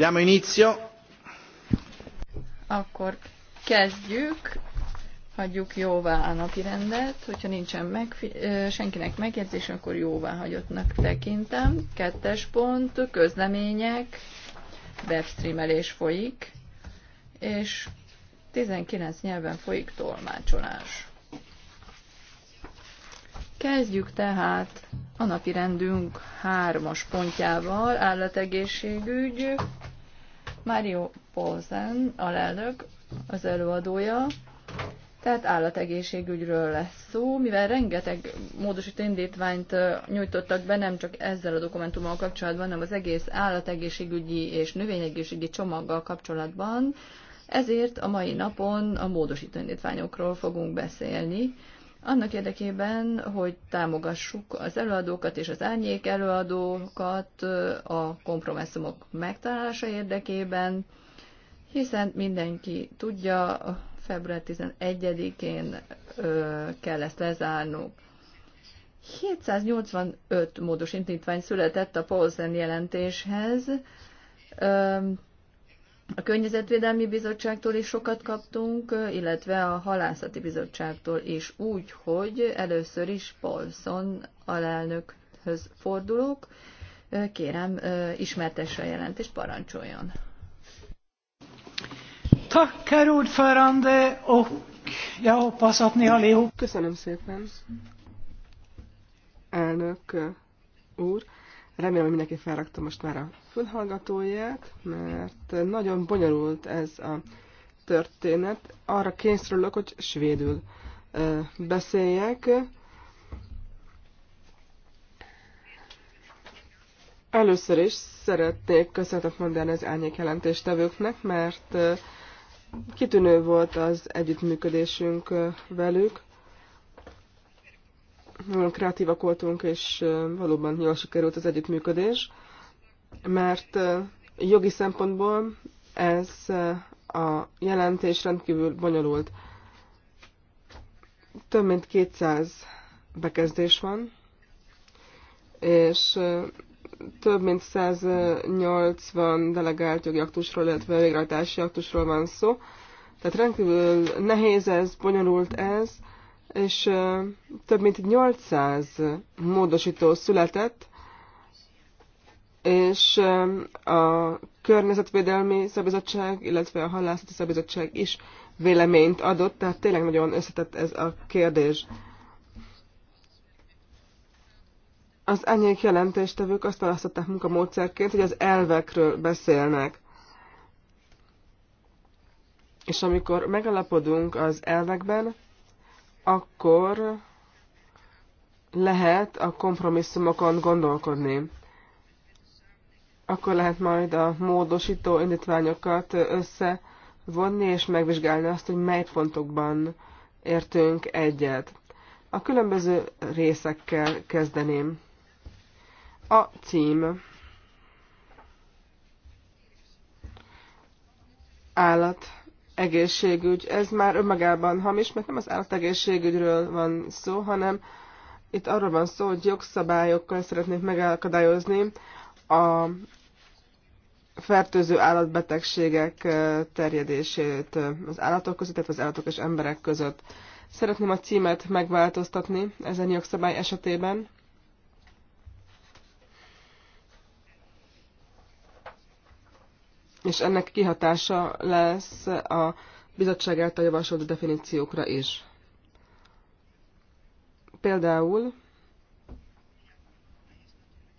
Diamo inizio. Akkor kezdjük. Hagyjuk jóvá a napi rendet. Hogyha nincsen meg, senkinek megjegyzés, akkor jóvá hagyottnak tekintem. Kettes pont, közlemények, webstreamelés folyik, és 19 nyelven folyik tolmácsolás. Kezdjük tehát a napi rendünk hármas pontjával, állategészségügy, Mário Polzen, lelnök, az előadója, tehát állategészségügyről lesz szó, mivel rengeteg módosító indítványt nyújtottak be, nem csak ezzel a dokumentummal kapcsolatban, hanem az egész állategészségügyi és növényegészségügyi csomaggal kapcsolatban, ezért a mai napon a módosító indítványokról fogunk beszélni, annak érdekében, hogy támogassuk az előadókat és az árnyék előadókat a kompromisszumok megtalálása érdekében, hiszen mindenki tudja, február 11-én kell ezt lezárnunk. 785 módos indítvány született a Paulsen jelentéshez, a Környezetvédelmi Bizottságtól is sokat kaptunk, illetve a Halászati Bizottságtól is, úgy, hogy először is Paulson alelnökhöz fordulok. Kérem, ismertesse a jelentést, parancsoljon. hoppas Köszönöm szépen, elnök úr. Remélem, hogy mindenki felrakta most már a fülhallgatóját, mert nagyon bonyolult ez a történet. Arra kényszerülök, hogy svédül beszéljek. Először is szeretnék köszönetet mondani az árnyék jelentéstevőknek, mert kitűnő volt az együttműködésünk velük nagyon kreatívak voltunk, és valóban jól sikerült az együttműködés, mert jogi szempontból ez a jelentés rendkívül bonyolult. Több mint 200 bekezdés van, és több mint 180 delegált jogi aktusról, illetve végrehajtási aktusról van szó. Tehát rendkívül nehéz ez, bonyolult ez, és több mint 800 módosító született, és a Környezetvédelmi Szabizottság, illetve a Halászati Szabizottság is véleményt adott, tehát tényleg nagyon összetett ez a kérdés. Az enyék jelentéstevők azt választották munkamódszerként, hogy az elvekről beszélnek. És amikor megalapodunk az elvekben, akkor lehet a kompromisszumokon gondolkodni. Akkor lehet majd a módosító indítványokat összevonni és megvizsgálni azt, hogy mely pontokban értünk egyet. A különböző részekkel kezdeném. A cím. Állat egészségügy. Ez már önmagában hamis, mert nem az állategészségügyről van szó, hanem itt arról van szó, hogy jogszabályokkal szeretnék megakadályozni a fertőző állatbetegségek terjedését az állatok között, tehát az állatok és emberek között. Szeretném a címet megváltoztatni ezen jogszabály esetében. és ennek kihatása lesz a bizottság által javasolt definíciókra is. Például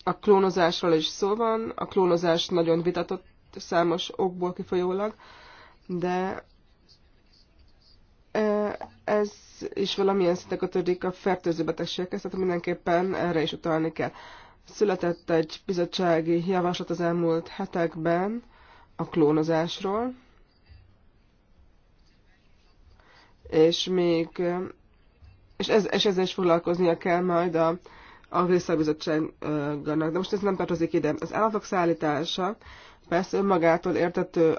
a klónozásról is szó van, a klónozás nagyon vitatott számos okból kifolyólag, de e, ez is valamilyen szinte kötődik a fertőző betegségekhez, tehát mindenképpen erre is utalni kell. Született egy bizottsági javaslat az elmúlt hetekben, a klónozásról, és még és, ez, és ezzel is foglalkoznia kell majd a, a Vészszerbizottságnak. De most ez nem tartozik ide. Az állatok szállítása persze önmagától értető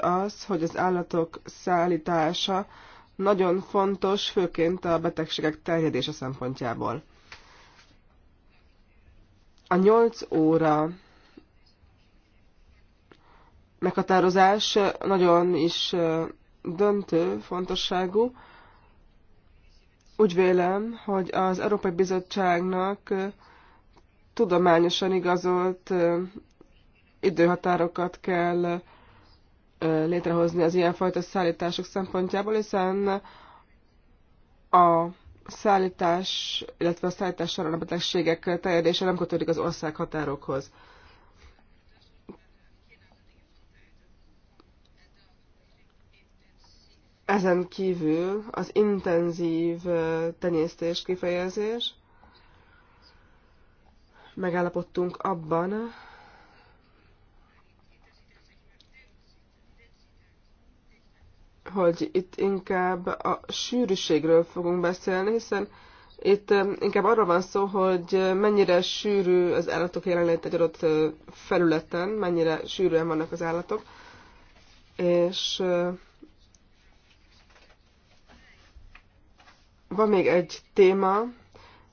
az, hogy az állatok szállítása nagyon fontos, főként a betegségek terjedése szempontjából. A 8 óra meghatározás nagyon is döntő fontosságú. Úgy vélem, hogy az Európai Bizottságnak tudományosan igazolt időhatárokat kell létrehozni az ilyenfajta szállítások szempontjából, hiszen a szállítás, illetve a szállítás során a betegségek terjedése nem kötődik az ország határokhoz. Ezen kívül az intenzív tenyésztés kifejezés. Megállapodtunk abban, hogy itt inkább a sűrűségről fogunk beszélni, hiszen itt inkább arra van szó, hogy mennyire sűrű az állatok jelenlét egy adott felületen, mennyire sűrűen vannak az állatok, és Van még egy téma,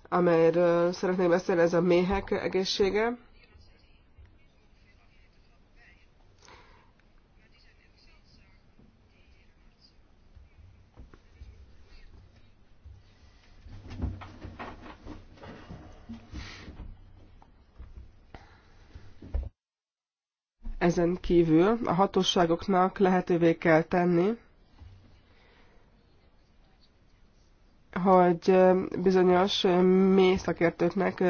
amelyről szeretnék beszélni, ez a méhek egészsége. Ezen kívül a hatóságoknak lehetővé kell tenni, hogy bizonyos mély szakértőknek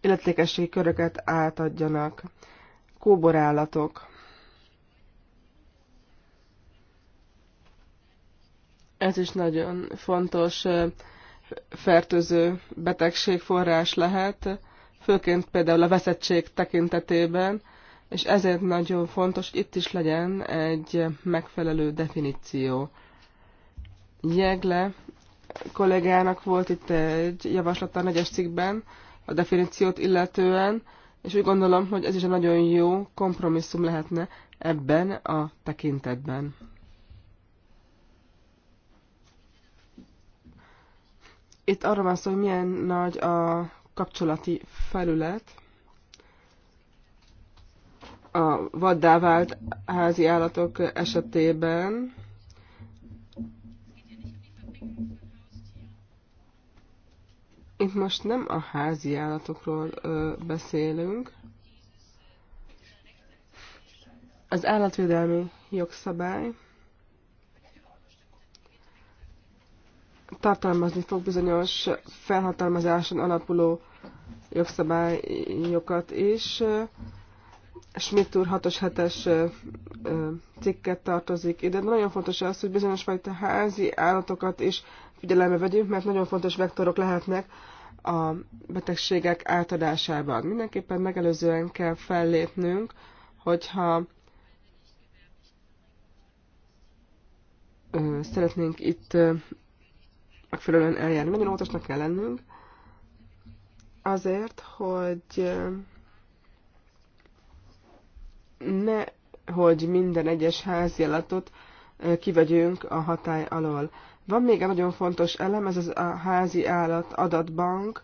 illetékességi köröket átadjanak. Kóborállatok. Ez is nagyon fontos fertőző betegség forrás lehet, főként például a veszettség tekintetében, és ezért nagyon fontos, hogy itt is legyen egy megfelelő definíció. Jegle kollégának volt itt egy javaslata a negyes cikkben a definíciót illetően, és úgy gondolom, hogy ez is egy nagyon jó kompromisszum lehetne ebben a tekintetben. Itt arra van szó, hogy milyen nagy a kapcsolati felület, a vaddá vált házi állatok esetében. Itt most nem a házi állatokról ö, beszélünk. Az állatvédelmi jogszabály tartalmazni fog bizonyos felhatalmazáson alapuló jogszabályokat is. Schmidt úr 6-os 7-es cikket tartozik ide, nagyon fontos az, hogy bizonyos fajta házi állatokat is figyelembe vegyünk, mert nagyon fontos vektorok lehetnek a betegségek átadásában. Mindenképpen megelőzően kell fellépnünk, hogyha szeretnénk itt megfelelően eljárni. Nagyon óvatosnak kell lennünk azért, hogy ne, hogy minden egyes házjálatot kivegyünk a hatály alól. Van még egy nagyon fontos elem, ez az a házi állat adatbank.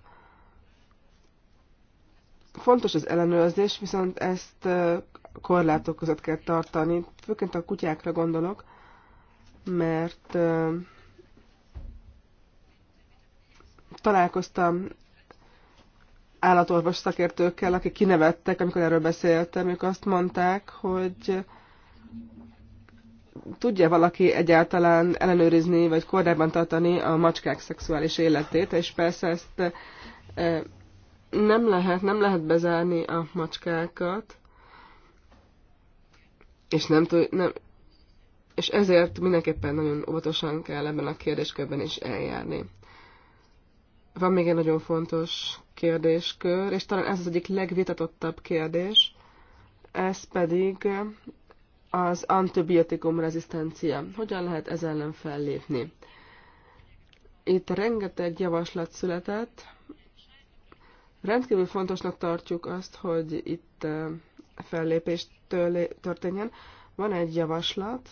Fontos az ellenőrzés, viszont ezt korlátok között kell tartani, főként a kutyákra gondolok, mert találkoztam állatorvos szakértőkkel, akik kinevettek, amikor erről beszéltem, ők azt mondták, hogy tudja valaki egyáltalán ellenőrizni, vagy kordában tartani a macskák szexuális életét, és persze ezt eh, nem lehet, nem lehet bezárni a macskákat, és nem, nem és ezért mindenképpen nagyon óvatosan kell ebben a kérdéskörben is eljárni. Van még egy nagyon fontos kérdéskör, és talán ez az egyik legvitatottabb kérdés, ez pedig az antibiotikum rezisztencia. Hogyan lehet ez ellen fellépni? Itt rengeteg javaslat született. Rendkívül fontosnak tartjuk azt, hogy itt fellépés történjen. Van egy javaslat,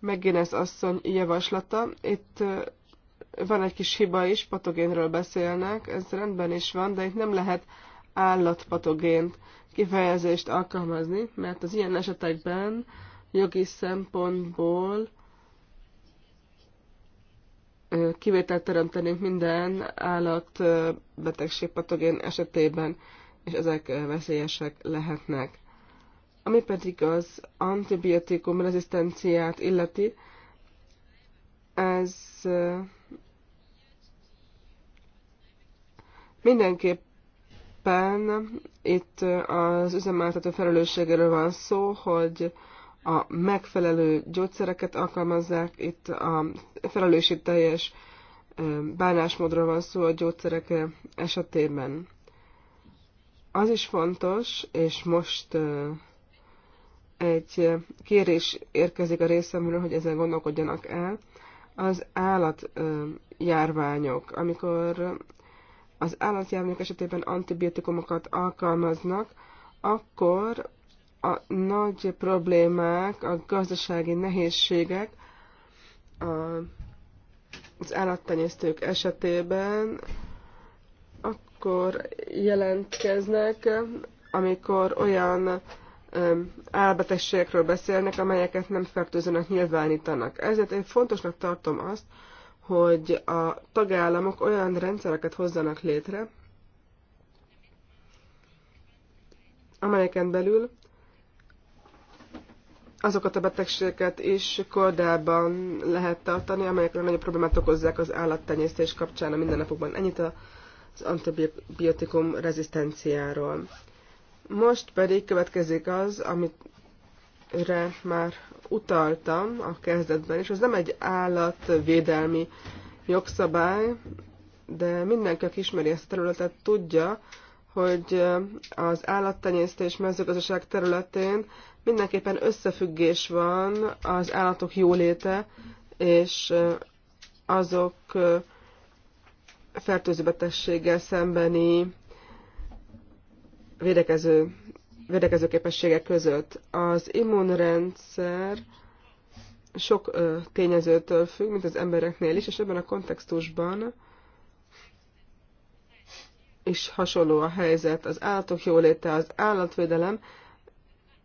megint ez asszony javaslata. Itt van egy kis hiba is, patogénről beszélnek, ez rendben is van, de itt nem lehet állatpatogént kifejezést alkalmazni, mert az ilyen esetekben jogi szempontból kivételt teremtenünk minden állatbetegség patogén esetében, és ezek veszélyesek lehetnek. Ami pedig az antibiotikum rezisztenciát illeti, ez mindenképp mindenképpen itt az üzemeltető felelősségéről van szó, hogy a megfelelő gyógyszereket alkalmazzák, itt a felelősségteljes bánásmódról van szó a gyógyszerek esetében. Az is fontos, és most egy kérés érkezik a részemről, hogy ezen gondolkodjanak el, az állatjárványok. Amikor az állatjárműk esetében antibiotikumokat alkalmaznak, akkor a nagy problémák, a gazdasági nehézségek a, az állattenyésztők esetében akkor jelentkeznek, amikor olyan álbetegségekről beszélnek, amelyeket nem fertőzőnek nyilvánítanak. Ezért én fontosnak tartom azt, hogy a tagállamok olyan rendszereket hozzanak létre, amelyeken belül azokat a betegségeket is kordában lehet tartani, amelyek a nagyobb problémát okozzák az állattenyésztés kapcsán a mindennapokban. Ennyit az antibiotikum rezisztenciáról. Most pedig következik az, amire már utaltam a kezdetben is, az nem egy állatvédelmi jogszabály, de mindenki, aki ismeri ezt a területet, tudja, hogy az állattenyésztés mezőgazdaság területén mindenképpen összefüggés van az állatok jóléte és azok fertőző betegséggel szembeni védekező védekező képessége között. Az immunrendszer sok tényezőtől függ, mint az embereknél is, és ebben a kontextusban is hasonló a helyzet. Az állatok jóléte, az állatvédelem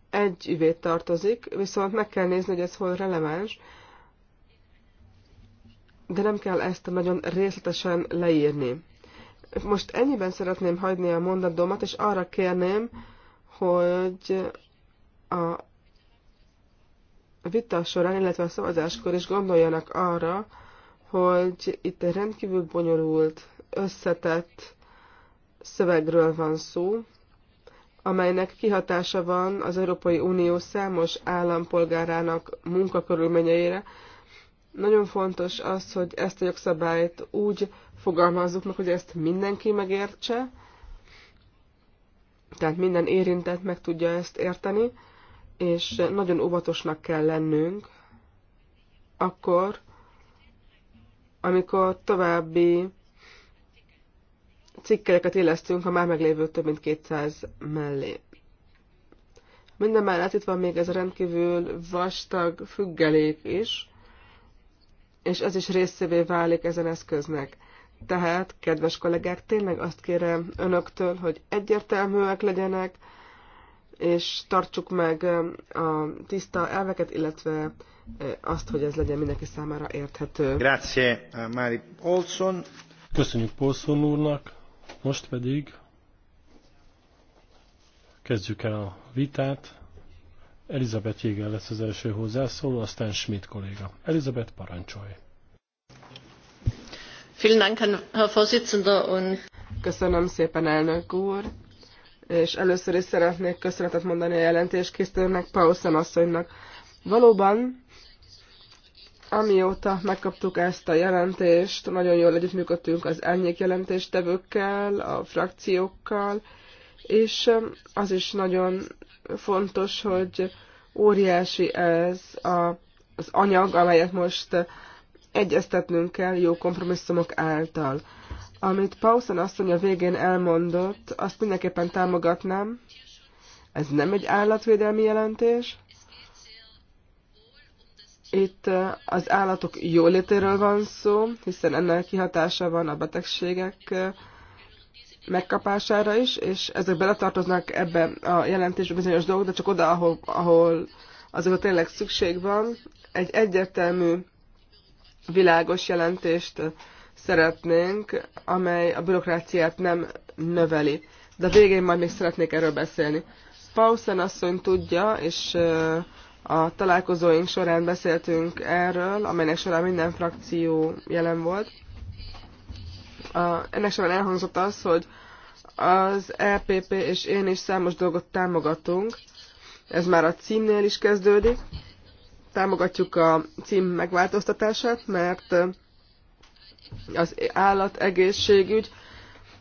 egy üvét tartozik, viszont meg kell nézni, hogy ez hol releváns, de nem kell ezt nagyon részletesen leírni. Most ennyiben szeretném hagyni a mondatomat, és arra kérném, hogy a vita során, illetve a szavazáskor is gondoljanak arra, hogy itt egy rendkívül bonyolult, összetett szövegről van szó, amelynek kihatása van az Európai Unió számos állampolgárának munkakörülményeire. Nagyon fontos az, hogy ezt a jogszabályt úgy fogalmazzuk meg, hogy ezt mindenki megértse, tehát minden érintett meg tudja ezt érteni, és nagyon óvatosnak kell lennünk akkor, amikor további cikkeket élesztünk a már meglévő több mint 200 mellé. Minden mellett itt van még ez a rendkívül vastag függelék is, és ez is részévé válik ezen eszköznek. Tehát, kedves kollégák, tényleg azt kérem önöktől, hogy egyértelműek legyenek, és tartsuk meg a tiszta elveket, illetve azt, hogy ez legyen mindenki számára érthető. Grazie, eh, Mari Olson. Köszönjük Polszon úrnak, most pedig kezdjük el a vitát. Elizabeth Jégel lesz az első hozzászóló, aztán Schmidt kolléga. Elizabeth, parancsolj! Köszönöm szépen, elnök úr. És először is szeretnék köszönetet mondani a jelentéskészítőnek, Paulsen asszonynak. Valóban, amióta megkaptuk ezt a jelentést, nagyon jól együttműködtünk az elnyék jelentéstevőkkel, a frakciókkal, és um, az is nagyon fontos, hogy óriási ez a, az anyag, amelyet most egyeztetnünk kell jó kompromisszumok által. Amit Paulson asszony a végén elmondott, azt mindenképpen támogatnám. Ez nem egy állatvédelmi jelentés. Itt az állatok jólétéről van szó, hiszen ennek kihatása van a betegségek megkapására is, és ezek beletartoznak ebbe a jelentésbe bizonyos dolgok, de csak oda, ahol, ahol azokra tényleg szükség van. Egy egyértelmű világos jelentést szeretnénk, amely a bürokráciát nem növeli. De a végén majd még szeretnék erről beszélni. Pausen asszony tudja, és a találkozóink során beszéltünk erről, amelynek során minden frakció jelen volt. A, ennek során elhangzott az, hogy az EPP és én is számos dolgot támogatunk. Ez már a címnél is kezdődik támogatjuk a cím megváltoztatását, mert az állategészségügy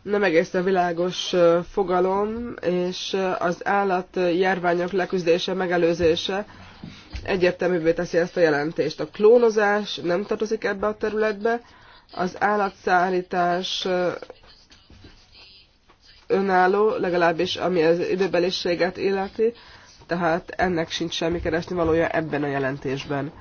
nem egészen világos fogalom, és az állat járványok leküzdése, megelőzése egyértelművé teszi ezt a jelentést. A klónozás nem tartozik ebbe a területbe, az állatszállítás önálló, legalábbis ami az időbeliséget illeti, tehát ennek sincs semmi keresni valója ebben a jelentésben.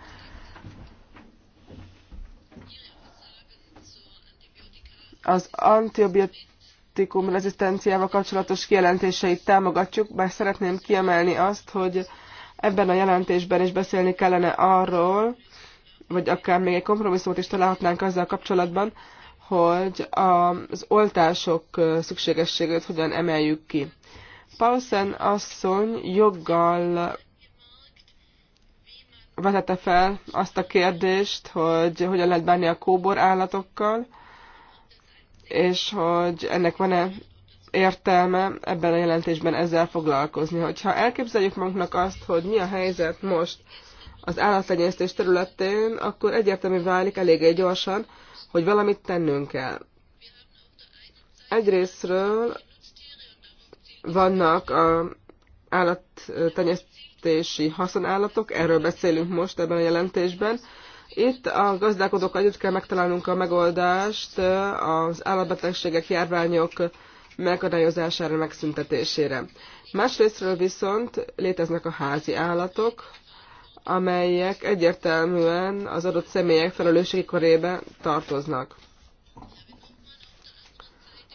Az antibiotikum rezisztenciával kapcsolatos kijelentéseit támogatjuk, bár szeretném kiemelni azt, hogy ebben a jelentésben is beszélni kellene arról, vagy akár még egy kompromisszumot is találhatnánk azzal kapcsolatban, hogy az oltások szükségességét hogyan emeljük ki. Paulsen asszony joggal vetette fel azt a kérdést, hogy hogyan lehet bánni a kóbor állatokkal, és hogy ennek van-e értelme ebben a jelentésben ezzel foglalkozni. Hogyha elképzeljük magunknak azt, hogy mi a helyzet most az állattenyésztés területén, akkor egyértelmű válik eléggé gyorsan, hogy valamit tennünk kell. Egyrésztről vannak a állattenyésztési haszonállatok, erről beszélünk most ebben a jelentésben. Itt a gazdálkodók együtt kell megtalálnunk a megoldást az állatbetegségek, járványok megadályozására, megszüntetésére. Másrésztről viszont léteznek a házi állatok, amelyek egyértelműen az adott személyek felelősségi körébe tartoznak.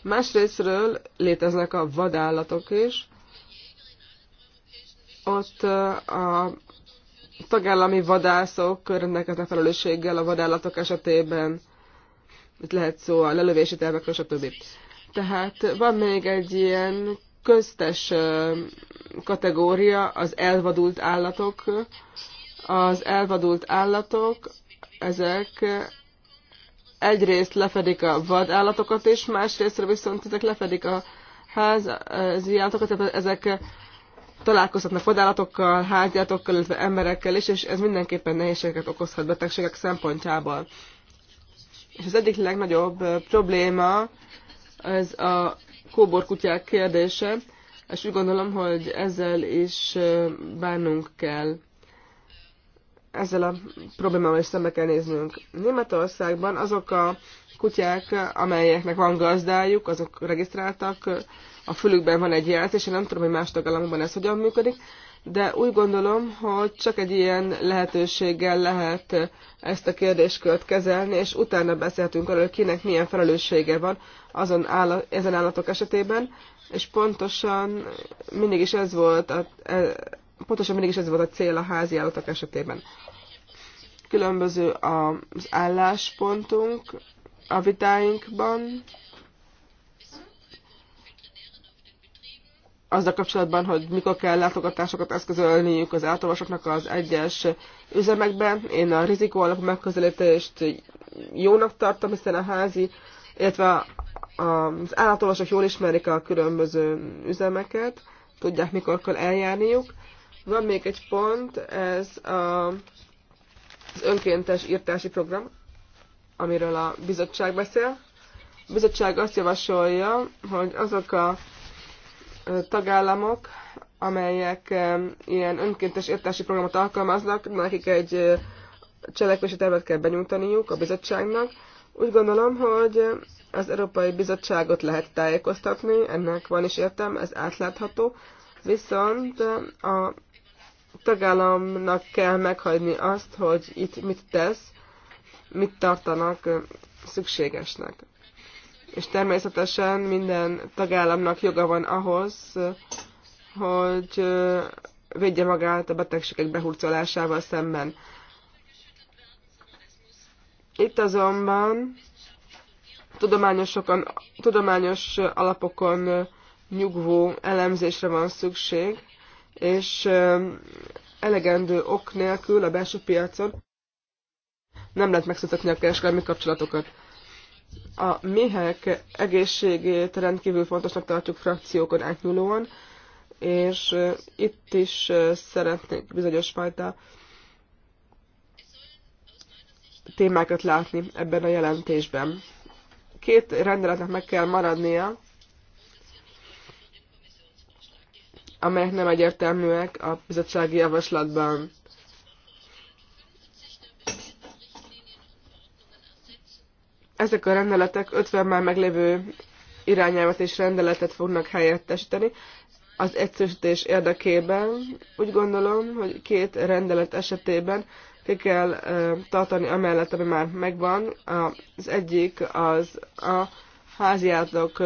Másrésztről léteznek a vadállatok is. Ott a tagállami vadászok a felelősséggel a vadállatok esetében. Itt lehet szó a lelövési tervekről, stb. Tehát van még egy ilyen köztes kategória, az elvadult állatok. Az elvadult állatok, ezek egyrészt lefedik a vadállatokat is, másrészt viszont ezek lefedik a házi állatokat, tehát ezek találkozhatnak vadállatokkal, házjátokkal, illetve emberekkel is, és ez mindenképpen nehézségeket okozhat betegségek szempontjából. És az egyik legnagyobb probléma ez a kóborkutyák kérdése, és úgy gondolom, hogy ezzel is bánnunk kell ezzel a problémával is szembe kell néznünk. Németországban azok a kutyák, amelyeknek van gazdájuk, azok regisztráltak, a fülükben van egy jelzés, én nem tudom, hogy más tagállamokban ez hogyan működik, de úgy gondolom, hogy csak egy ilyen lehetőséggel lehet ezt a kérdéskört kezelni, és utána beszélhetünk arról, hogy kinek milyen felelőssége van azon állat, ezen állatok esetében, és pontosan mindig is ez volt a, e- pontosan mindig is ez volt a cél a házi állatok esetében. Különböző az álláspontunk a vitáinkban, azzal kapcsolatban, hogy mikor kell látogatásokat eszközölniük az átolvasoknak az egyes üzemekben. Én a rizikó alapú megközelítést jónak tartom, hiszen a házi, illetve az állatolvasok jól ismerik a különböző üzemeket, tudják, mikor kell eljárniuk. Van még egy pont, ez a, az önkéntes írtási program, amiről a bizottság beszél. A bizottság azt javasolja, hogy azok a tagállamok, amelyek ilyen önkéntes értási programot alkalmaznak, nekik egy cselekvési tervet kell benyújtaniuk a bizottságnak. Úgy gondolom, hogy az Európai Bizottságot lehet tájékoztatni, ennek van is értelme, ez átlátható, viszont a tagállamnak kell meghagyni azt, hogy itt mit tesz, mit tartanak szükségesnek. És természetesen minden tagállamnak joga van ahhoz, hogy védje magát a betegségek behurcolásával szemben. Itt azonban tudományosokon, tudományos alapokon nyugvó elemzésre van szükség, és elegendő ok nélkül a belső piacon nem lehet megszüntetni a kereskedelmi kapcsolatokat. A méhek egészségét rendkívül fontosnak tartjuk frakciókon átnyúlóan, és itt is szeretnék bizonyos fajta témákat látni ebben a jelentésben. Két rendeletnek meg kell maradnia, amelyek nem egyértelműek a bizottsági javaslatban. Ezek a rendeletek 50 már meglévő irányelvet és rendeletet fognak helyettesíteni. Az egyszerűsítés érdekében úgy gondolom, hogy két rendelet esetében ki kell tartani amellett, ami már megvan. Az egyik az a háziátok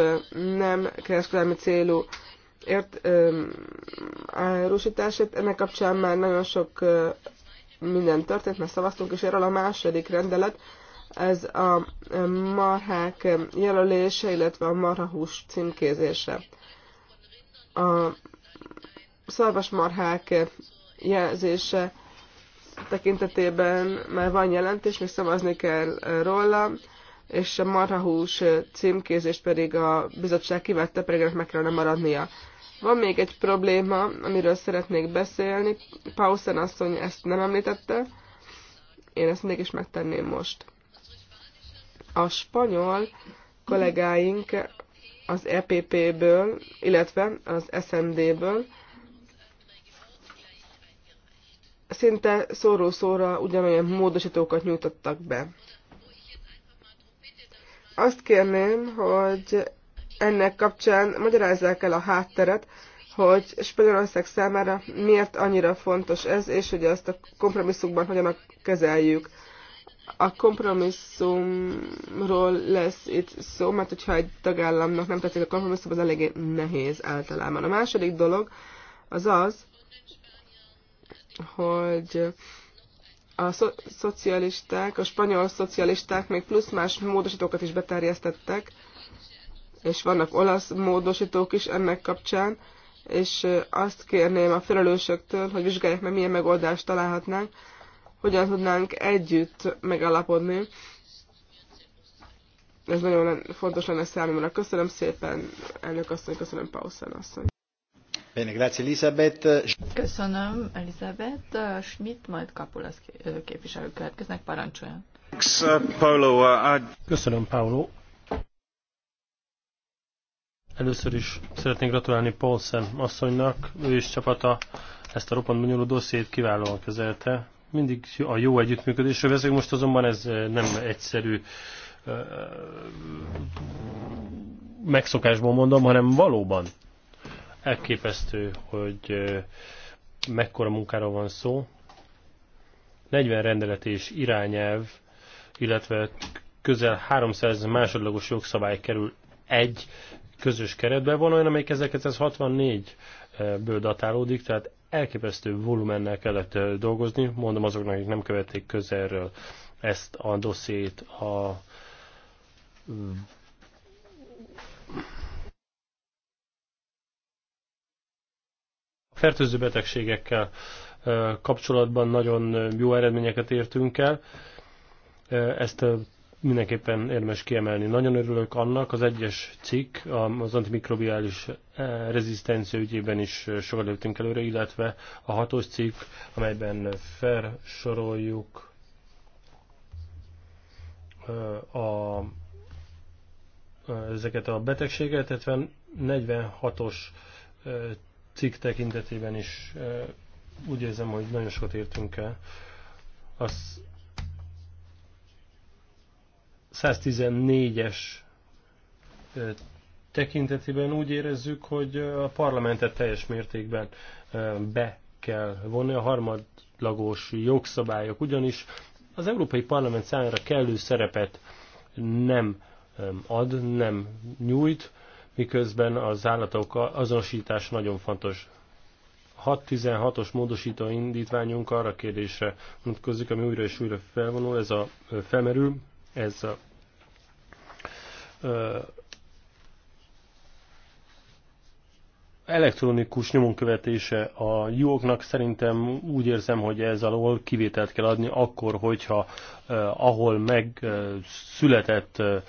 nem kereskedelmi célú ért, ö, árusítását. Ennek kapcsán már nagyon sok ö, minden történt, mert szavaztunk és erről a második rendelet. Ez a marhák jelölése, illetve a marhahús címkézése. A szarvasmarhák jelzése tekintetében már van jelentés, még szavazni kell róla, és a marhahús címkézést pedig a bizottság kivette, pedig ennek meg kellene maradnia. Van még egy probléma, amiről szeretnék beszélni. Pausen asszony ezt nem említette. Én ezt mégis megtenném most. A spanyol kollégáink az EPP-ből, illetve az SMD-ből szinte szóró-szóra ugyanolyan módosítókat nyújtottak be. Azt kérném, hogy ennek kapcsán magyarázzák el a hátteret, hogy Spanyolország számára miért annyira fontos ez, és hogy azt a kompromisszumban hogyan kezeljük. A kompromisszumról lesz itt szó, mert hogyha egy tagállamnak nem tetszik a kompromisszum, az eléggé nehéz általában. A második dolog az az, hogy a szo- szocialisták, a spanyol szocialisták még plusz más módosítókat is beterjesztettek, és vannak olasz módosítók is ennek kapcsán, és azt kérném a felelősöktől, hogy vizsgálják meg, milyen megoldást találhatnánk, hogyan tudnánk együtt megalapodni. Ez nagyon fontos lenne számomra. Köszönöm szépen, elnök asszony, köszönöm Pausen asszony. Bene, Elisabeth. Köszönöm, Elizabeth. Schmidt, majd Kapulasz képviselő következnek, parancsoljon. Uh, uh, köszönöm, Paolo. Először is szeretnék gratulálni Paulsen asszonynak, ő és csapata ezt a roppant bonyoló dossziét kiválóan kezelte. Mindig a jó együttműködésre vezetünk, most azonban ez eh, nem egyszerű eh, megszokásból mondom, hanem valóban elképesztő, hogy eh, mekkora munkáról van szó. 40 rendelet és irányelv, illetve közel 300 másodlagos jogszabály kerül egy közös keretben van olyan, amelyik 1964-ből datálódik, tehát elképesztő volumennel kellett dolgozni, mondom azoknak, akik nem követték közelről ezt a dossziét a fertőző betegségekkel kapcsolatban nagyon jó eredményeket értünk el. Ezt mindenképpen érdemes kiemelni. Nagyon örülök annak, az egyes cikk az antimikrobiális eh, rezisztencia ügyében is eh, sokat léptünk előre, illetve a hatos cikk, amelyben felsoroljuk eh, a, ezeket a betegségeket, tehát 46-os cikk tekintetében is úgy érzem, hogy nagyon sokat értünk el. Azt 114-es tekintetében úgy érezzük, hogy a parlamentet teljes mértékben be kell vonni a harmadlagos jogszabályok, ugyanis az Európai Parlament számára kellő szerepet nem ad, nem nyújt, miközben az állatok azonosítás nagyon fontos. 616-os módosító indítványunk arra kérdésre mutatkozik, ami újra és újra felvonul, ez a felmerül, ez a elektronikus nyomonkövetése a jóknak szerintem úgy érzem, hogy ez alól kivételt kell adni akkor, hogyha eh, ahol meg eh, eh,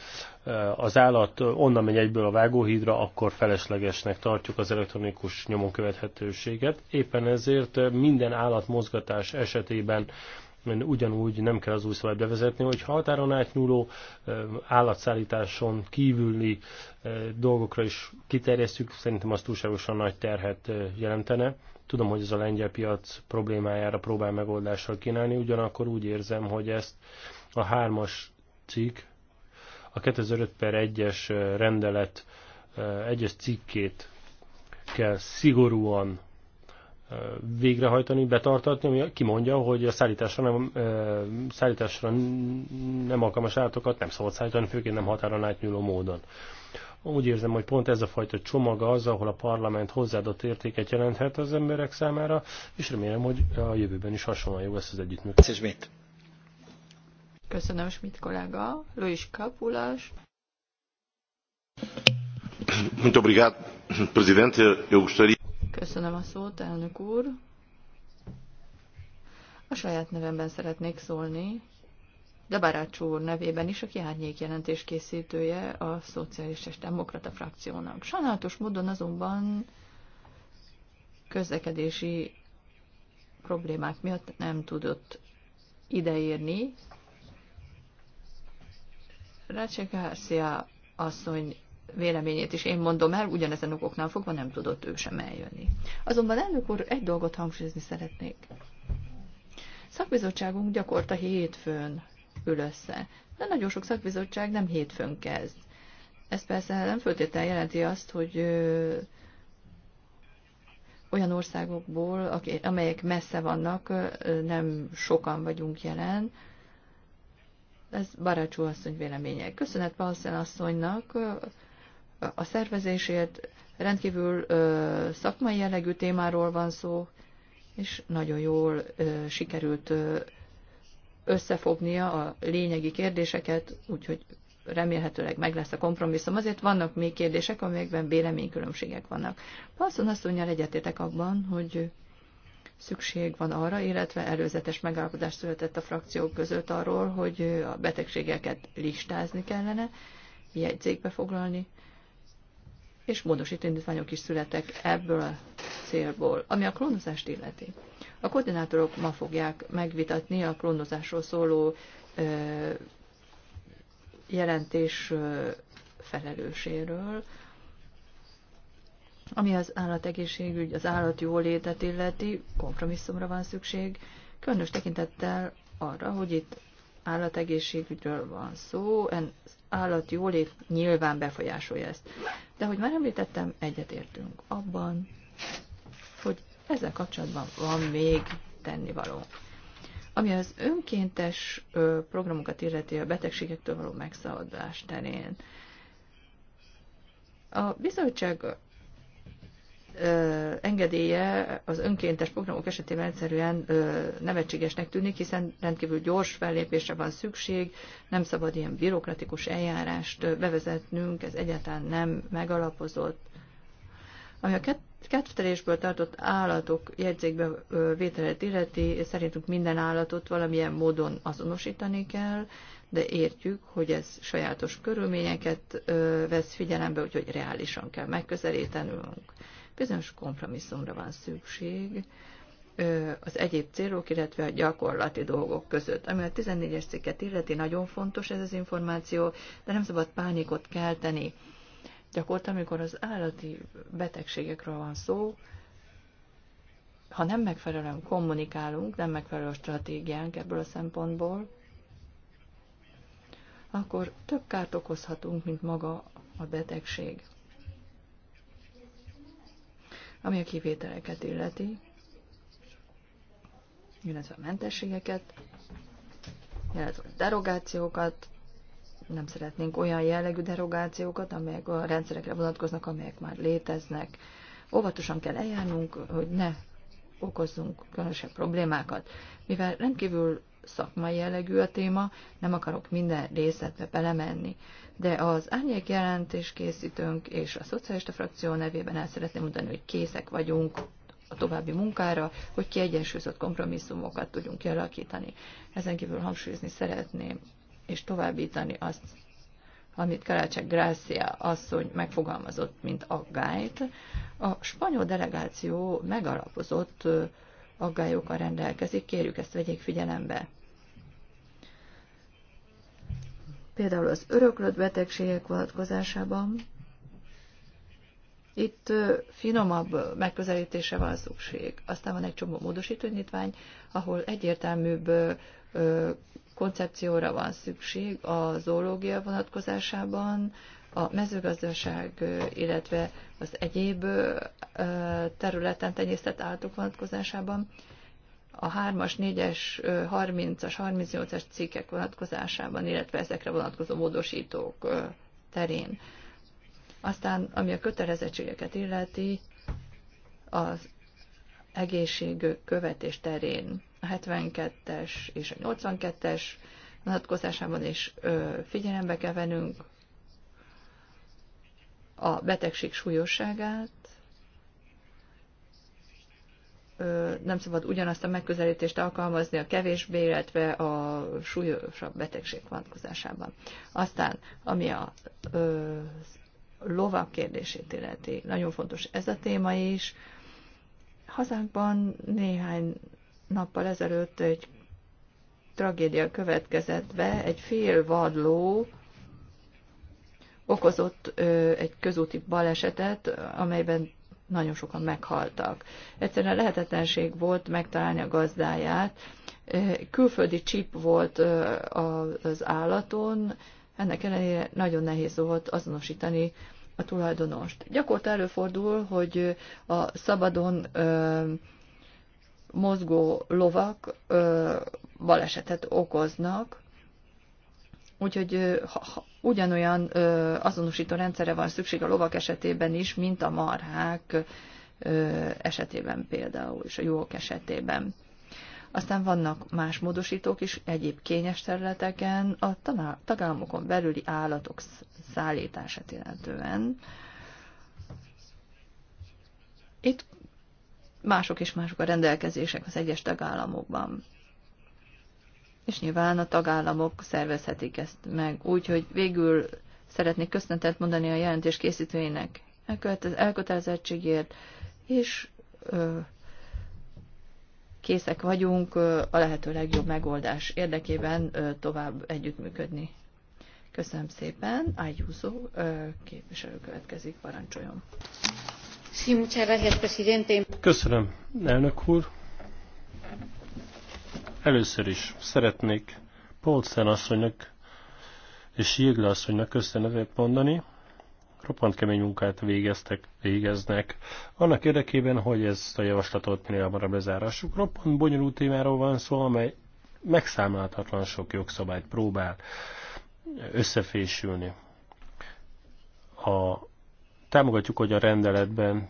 az állat, onnan megy egyből a vágóhídra, akkor feleslegesnek tartjuk az elektronikus nyomonkövethetőséget. Éppen ezért minden állat mozgatás esetében eh, mert ugyanúgy nem kell az új szabályt bevezetni, hogy határon átnyúló állatszállításon kívüli dolgokra is kiterjesztjük, szerintem az túlságosan nagy terhet jelentene. Tudom, hogy ez a lengyel piac problémájára próbál megoldással kínálni, ugyanakkor úgy érzem, hogy ezt a hármas cikk, a 2005 per 1-es rendelet egyes cikkét kell szigorúan végrehajtani, betartatni, ami kimondja, hogy a szállításra nem, szállításra nem alkalmas állatokat nem szabad szállítani, főként nem határon átnyúló módon. Úgy érzem, hogy pont ez a fajta csomag az, ahol a parlament hozzáadott értéket jelenthet az emberek számára, és remélem, hogy a jövőben is hasonlóan jó lesz az együttműködés. Köszönöm, Schmidt kollega. Luis Kapulás. Muito obrigado, Presidente. Eu gostaria... Köszönöm a szót, elnök úr. A saját nevemben szeretnék szólni, de Barács úr nevében is, aki árnyék jelentés készítője a Szociális és Demokrata frakciónak. Sajnálatos módon azonban közlekedési problémák miatt nem tudott ideérni. Rácse Garcia asszony véleményét is én mondom el, ugyanezen okoknál fogva nem tudott ő sem eljönni. Azonban elnök úr, egy dolgot hangsúlyozni szeretnék. Szakbizottságunk gyakorta hétfőn ül össze, de nagyon sok szakbizottság nem hétfőn kezd. Ez persze nem föltétlenül jelenti azt, hogy ö, olyan országokból, amelyek messze vannak, ö, nem sokan vagyunk jelen, ez Barácsú asszony véleménye. Köszönet Paulsen asszonynak a szervezésért, rendkívül ö, szakmai jellegű témáról van szó, és nagyon jól ö, sikerült ö, összefognia a lényegi kérdéseket, úgyhogy remélhetőleg meg lesz a kompromisszum. Azért vannak még kérdések, amelyekben véleménykülönbségek vannak. Palszon asszonyjal egyetétek abban, hogy szükség van arra, illetve előzetes megállapodás született a frakciók között arról, hogy a betegségeket listázni kellene, jegyzékbe foglalni, és módosító indítványok is születek ebből a célból, ami a klónozást illeti. A koordinátorok ma fogják megvitatni a klónozásról szóló ö, jelentés ö, felelőséről, ami az állategészségügy, az állatjólétet illeti, kompromisszumra van szükség, különös tekintettel arra, hogy itt állategészségügyről van szó, az jólét nyilván befolyásolja ezt. De hogy már említettem, egyetértünk abban, hogy ezzel kapcsolatban van még tennivaló. Ami az önkéntes programokat illeti a betegségektől való megszabadulás terén. A bizottság engedélye az önkéntes programok esetében egyszerűen nevetségesnek tűnik, hiszen rendkívül gyors fellépésre van szükség, nem szabad ilyen bürokratikus eljárást bevezetnünk, ez egyáltalán nem megalapozott. Ami a kedvtelésből tartott állatok jegyzékbe vételet illeti, szerintünk minden állatot valamilyen módon azonosítani kell, de értjük, hogy ez sajátos körülményeket vesz figyelembe, úgyhogy reálisan kell megközelítenünk. Bizonyos kompromisszumra van szükség az egyéb célok, illetve a gyakorlati dolgok között. Ami a 14-es cikket illeti, nagyon fontos ez az információ, de nem szabad pánikot kelteni. Gyakorlatilag, amikor az állati betegségekről van szó, ha nem megfelelően kommunikálunk, nem megfelelő stratégiánk ebből a szempontból, akkor több kárt okozhatunk, mint maga a betegség. Ami a kivételeket illeti, illetve a mentességeket, illetve a derogációkat, nem szeretnénk olyan jellegű derogációkat, amelyek a rendszerekre vonatkoznak, amelyek már léteznek. Óvatosan kell eljárnunk, hogy ne okozzunk különösebb problémákat. Mivel rendkívül szakmai jellegű a téma, nem akarok minden részletbe belemenni de az árnyék jelentés készítünk, és a szocialista frakció nevében el szeretném mondani, hogy készek vagyunk a további munkára, hogy kiegyensúlyozott kompromisszumokat tudjunk kialakítani. Ezen kívül hangsúlyozni szeretném, és továbbítani azt, amit Karácsek Grácia asszony megfogalmazott, mint aggályt. A spanyol delegáció megalapozott aggályokkal rendelkezik, kérjük ezt vegyék figyelembe. például az öröklött betegségek vonatkozásában. Itt finomabb megközelítése van szükség. Aztán van egy csomó nyitvány, ahol egyértelműbb koncepcióra van szükség a zoológia vonatkozásában, a mezőgazdaság, illetve az egyéb területen tenyésztett állatok vonatkozásában a 3-as, 4-es, 30-as, 38-as cikkek vonatkozásában, illetve ezekre vonatkozó módosítók terén. Aztán, ami a kötelezettségeket illeti, az egészség követés terén a 72-es és a 82-es vonatkozásában is figyelembe kell vennünk a betegség súlyosságát, nem szabad ugyanazt a megközelítést alkalmazni a kevésbé, illetve a súlyosabb betegség vonatkozásában. Aztán, ami a ö, lovak kérdését illeti, nagyon fontos ez a téma is. Hazánkban néhány nappal ezelőtt egy tragédia következett be, egy fél vadló okozott ö, egy közúti balesetet, amelyben nagyon sokan meghaltak. Egyszerűen lehetetlenség volt megtalálni a gazdáját. Külföldi csip volt az állaton, ennek ellenére nagyon nehéz volt azonosítani a tulajdonost. Gyakorta előfordul, hogy a szabadon mozgó lovak balesetet okoznak, úgyhogy ugyanolyan azonosító rendszerre van szükség a lovak esetében is, mint a marhák esetében például, és a jók esetében. Aztán vannak más módosítók is egyéb kényes területeken, a tagállamokon belüli állatok szállítását illetően. Itt mások és mások a rendelkezések az egyes tagállamokban és nyilván a tagállamok szervezhetik ezt meg. Úgyhogy végül szeretnék köszönetet mondani a jelentés készítőjének elkötelezettségért, és ö, készek vagyunk ö, a lehető legjobb megoldás érdekében ö, tovább együttműködni. Köszönöm szépen. Ayuso képviselő következik, parancsoljon. Köszönöm, elnök úr. Először is szeretnék Polcen asszonynak és Jégle asszonynak köszönetet mondani. Roppant kemény munkát végeztek, végeznek. Annak érdekében, hogy ezt a javaslatot minél hamarabb lezárassuk. Roppant bonyolult témáról van szó, amely megszámláthatatlan sok jogszabályt próbál összefésülni. A Támogatjuk, hogy a rendeletben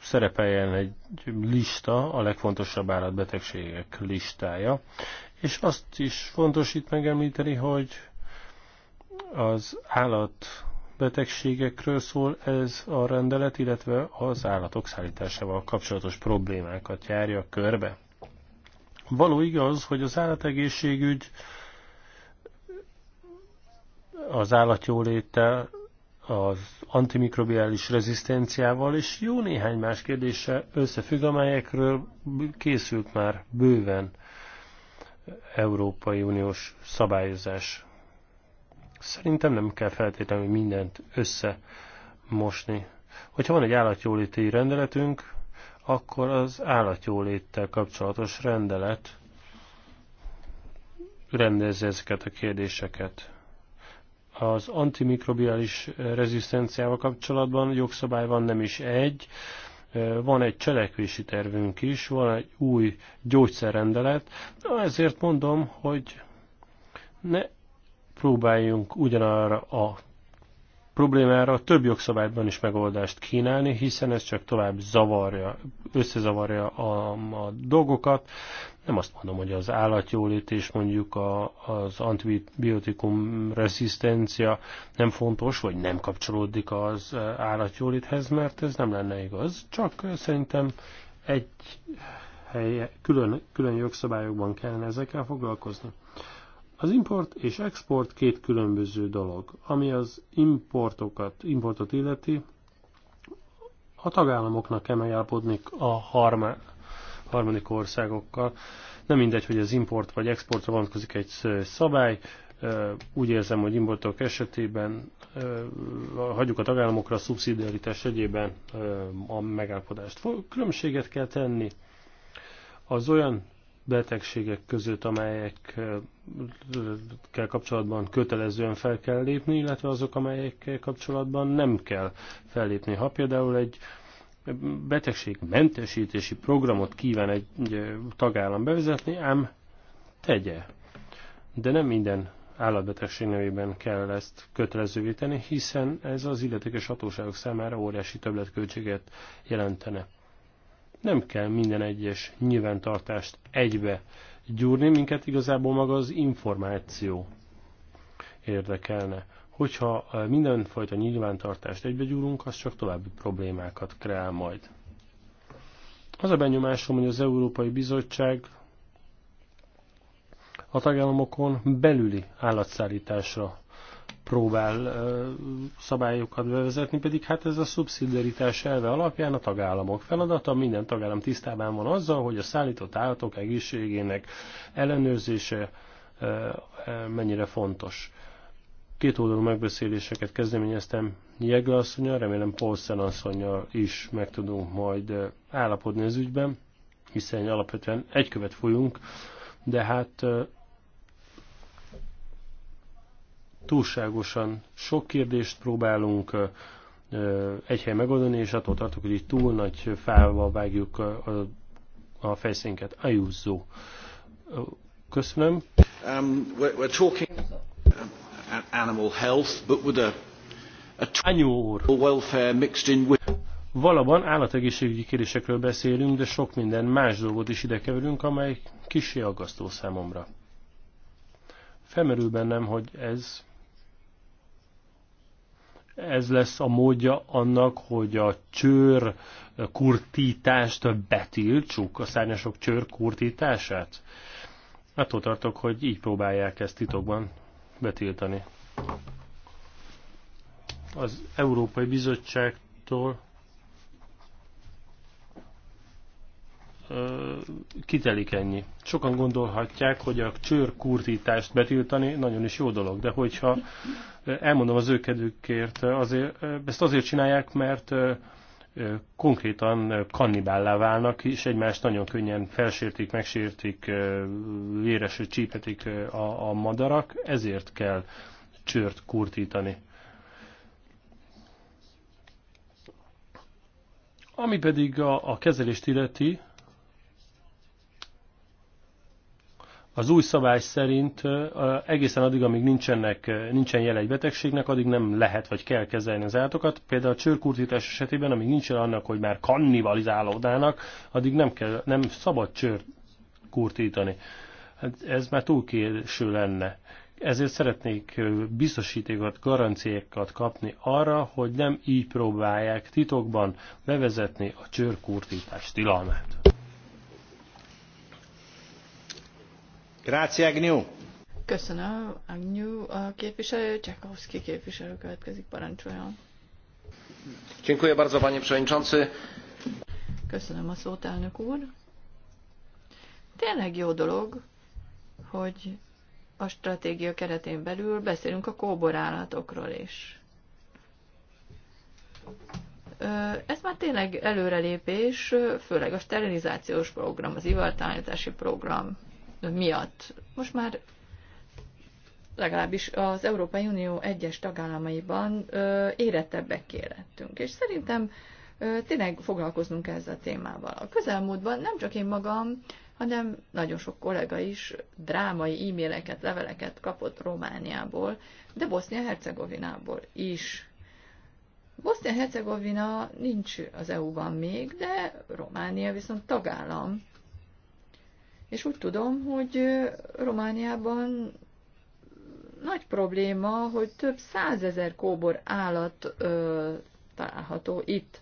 szerepeljen egy lista, a legfontosabb állatbetegségek listája, és azt is fontos itt megemlíteni, hogy az állat szól ez a rendelet, illetve az állatok szállításával kapcsolatos problémákat járja körbe. Való igaz, hogy az állategészségügy az állatjóléttel az antimikrobiális rezisztenciával, és jó néhány más kérdése összefügg, amelyekről készült már bőven Európai Uniós szabályozás. Szerintem nem kell feltétlenül mindent összemosni. Hogyha van egy állatjóléti rendeletünk, akkor az állatjóléttel kapcsolatos rendelet rendezi ezeket a kérdéseket az antimikrobiális rezisztenciával kapcsolatban jogszabály van nem is egy, van egy cselekvési tervünk is, van egy új gyógyszerrendelet, ezért mondom, hogy ne próbáljunk ugyanarra a problémára több jogszabályban is megoldást kínálni, hiszen ez csak tovább zavarja, összezavarja a, a dolgokat. Nem azt mondom, hogy az állatjólét és mondjuk a, az antibiotikum rezisztencia nem fontos, vagy nem kapcsolódik az állatjóléthez, mert ez nem lenne igaz. Csak szerintem egy helye, külön, külön jogszabályokban kellene ezekkel foglalkozni. Az import és export két különböző dolog. Ami az importokat, importot illeti, a tagállamoknak kell megállapodni a harma, harmadik országokkal. Nem mindegy, hogy az import vagy exportra vonatkozik egy szabály. Úgy érzem, hogy importok esetében hagyjuk a tagállamokra a szubszidiaritás egyében a megállapodást. Különbséget kell tenni az olyan betegségek között, amelyekkel kapcsolatban kötelezően fel kell lépni, illetve azok, amelyekkel kapcsolatban nem kell fellépni. Ha például egy betegségmentesítési programot kíván egy tagállam bevezetni, ám tegye. De nem minden állatbetegség nevében kell ezt kötelezővé tenni, hiszen ez az illetékes hatóságok számára óriási többletköltséget jelentene. Nem kell minden egyes nyilvántartást egybe gyúrni, minket igazából maga az információ érdekelne. Hogyha mindenfajta nyilvántartást gyúrunk, az csak további problémákat kreál majd. Az a benyomásom, hogy az Európai Bizottság a tagállamokon belüli állatszállításra próbál szabályokat bevezetni, pedig hát ez a szubszidiaritás elve alapján a tagállamok feladata, minden tagállam tisztában van azzal, hogy a szállított állatok egészségének ellenőrzése mennyire fontos. Két oldalú megbeszéléseket kezdeményeztem Jegle asszonyal, remélem Paulsen asszonyal is meg tudunk majd állapodni az ügyben, hiszen alapvetően egykövet folyunk, de hát túlságosan sok kérdést próbálunk egy helyen megoldani, és attól tartok, hogy így túl nagy fával vágjuk a, a fejszénket. Ajúzzó. Köszönöm. Um, we're, we're talking animal health, but with a, a úr. welfare mixed in with... Valóban állategészségügyi kérdésekről beszélünk, de sok minden más dolgot is idekeverünk, amely kisé aggasztó számomra. Felmerül bennem, hogy ez ez lesz a módja annak, hogy a csőr kurtítást betiltsuk, a szárnyasok csőr kurtítását. Attól tartok, hogy így próbálják ezt titokban betiltani. Az Európai Bizottságtól kitelik ennyi. Sokan gondolhatják, hogy a csőrkurtítást betiltani nagyon is jó dolog, de hogyha elmondom az ő kedvükért, azért, ezt azért csinálják, mert konkrétan kannibállá válnak, és egymást nagyon könnyen felsértik, megsértik, véresre csípetik a, a madarak, ezért kell csőrt kurtítani. Ami pedig a, a kezelést illeti, Az új szabály szerint egészen addig, amíg nincsenek, nincsen jel egy betegségnek, addig nem lehet vagy kell kezelni az állatokat. Például a csőrkurtítás esetében, amíg nincsen annak, hogy már kannibalizálódnának, addig nem, kell, nem szabad csőrkurtítani. Hát ez már túl késő lenne. Ezért szeretnék biztosítékot, garanciákat kapni arra, hogy nem így próbálják titokban bevezetni a csőrkurtítás tilalmát. Grazie, Agnew. Köszönöm, Agnew a képviselő, Csakovszki képviselő következik, parancsoljon. Dziękuję bardzo, panie przewodniczący. Köszönöm a szót, elnök úr. Tényleg jó dolog, hogy a stratégia keretén belül beszélünk a kóborállatokról is. Ez már tényleg előrelépés, főleg a sterilizációs program, az ivartányítási program miatt. Most már legalábbis az Európai Unió egyes tagállamaiban érettebbek kérettünk. És szerintem tényleg foglalkoznunk ezzel a témával. A közelmúltban nem csak én magam, hanem nagyon sok kollega is drámai e-maileket, leveleket kapott Romániából, de Bosznia-Hercegovinából is. Bosznia-Hercegovina nincs az EU-ban még, de Románia viszont tagállam, és úgy tudom, hogy Romániában nagy probléma, hogy több százezer kóbor állat ö, található itt.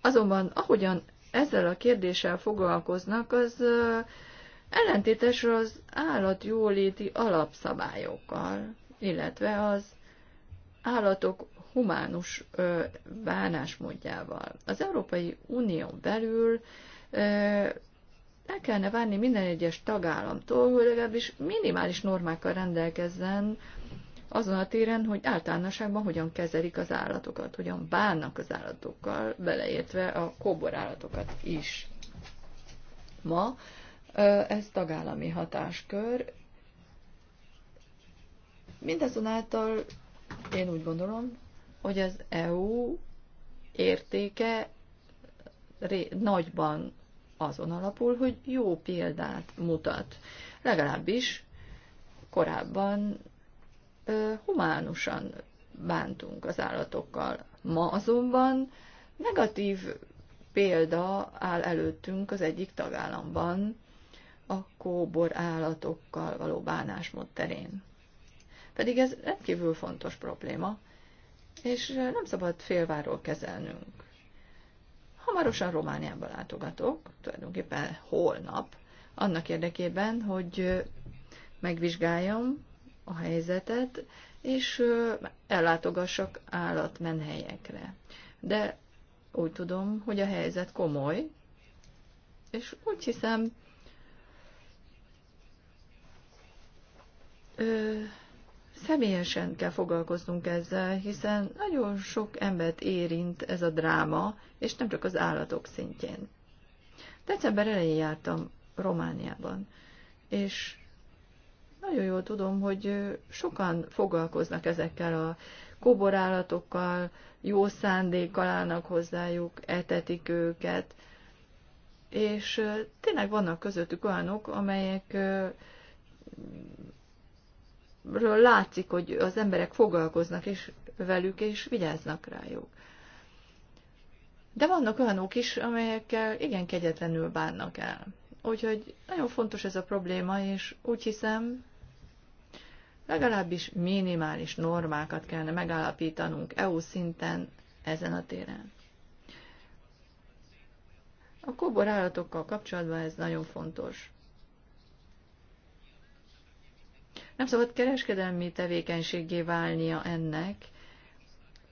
Azonban ahogyan ezzel a kérdéssel foglalkoznak, az ö, ellentétes az állatjóléti alapszabályokkal, illetve az állatok humánus bánásmódjával. Az Európai Unión belül el kellene várni minden egyes tagállamtól, hogy legalábbis minimális normákkal rendelkezzen azon a téren, hogy általánosságban hogyan kezelik az állatokat, hogyan bánnak az állatokkal, beleértve a kóborállatokat is. Ma ez tagállami hatáskör. Mindazonáltal én úgy gondolom, hogy az EU értéke nagyban azon alapul, hogy jó példát mutat. Legalábbis korábban ö, humánusan bántunk az állatokkal. Ma azonban negatív példa áll előttünk az egyik tagállamban a kóbor állatokkal való bánásmód terén. Pedig ez rendkívül fontos probléma, és nem szabad félváról kezelnünk. Hamarosan Romániába látogatok, tulajdonképpen holnap, annak érdekében, hogy megvizsgáljam a helyzetet, és ellátogassak állatmenhelyekre. De úgy tudom, hogy a helyzet komoly, és úgy hiszem, Személyesen kell foglalkoznunk ezzel, hiszen nagyon sok embert érint ez a dráma, és nem csak az állatok szintjén. December elején jártam Romániában, és nagyon jól tudom, hogy sokan foglalkoznak ezekkel a koborállatokkal, jó szándékkal állnak hozzájuk, etetik őket, és tényleg vannak közöttük olyanok, amelyek ről látszik, hogy az emberek foglalkoznak és velük, és vigyáznak rájuk. De vannak olyanok is, amelyekkel igen kegyetlenül bánnak el. Úgyhogy nagyon fontos ez a probléma, és úgy hiszem, legalábbis minimális normákat kellene megállapítanunk EU szinten ezen a téren. A kóbor állatokkal kapcsolatban ez nagyon fontos. Nem szabad kereskedelmi tevékenységé válnia ennek,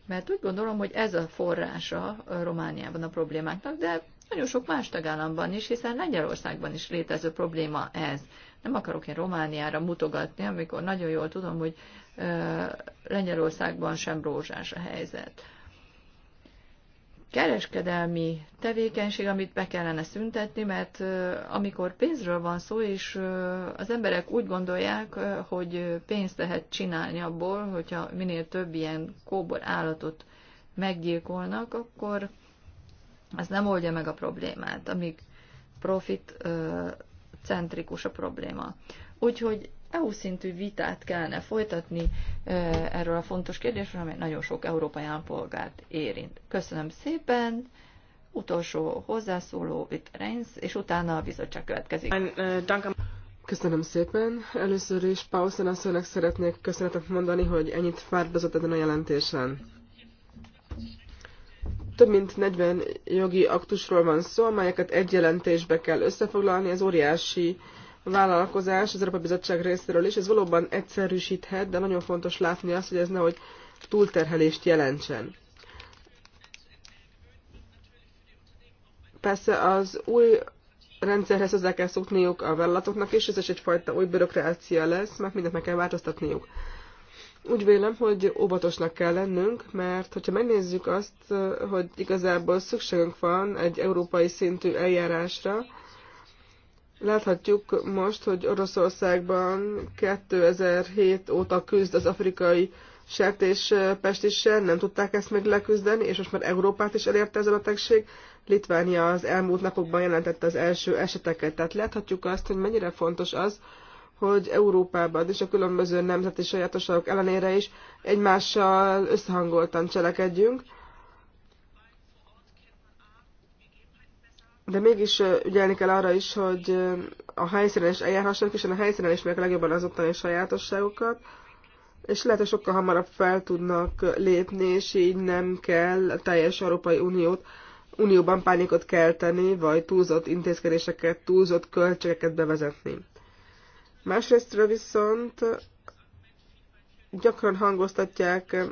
mert úgy gondolom, hogy ez a forrása Romániában a problémáknak, de nagyon sok más tagállamban is, hiszen Lengyelországban is létező probléma ez. Nem akarok én Romániára mutogatni, amikor nagyon jól tudom, hogy Lengyelországban sem rózsás a helyzet kereskedelmi tevékenység, amit be kellene szüntetni, mert amikor pénzről van szó, és az emberek úgy gondolják, hogy pénzt lehet csinálni abból, hogyha minél több ilyen kóbor állatot meggyilkolnak, akkor az nem oldja meg a problémát, amíg profit centrikus a probléma. Úgyhogy EU szintű vitát kellene folytatni erről a fontos kérdésről, amely nagyon sok európai állampolgárt érint. Köszönöm szépen! Utolsó hozzászóló itt Reins, és utána a bizottság következik. Köszönöm szépen. Először is Pausen asszonynak szeretnék köszönetet mondani, hogy ennyit fáradozott ezen a jelentésen. Több mint 40 jogi aktusról van szó, amelyeket egy jelentésbe kell összefoglalni, ez óriási uh, vállalkozás az Európai Bizottság részéről is. Ez valóban egyszerűsíthet, de nagyon fontos látni azt, hogy ez nehogy túlterhelést jelentsen. Persze az új rendszerhez hozzá kell szokniuk a vállalatoknak is, ez is egyfajta új bürokrácia lesz, mert mindent meg kell változtatniuk. Úgy vélem, hogy óvatosnak kell lennünk, mert hogyha megnézzük azt, hogy igazából szükségünk van egy európai szintű eljárásra, Láthatjuk most, hogy Oroszországban 2007 óta küzd az afrikai sertéspestissel, nem tudták ezt még leküzdeni, és most már Európát is elérte ez a betegség. Litvánia az elmúlt napokban jelentette az első eseteket, tehát láthatjuk azt, hogy mennyire fontos az, hogy Európában és a különböző nemzeti sajátosságok ellenére is egymással összehangoltan cselekedjünk de mégis ügyelni kell arra is, hogy a helyszínen is eljárhassanak, és a helyszínen is meg legjobban az ottani sajátosságokat, és lehet, hogy sokkal hamarabb fel tudnak lépni, és így nem kell a teljes Európai Uniót, Unióban pánikot kelteni, vagy túlzott intézkedéseket, túlzott költségeket bevezetni. Másrészt viszont gyakran hangoztatják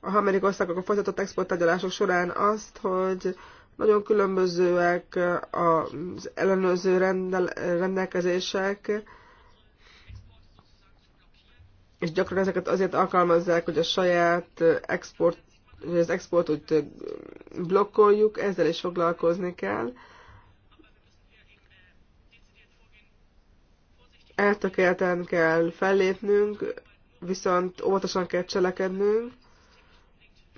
a harmadik a folytatott exporttárgyalások során azt, hogy nagyon különbözőek az ellenőrző rendel, rendelkezések, és gyakran ezeket azért alkalmazzák, hogy a saját export, hogy az exportot blokkoljuk, ezzel is foglalkozni kell. Eltökélten kell fellépnünk, viszont óvatosan kell cselekednünk,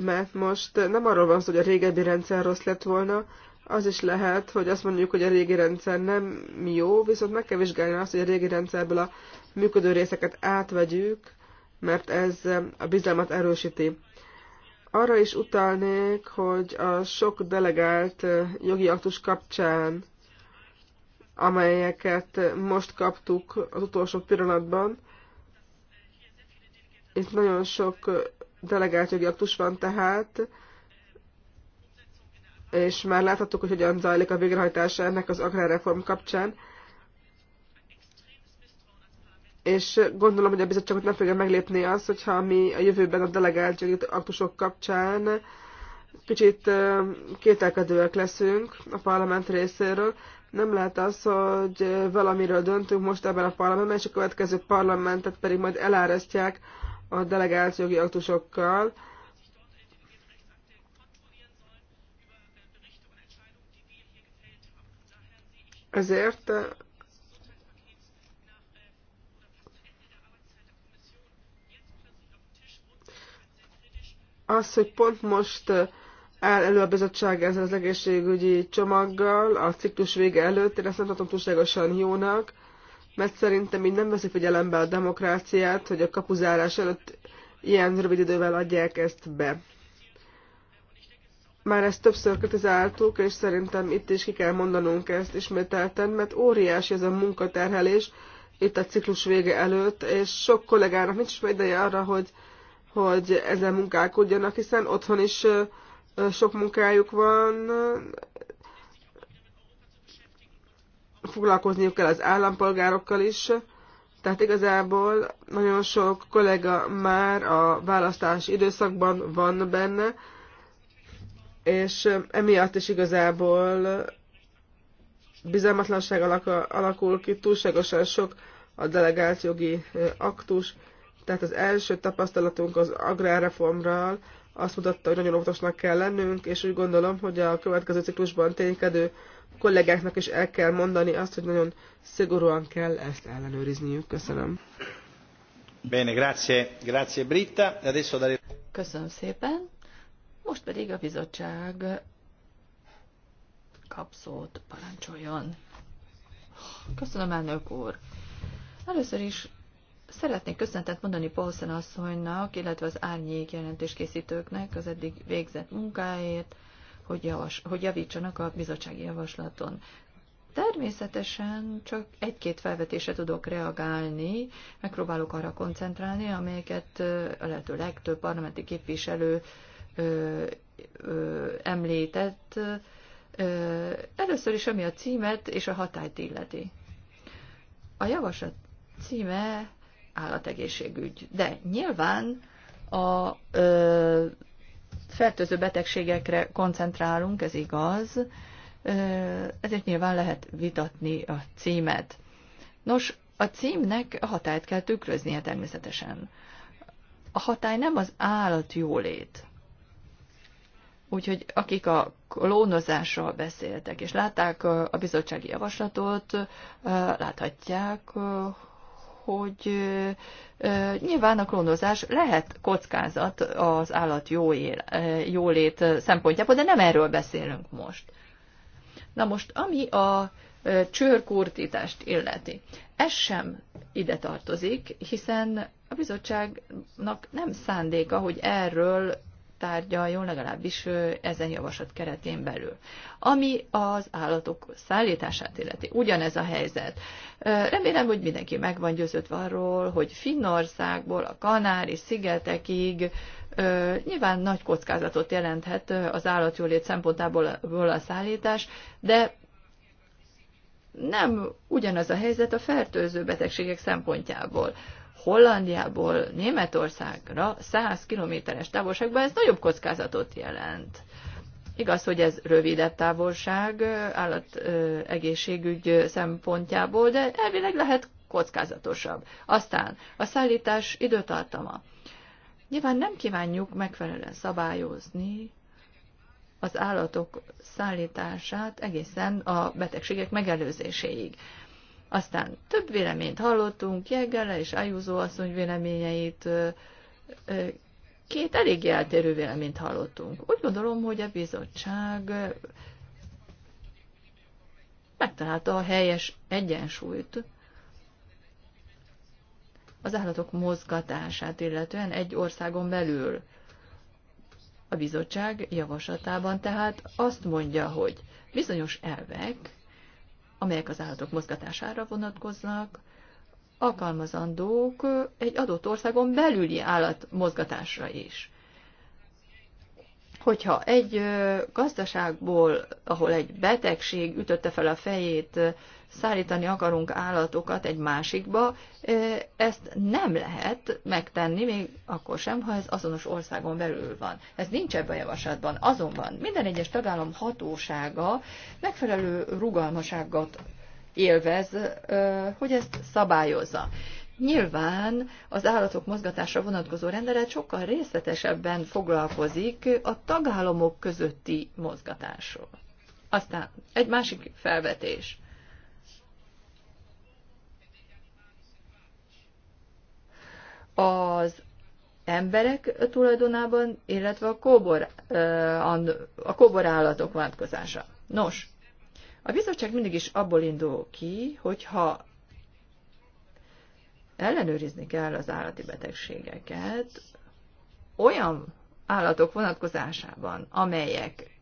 mert most nem arról van szó, hogy a régebbi rendszer rossz lett volna, az is lehet, hogy azt mondjuk, hogy a régi rendszer nem jó, viszont meg kell vizsgálni azt, hogy a régi rendszerből a működő részeket átvegyük, mert ez eh, a bizalmat erősíti. Arra is utalnék, hogy a sok delegált eh, jogi aktus kapcsán, amelyeket eh, most kaptuk az utolsó pillanatban, itt nagyon sok delegált jogi aktus van tehát, és már láthattuk, hogy hogyan zajlik a végrehajtása ennek az agrárreform kapcsán. És gondolom, hogy a bizottságot nem fogja meglépni az, hogyha mi a jövőben a delegált jogi aktusok kapcsán kicsit kételkedőek leszünk a parlament részéről. Nem lehet az, hogy valamiről döntünk most ebben a parlamentben, és a következő parlamentet pedig majd elárasztják a delegált jogi aktusokkal, Ezért az, hogy pont most áll elő a bizottság ezzel az egészségügyi csomaggal, a ciklus vége előtt, én ezt nem tartom túlságosan jónak mert szerintem így nem veszik figyelembe a demokráciát, hogy a kapuzárás előtt ilyen rövid idővel adják ezt be. Már ezt többször kritizáltuk, és szerintem itt is ki kell mondanunk ezt ismételten, mert óriási ez a munkaterhelés itt a ciklus vége előtt, és sok kollégának nincs ideje arra, hogy, hogy ezzel munkálkodjanak, hiszen otthon is sok munkájuk van, foglalkozniuk kell az állampolgárokkal is, tehát igazából nagyon sok kollega már a választás időszakban van benne, és emiatt is igazából bizalmatlanság alakul ki, túlságosan sok a delegált jogi aktus, tehát az első tapasztalatunk az agrárreformral azt mutatta, hogy nagyon óvatosnak kell lennünk, és úgy gondolom, hogy a következő ciklusban ténykedő kollégáknak is el kell mondani azt, hogy nagyon szigorúan kell ezt ellenőrizniük. Köszönöm. Bene, grazie, grazie Britta. Adesso dare... Köszönöm szépen. Most pedig a bizottság kapszót parancsoljon. Köszönöm, elnök úr. Először is szeretnék köszöntet mondani Paulsen asszonynak, illetve az árnyék jelentéskészítőknek az eddig végzett munkáért, hogy, javas, hogy javítsanak a bizottsági javaslaton. Természetesen csak egy-két felvetésre tudok reagálni, megpróbálok arra koncentrálni, amelyeket a lehető legtöbb parlamenti képviselő ö, ö, említett. Ö, először is, ami a címet és a hatályt illeti. A javaslat címe állategészségügy, de nyilván a ö, fertőző betegségekre koncentrálunk, ez igaz, ezért nyilván lehet vitatni a címet. Nos, a címnek a hatályt kell tükröznie természetesen. A hatály nem az állat jólét. Úgyhogy akik a klónozásról beszéltek, és látták a bizottsági javaslatot, láthatják, hogy nyilván a klónozás lehet kockázat az állat jó jólét szempontjából, de nem erről beszélünk most. Na most, ami a csőrkurtítást illeti. Ez sem ide tartozik, hiszen a bizottságnak nem szándéka, hogy erről tárgyaljon, legalábbis ezen javaslat keretén belül. Ami az állatok szállítását illeti, ugyanez a helyzet. Remélem, hogy mindenki meg van győződve arról, hogy Finnországból a Kanári szigetekig nyilván nagy kockázatot jelenthet az állatjólét szempontából a szállítás, de nem ugyanaz a helyzet a fertőző betegségek szempontjából. Hollandiából Németországra 100 kilométeres távolságban ez nagyobb kockázatot jelent. Igaz, hogy ez rövidebb távolság állat egészségügy szempontjából, de elvileg lehet kockázatosabb. Aztán a szállítás időtartama. Nyilván nem kívánjuk megfelelően szabályozni az állatok szállítását egészen a betegségek megelőzéséig. Aztán több véleményt hallottunk, Jeggele és Ajúzó asszony véleményeit, két eléggé eltérő véleményt hallottunk. Úgy gondolom, hogy a bizottság megtalálta a helyes egyensúlyt az állatok mozgatását, illetően egy országon belül. A bizottság javaslatában tehát azt mondja, hogy bizonyos elvek amelyek az állatok mozgatására vonatkoznak, alkalmazandók egy adott országon belüli állatmozgatásra is hogyha egy gazdaságból, ahol egy betegség ütötte fel a fejét, szállítani akarunk állatokat egy másikba, ezt nem lehet megtenni, még akkor sem, ha ez azonos országon belül van. Ez nincs ebben a javaslatban. Azonban minden egyes tagállam hatósága megfelelő rugalmaságot élvez, hogy ezt szabályozza. Nyilván az állatok mozgatásra vonatkozó rendelet sokkal részletesebben foglalkozik a tagállamok közötti mozgatásról. Aztán egy másik felvetés. Az emberek tulajdonában, illetve a, kóbor, a kóborállatok vonatkozása. Nos, a bizottság mindig is abból indul ki, hogyha ellenőrizni kell az állati betegségeket olyan állatok vonatkozásában, amelyek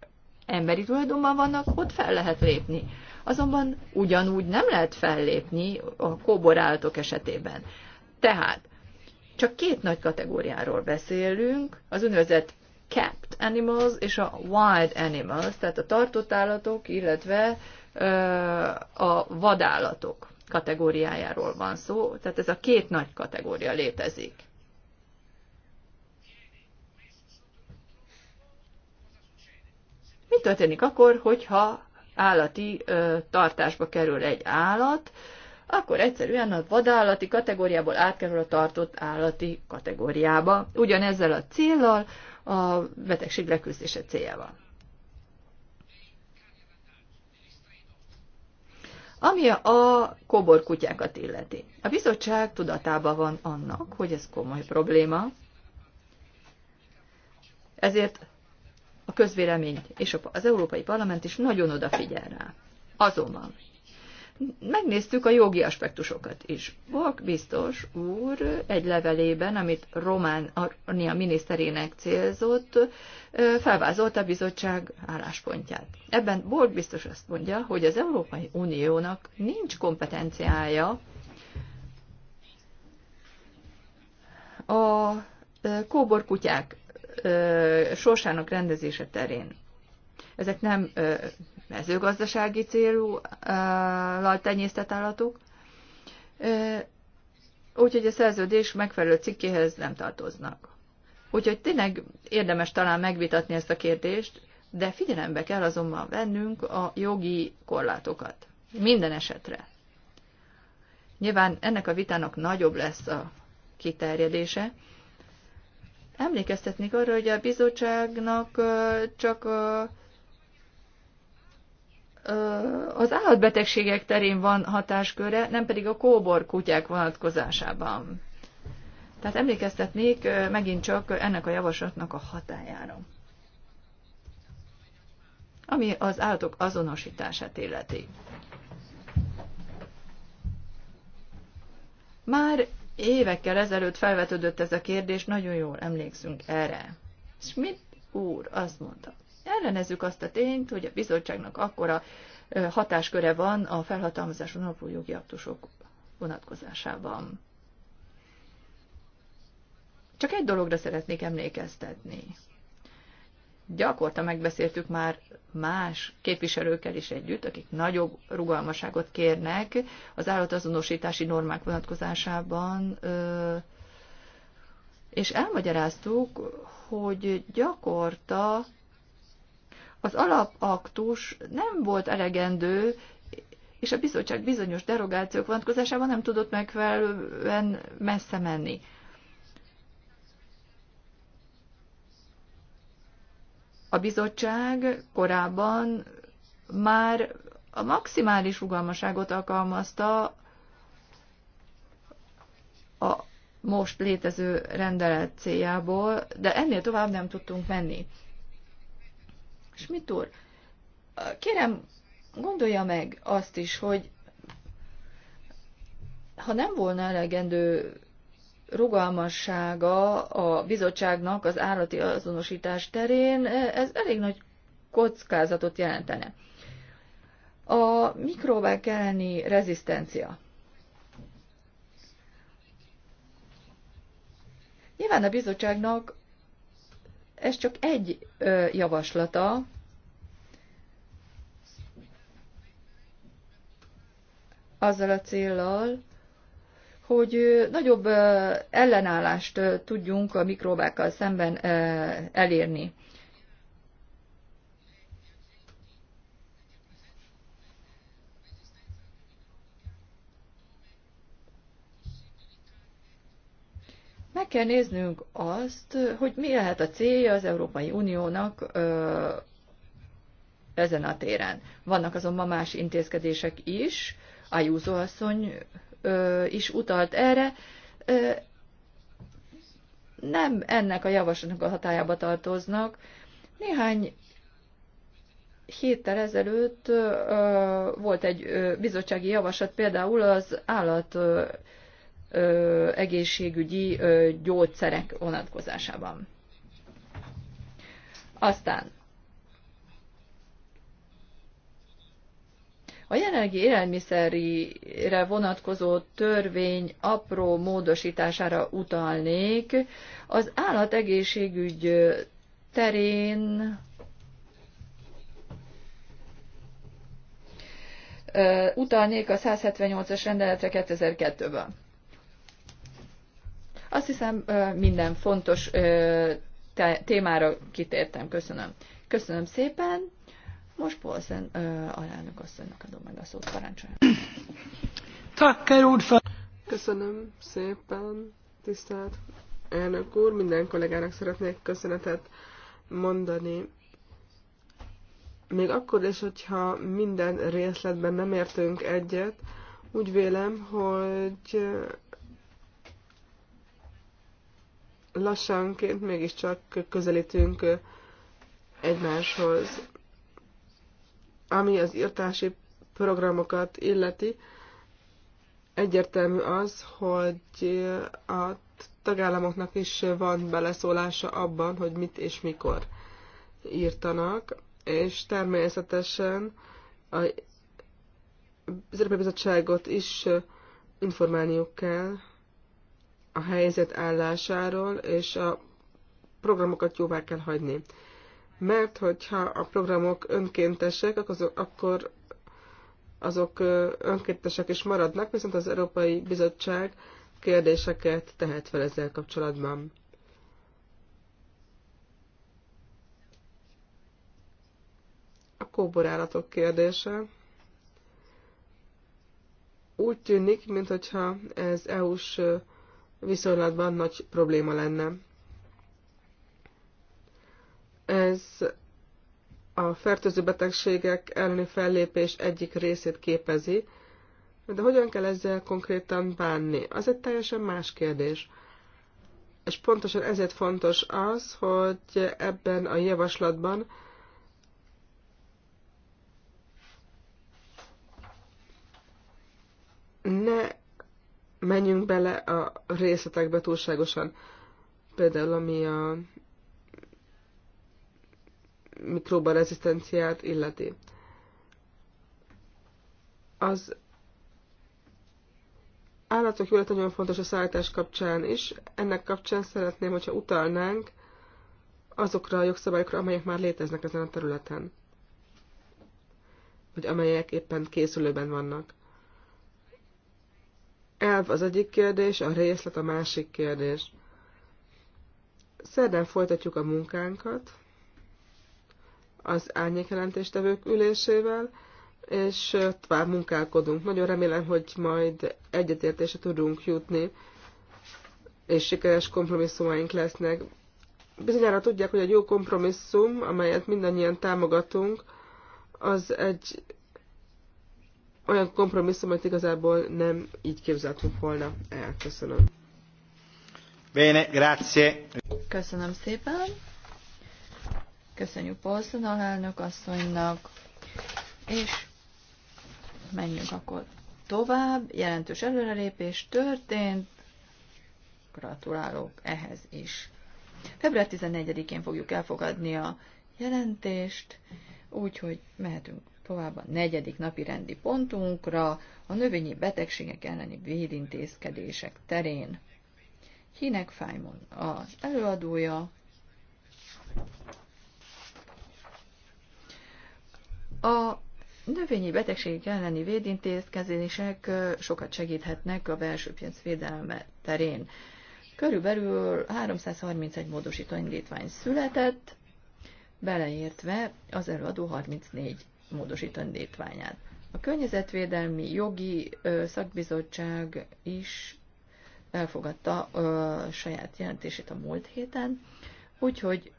emberi tulajdonban vannak, ott fel lehet lépni. Azonban ugyanúgy nem lehet fellépni a kóborállatok esetében. Tehát csak két nagy kategóriáról beszélünk, az úgynevezett capped animals és a wild animals, tehát a tartott állatok, illetve ö, a vadállatok kategóriájáról van szó, tehát ez a két nagy kategória létezik. Mi történik akkor, hogyha állati ö, tartásba kerül egy állat, akkor egyszerűen a vadállati kategóriából átkerül a tartott állati kategóriába. Ugyanezzel a céllal, a betegség leküzdése céljával. Ami a koborkutyákat illeti. A bizottság tudatában van annak, hogy ez komoly probléma, ezért a közvélemény és az Európai Parlament is nagyon odafigyel rá. Azonban megnéztük a jogi aspektusokat is. Bork biztos úr egy levelében, amit Románia miniszterének célzott, felvázolta a bizottság álláspontját. Ebben Bork biztos azt mondja, hogy az Európai Uniónak nincs kompetenciája a kóborkutyák sorsának rendezése terén ezek nem mezőgazdasági célú tenyésztett állatok, úgyhogy a szerződés megfelelő cikkéhez nem tartoznak. Úgyhogy tényleg érdemes talán megvitatni ezt a kérdést, de figyelembe kell azonban vennünk a jogi korlátokat. Minden esetre. Nyilván ennek a vitának nagyobb lesz a kiterjedése. Emlékeztetnék arra, hogy a bizottságnak csak az állatbetegségek terén van hatásköre, nem pedig a kóbor kutyák vonatkozásában. Tehát emlékeztetnék megint csak ennek a javaslatnak a hatájára. Ami az állatok azonosítását illeti. Már évekkel ezelőtt felvetődött ez a kérdés, nagyon jól emlékszünk erre. Schmidt úr azt mondta, ellenezzük azt a tényt, hogy a bizottságnak akkora hatásköre van a felhatalmazáson alapú jogi aktusok vonatkozásában. Csak egy dologra szeretnék emlékeztetni. Gyakorta megbeszéltük már más képviselőkkel is együtt, akik nagyobb rugalmaságot kérnek az állatazonosítási normák vonatkozásában, és elmagyaráztuk, hogy gyakorta az alapaktus nem volt elegendő, és a bizottság bizonyos derogációk vonatkozásában nem tudott megfelelően messze menni. A bizottság korábban már a maximális rugalmaságot alkalmazta a most létező rendelet céljából, de ennél tovább nem tudtunk menni. Schmidt úr, kérem, gondolja meg azt is, hogy ha nem volna elegendő rugalmassága a bizottságnak az állati azonosítás terén, ez elég nagy kockázatot jelentene. A mikróbák elleni rezisztencia. Nyilván a bizottságnak ez csak egy javaslata. Azzal a céllal, hogy nagyobb ellenállást tudjunk a mikróbákkal szemben elérni. Meg kell néznünk azt, hogy mi lehet a célja az Európai Uniónak ezen a téren. Vannak azonban más intézkedések is, Ajúzó asszony ö, is utalt erre. Ö, nem ennek a javaslatnak a hatájába tartoznak. Néhány héttel ezelőtt ö, volt egy ö, bizottsági javaslat például az állat ö, egészségügyi gyógyszerek vonatkozásában. Aztán A jelenlegi élelmiszerre vonatkozó törvény apró módosítására utalnék. Az állategészségügy terén utalnék a 178-as rendeletre 2002 ben azt hiszem minden fontos témára kitértem. Köszönöm. Köszönöm szépen. Most Polszen alelnök asszonynak adom meg a szót. Parancsoljon. Köszönöm szépen, tisztelt elnök úr. Minden kollégának szeretnék köszönetet mondani. Még akkor is, hogyha minden részletben nem értünk egyet, úgy vélem, hogy lassanként mégiscsak közelítünk egymáshoz. Ami az írtási programokat illeti, egyértelmű az, hogy a tagállamoknak is van beleszólása abban, hogy mit és mikor írtanak, és természetesen a az Európai Bizottságot is informálniuk kell a helyzet állásáról, és a programokat jóvá kell hagyni. Mert hogyha a programok önkéntesek, akkor azok önkéntesek is maradnak, viszont az Európai Bizottság kérdéseket tehet fel ezzel kapcsolatban. A kóborállatok kérdése. Úgy tűnik, mintha ez EU-s viszonylatban nagy probléma lenne. Ez a fertőző betegségek elleni fellépés egyik részét képezi, de hogyan kell ezzel konkrétan bánni? Az egy teljesen más kérdés. És pontosan ezért fontos az, hogy ebben a javaslatban ne menjünk bele a részletekbe túlságosan. Például ami a mikróba rezisztenciát illeti. Az állatok jólét nagyon fontos a szállítás kapcsán is. Ennek kapcsán szeretném, hogyha utalnánk azokra a jogszabályokra, amelyek már léteznek ezen a területen. Vagy amelyek éppen készülőben vannak elv az egyik kérdés, a részlet a másik kérdés. Szerdán folytatjuk a munkánkat az árnyékelentéstevők ülésével, és tovább munkálkodunk. Nagyon remélem, hogy majd egyetértésre tudunk jutni, és sikeres kompromisszumaink lesznek. Bizonyára tudják, hogy egy jó kompromisszum, amelyet mindannyian támogatunk, az egy olyan kompromisszum, amit igazából nem így képzeltünk volna el. Köszönöm. Bene, grazie. Köszönöm szépen. Köszönjük Polszon alelnök asszonynak, és menjünk akkor tovább. Jelentős előrelépés történt. Gratulálok ehhez is. Február 14-én fogjuk elfogadni a jelentést, úgyhogy mehetünk tovább a negyedik napi rendi pontunkra, a növényi betegségek elleni védintézkedések terén. Hinek Fájmon az előadója. A növényi betegségek elleni védintézkedések sokat segíthetnek a belső piac védelme terén. Körülbelül 331 módosító indítvány született, beleértve az előadó 34 módosítani létványát. A Környezetvédelmi Jogi Szakbizottság is elfogadta ö, saját jelentését a múlt héten, úgyhogy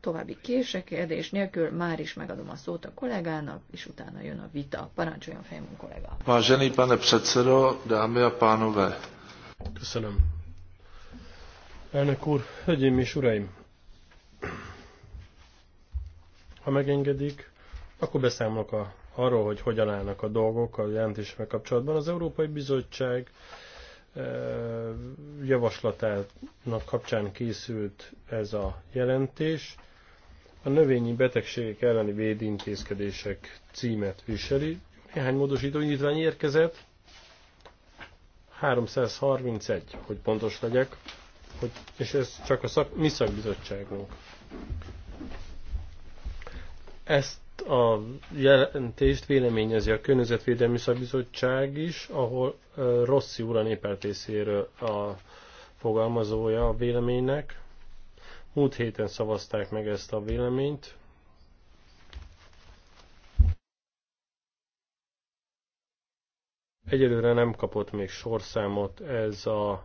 további késekedés nélkül már is megadom a szót a kollégának, és utána jön a vita. Parancsoljon fejemon kollega. Vážený pane předsedo, dámy a pánové. Köszönöm. Elnök úr, hölgyeim és uraim! Ha megengedik, akkor beszámolok a, arról, hogy hogyan állnak a dolgok a jelentésével kapcsolatban. Az Európai Bizottság e, javaslatának kapcsán készült ez a jelentés. A növényi betegségek elleni védintézkedések címet viseli. Néhány módosító nyitvány érkezett. 331, hogy pontos legyek, hogy, és ez csak a szak, mi szakbizottságunk. Ezt a jelentést véleményezi a Környezetvédelmi Szakbizottság is, ahol Rossi úr a néppárt a fogalmazója a véleménynek. Múlt héten szavazták meg ezt a véleményt, Egyelőre nem kapott még sorszámot ez a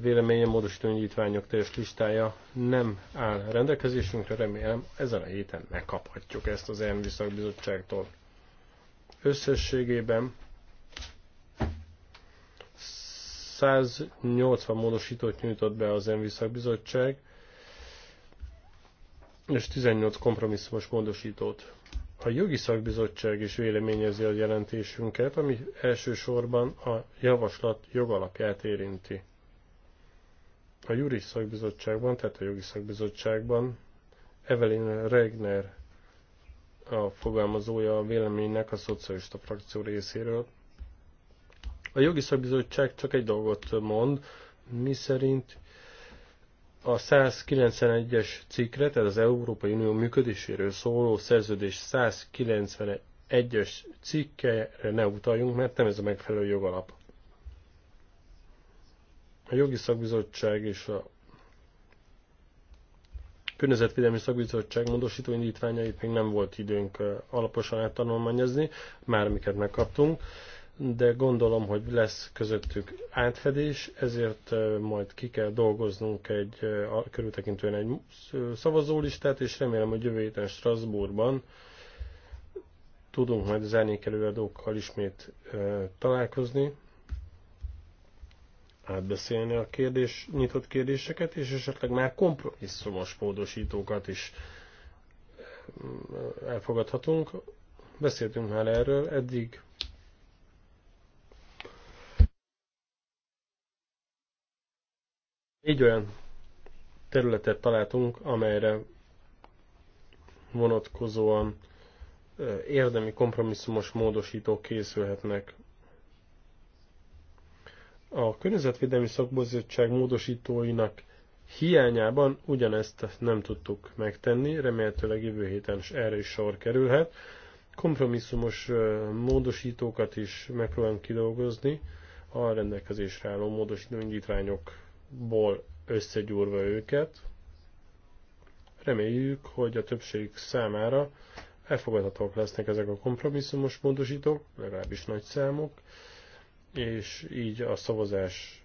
véleménye módosító nyitványok teljes listája nem áll rendelkezésünkre, remélem ezen a héten megkaphatjuk ezt az ENVI szakbizottságtól. Összességében 180 módosítót nyújtott be az ENVI szakbizottság, és 18 kompromisszumos módosítót. A jogi szakbizottság is véleményezi a jelentésünket, ami elsősorban a javaslat jogalapját érinti. A Júri Szakbizottságban, tehát a Jogi Szakbizottságban Evelyn Regner a fogalmazója a véleménynek a szocialista frakció részéről. A jogi szakbizottság csak egy dolgot mond, mi szerint a 191-es cikkre, tehát az Európai Unió működéséről szóló szerződés 191-es cikkre ne utaljunk, mert nem ez a megfelelő jogalap. A jogi szakbizottság és a környezetvédelmi szakbizottság módosító indítványait még nem volt időnk alaposan áttanulmányozni, már amiket megkaptunk, de gondolom, hogy lesz közöttük átfedés, ezért majd ki kell dolgoznunk egy körültekintően egy szavazólistát, és remélem, hogy jövő héten Strasbourgban tudunk majd az elnékelőadókkal ismét találkozni, átbeszélni a kérdés, nyitott kérdéseket, és esetleg már kompromisszumos módosítókat is mm, elfogadhatunk. Beszéltünk már erről, eddig Így olyan területet találtunk, amelyre vonatkozóan eh, érdemi kompromisszumos módosítók készülhetnek. A Környezetvédelmi Szakbizottság módosítóinak hiányában ugyanezt nem tudtuk megtenni, remélhetőleg jövő héten is erre is sor kerülhet. Kompromisszumos módosítókat is megpróbálom kidolgozni, a rendelkezésre álló módosító indítványokból összegyúrva őket. Reméljük, hogy a többség számára elfogadhatók lesznek ezek a kompromisszumos módosítók, legalábbis nagy számok, és így a szavazás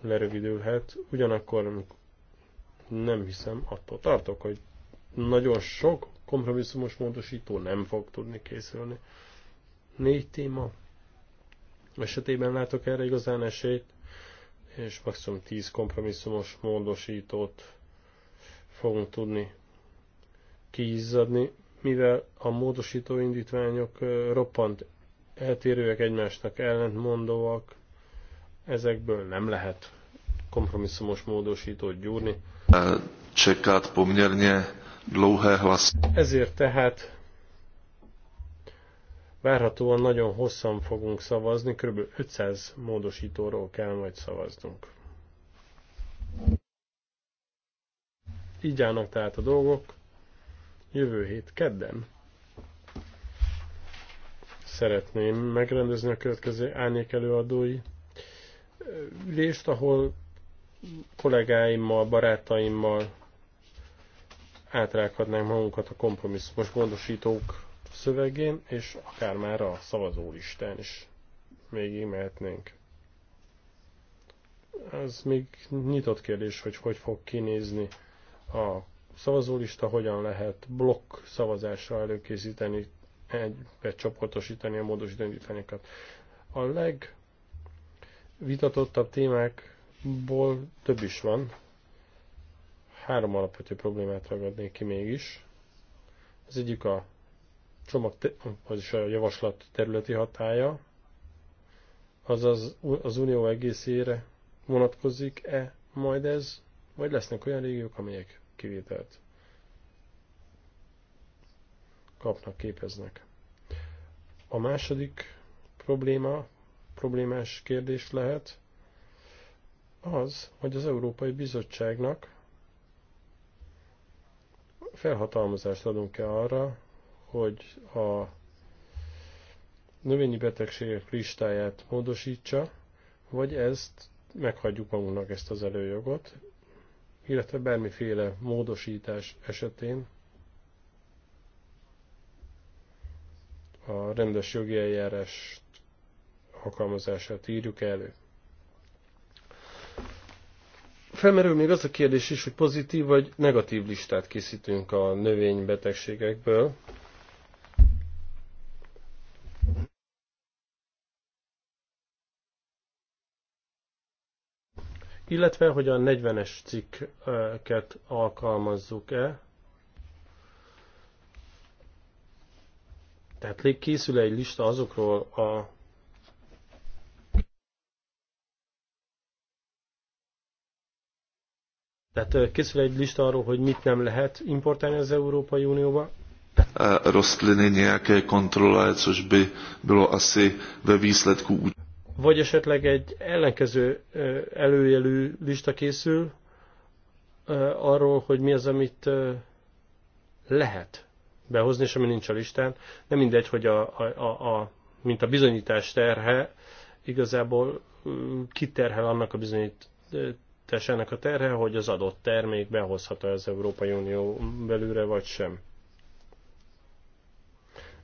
lerövidülhet. Ugyanakkor nem hiszem, attól tartok, hogy nagyon sok kompromisszumos módosító nem fog tudni készülni. Négy téma esetében látok erre igazán esélyt, és maximum 10 kompromisszumos módosítót fogunk tudni kiizzadni, mivel a módosító indítványok roppant eltérőek, egymásnak ellentmondóak, ezekből nem lehet kompromisszumos módosítót gyúrni. Csekát pomnyernie dlouhé hlas. Ezért tehát várhatóan nagyon hosszan fogunk szavazni, kb. 500 módosítóról kell majd szavaznunk. Így állnak tehát a dolgok. Jövő hét kedden szeretném megrendezni a következő árnyék előadói ülést, ahol kollégáimmal, barátaimmal átrákadnánk magunkat a kompromisszumos gondosítók szövegén, és akár már a szavazólistán is még mehetnénk. Ez még nyitott kérdés, hogy hogy fog kinézni a szavazólista, hogyan lehet blokk szavazásra előkészíteni egybe csoportosítani a módosító indítványokat. A legvitatottabb témákból több is van. Három alapvető problémát ragadnék ki mégis. Az egyik a csomag, az is a javaslat területi hatája, azaz az unió egészére vonatkozik-e majd ez, vagy lesznek olyan régiók, amelyek kivételt kapnak, képeznek. A második probléma, problémás kérdés lehet az, hogy az Európai Bizottságnak felhatalmazást adunk-e arra, hogy a növényi betegségek listáját módosítsa, vagy ezt meghagyjuk magunknak ezt az előjogot, illetve bármiféle módosítás esetén a rendes jogi eljárás alkalmazását írjuk elő. Felmerül még az a kérdés is, hogy pozitív vagy negatív listát készítünk a növénybetegségekből. Illetve, hogy a 40-es cikket alkalmazzuk-e, Tehát készül egy lista azokról a Tehát készül egy lista arról, hogy mit nem lehet importálni az Európai Unióba. E, rostliny nějaké kontrole, což by bylo asi ve výsledku... Vagy esetleg egy ellenkező előjelű lista készül arról, hogy mi az, amit lehet behozni, és ami nincs a listán. Nem mindegy, hogy a, a, a, a mint a bizonyítás terhe, igazából kiterhel annak a bizonyításának a terhe, hogy az adott termék behozható az Európai Unió belőle, vagy sem.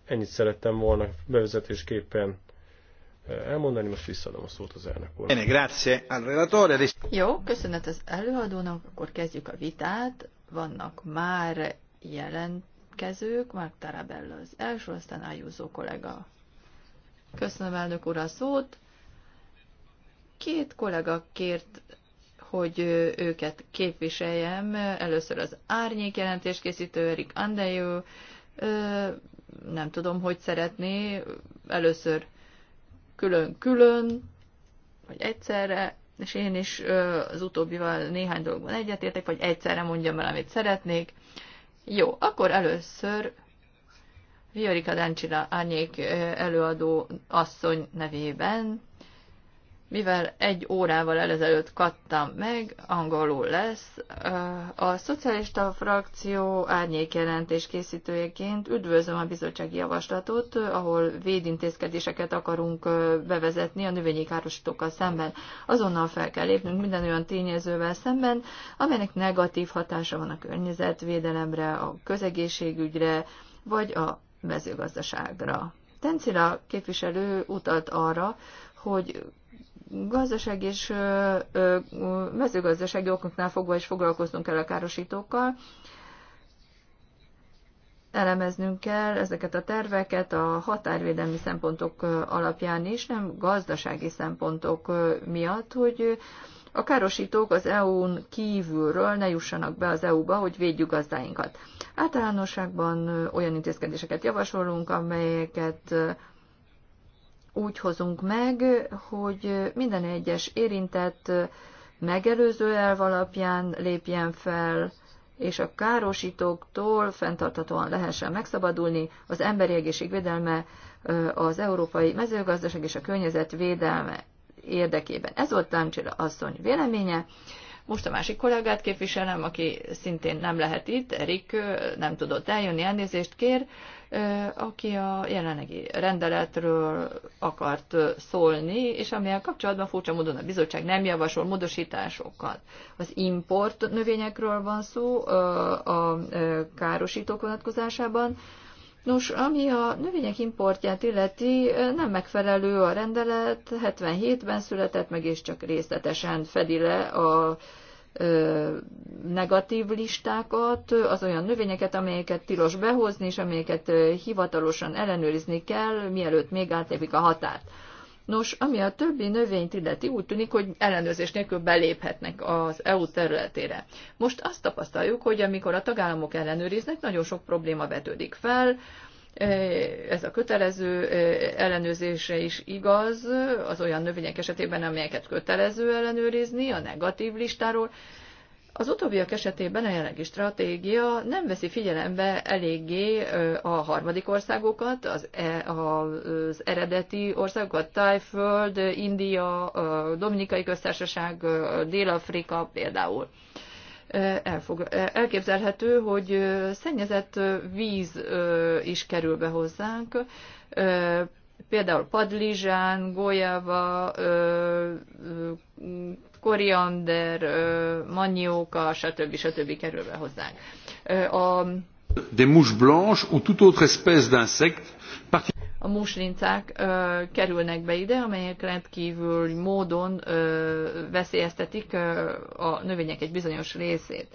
Ennyit szerettem volna bevezetésképpen elmondani, most visszaadom a szót az elnök úr. grazie al relatore. Jó, köszönet az előadónak, akkor kezdjük a vitát. Vannak már jelent következők, Mark Tarabella az első, aztán Ayuso kollega. Köszönöm elnök úr a szót. Két kollega kért, hogy őket képviseljem. Először az árnyék jelentéskészítő Erik Andejó. Nem tudom, hogy szeretné. Először külön-külön, vagy egyszerre, és én is az utóbbival néhány dolgban egyetértek, vagy egyszerre mondjam el, amit szeretnék. Jó, akkor először Viorika Dancsila árnyék előadó asszony nevében mivel egy órával ezelőtt kattam meg, angolul lesz. A szocialista frakció árnyékjelentés készítőjeként üdvözlöm a bizottsági javaslatot, ahol védintézkedéseket akarunk bevezetni a növényi károsítókkal szemben. Azonnal fel kell lépnünk minden olyan tényezővel szemben, amelynek negatív hatása van a környezetvédelemre, a közegészségügyre, vagy a mezőgazdaságra. Tencila képviselő utalt arra, hogy gazdaság és mezőgazdasági okoknál fogva is foglalkoznunk kell a károsítókkal. Elemeznünk kell ezeket a terveket a határvédelmi szempontok alapján is, nem gazdasági szempontok miatt, hogy a károsítók az EU-n kívülről ne jussanak be az EU-ba, hogy védjük gazdáinkat. Általánosságban olyan intézkedéseket javasolunk, amelyeket úgy hozunk meg, hogy minden egyes érintett megelőző elv alapján lépjen fel, és a károsítóktól fenntartatóan lehessen megszabadulni, az emberi védelme az európai mezőgazdaság és a környezet védelme érdekében. Ez volt Táncsila asszony véleménye. Most a másik kollégát képviselem, aki szintén nem lehet itt, Erik nem tudott eljönni, elnézést kér, aki a jelenlegi rendeletről akart szólni, és amilyen kapcsolatban furcsa módon a bizottság nem javasol módosításokat. Az import növényekről van szó a károsítók vonatkozásában. Nos, ami a növények importját illeti, nem megfelelő a rendelet, 77-ben született meg, és csak részletesen fedi le a negatív listákat, az olyan növényeket, amelyeket tilos behozni, és amelyeket hivatalosan ellenőrizni kell, mielőtt még átlépik a határt. Nos, ami a többi növényt illeti, úgy tűnik, hogy ellenőrzés nélkül beléphetnek az EU területére. Most azt tapasztaljuk, hogy amikor a tagállamok ellenőriznek, nagyon sok probléma vetődik fel, ez a kötelező ellenőrzése is igaz, az olyan növények esetében, amelyeket kötelező ellenőrizni, a negatív listáról. Az utóbbiak esetében a jelenlegi stratégia nem veszi figyelembe eléggé a harmadik országokat, az, e, az eredeti országokat, Tájföld, India, Dominikai Köztársaság, Dél-Afrika például elfog, elképzelhető, hogy szennyezett víz is kerül be hozzánk, például padlizsán, golyava, koriander, manióka, stb. stb. kerül be hozzánk. A... Des mouches blanches ou toute autre espèce d'insecte. d'insectes a muslincák ö, kerülnek be ide, amelyek rendkívül módon ö, veszélyeztetik ö, a növények egy bizonyos részét.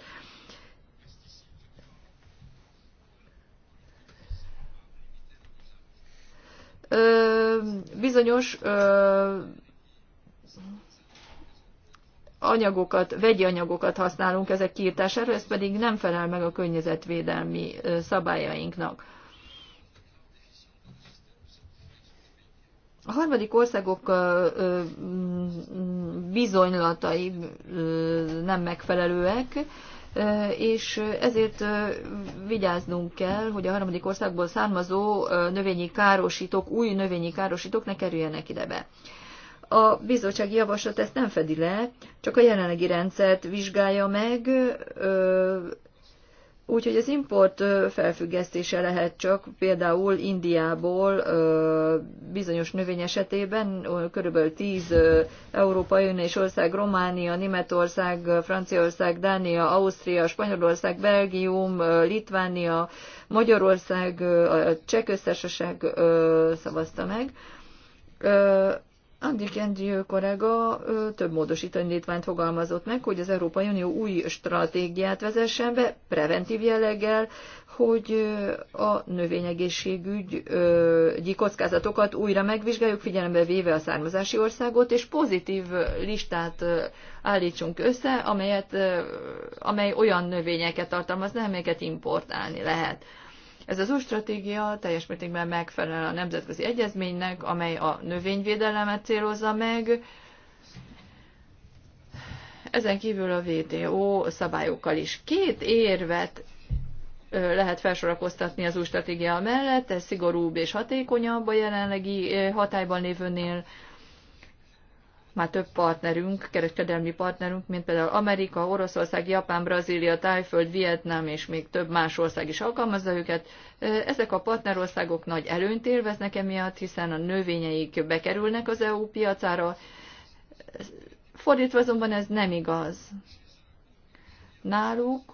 Ö, bizonyos ö, anyagokat, vegyi anyagokat használunk ezek kiirtására, ez pedig nem felel meg a környezetvédelmi szabályainknak A harmadik országok bizonylatai nem megfelelőek, és ezért vigyáznunk kell, hogy a harmadik országból származó növényi károsítók, új növényi károsítók ne kerüljenek ide be. A bizottsági javaslat ezt nem fedi le, csak a jelenlegi rendszert vizsgálja meg, Úgyhogy az import felfüggesztése lehet csak például Indiából bizonyos növény esetében körülbelül 10 Európai Uniós ország, Románia, Németország, Franciaország, Dánia, Ausztria, Spanyolország, Belgium, Litvánia, Magyarország, a Cseh szavazta meg Andik Kendi korega több módosító indítványt fogalmazott meg, hogy az Európai Unió új stratégiát vezessen be, preventív jelleggel, hogy a növényegészségügyi kockázatokat újra megvizsgáljuk, figyelembe véve a származási országot, és pozitív listát állítsunk össze, amelyet, amely olyan növényeket tartalmaz, amelyeket importálni lehet. Ez az új stratégia teljes mértékben megfelel a nemzetközi egyezménynek, amely a növényvédelemet célozza meg, ezen kívül a WTO szabályokkal is. Két érvet lehet felsorakoztatni az új stratégia mellett, ez szigorúbb és hatékonyabb a jelenlegi hatályban lévőnél, már több partnerünk, kereskedelmi partnerünk, mint például Amerika, Oroszország, Japán, Brazília, Tájföld, Vietnám és még több más ország is alkalmazza őket. Ezek a partnerországok nagy előnyt élveznek emiatt, hiszen a növényeik bekerülnek az EU piacára. Fordítva azonban ez nem igaz. Náluk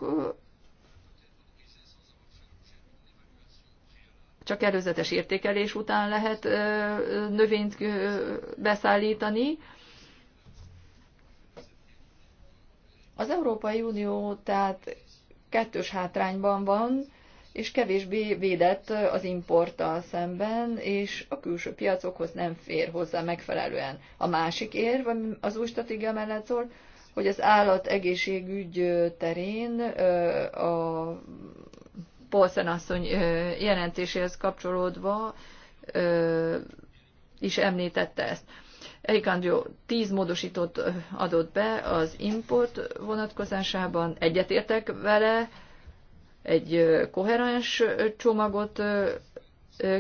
csak előzetes értékelés után lehet növényt beszállítani, Az Európai Unió tehát kettős hátrányban van, és kevésbé védett az importtal szemben, és a külső piacokhoz nem fér hozzá megfelelően. A másik érv az új stratégia mellett szól, hogy az állat egészségügy terén a Polszen asszony jelentéséhez kapcsolódva is említette ezt. Erik Andrió tíz módosítót adott be az import vonatkozásában, egyetértek vele, egy koherens csomagot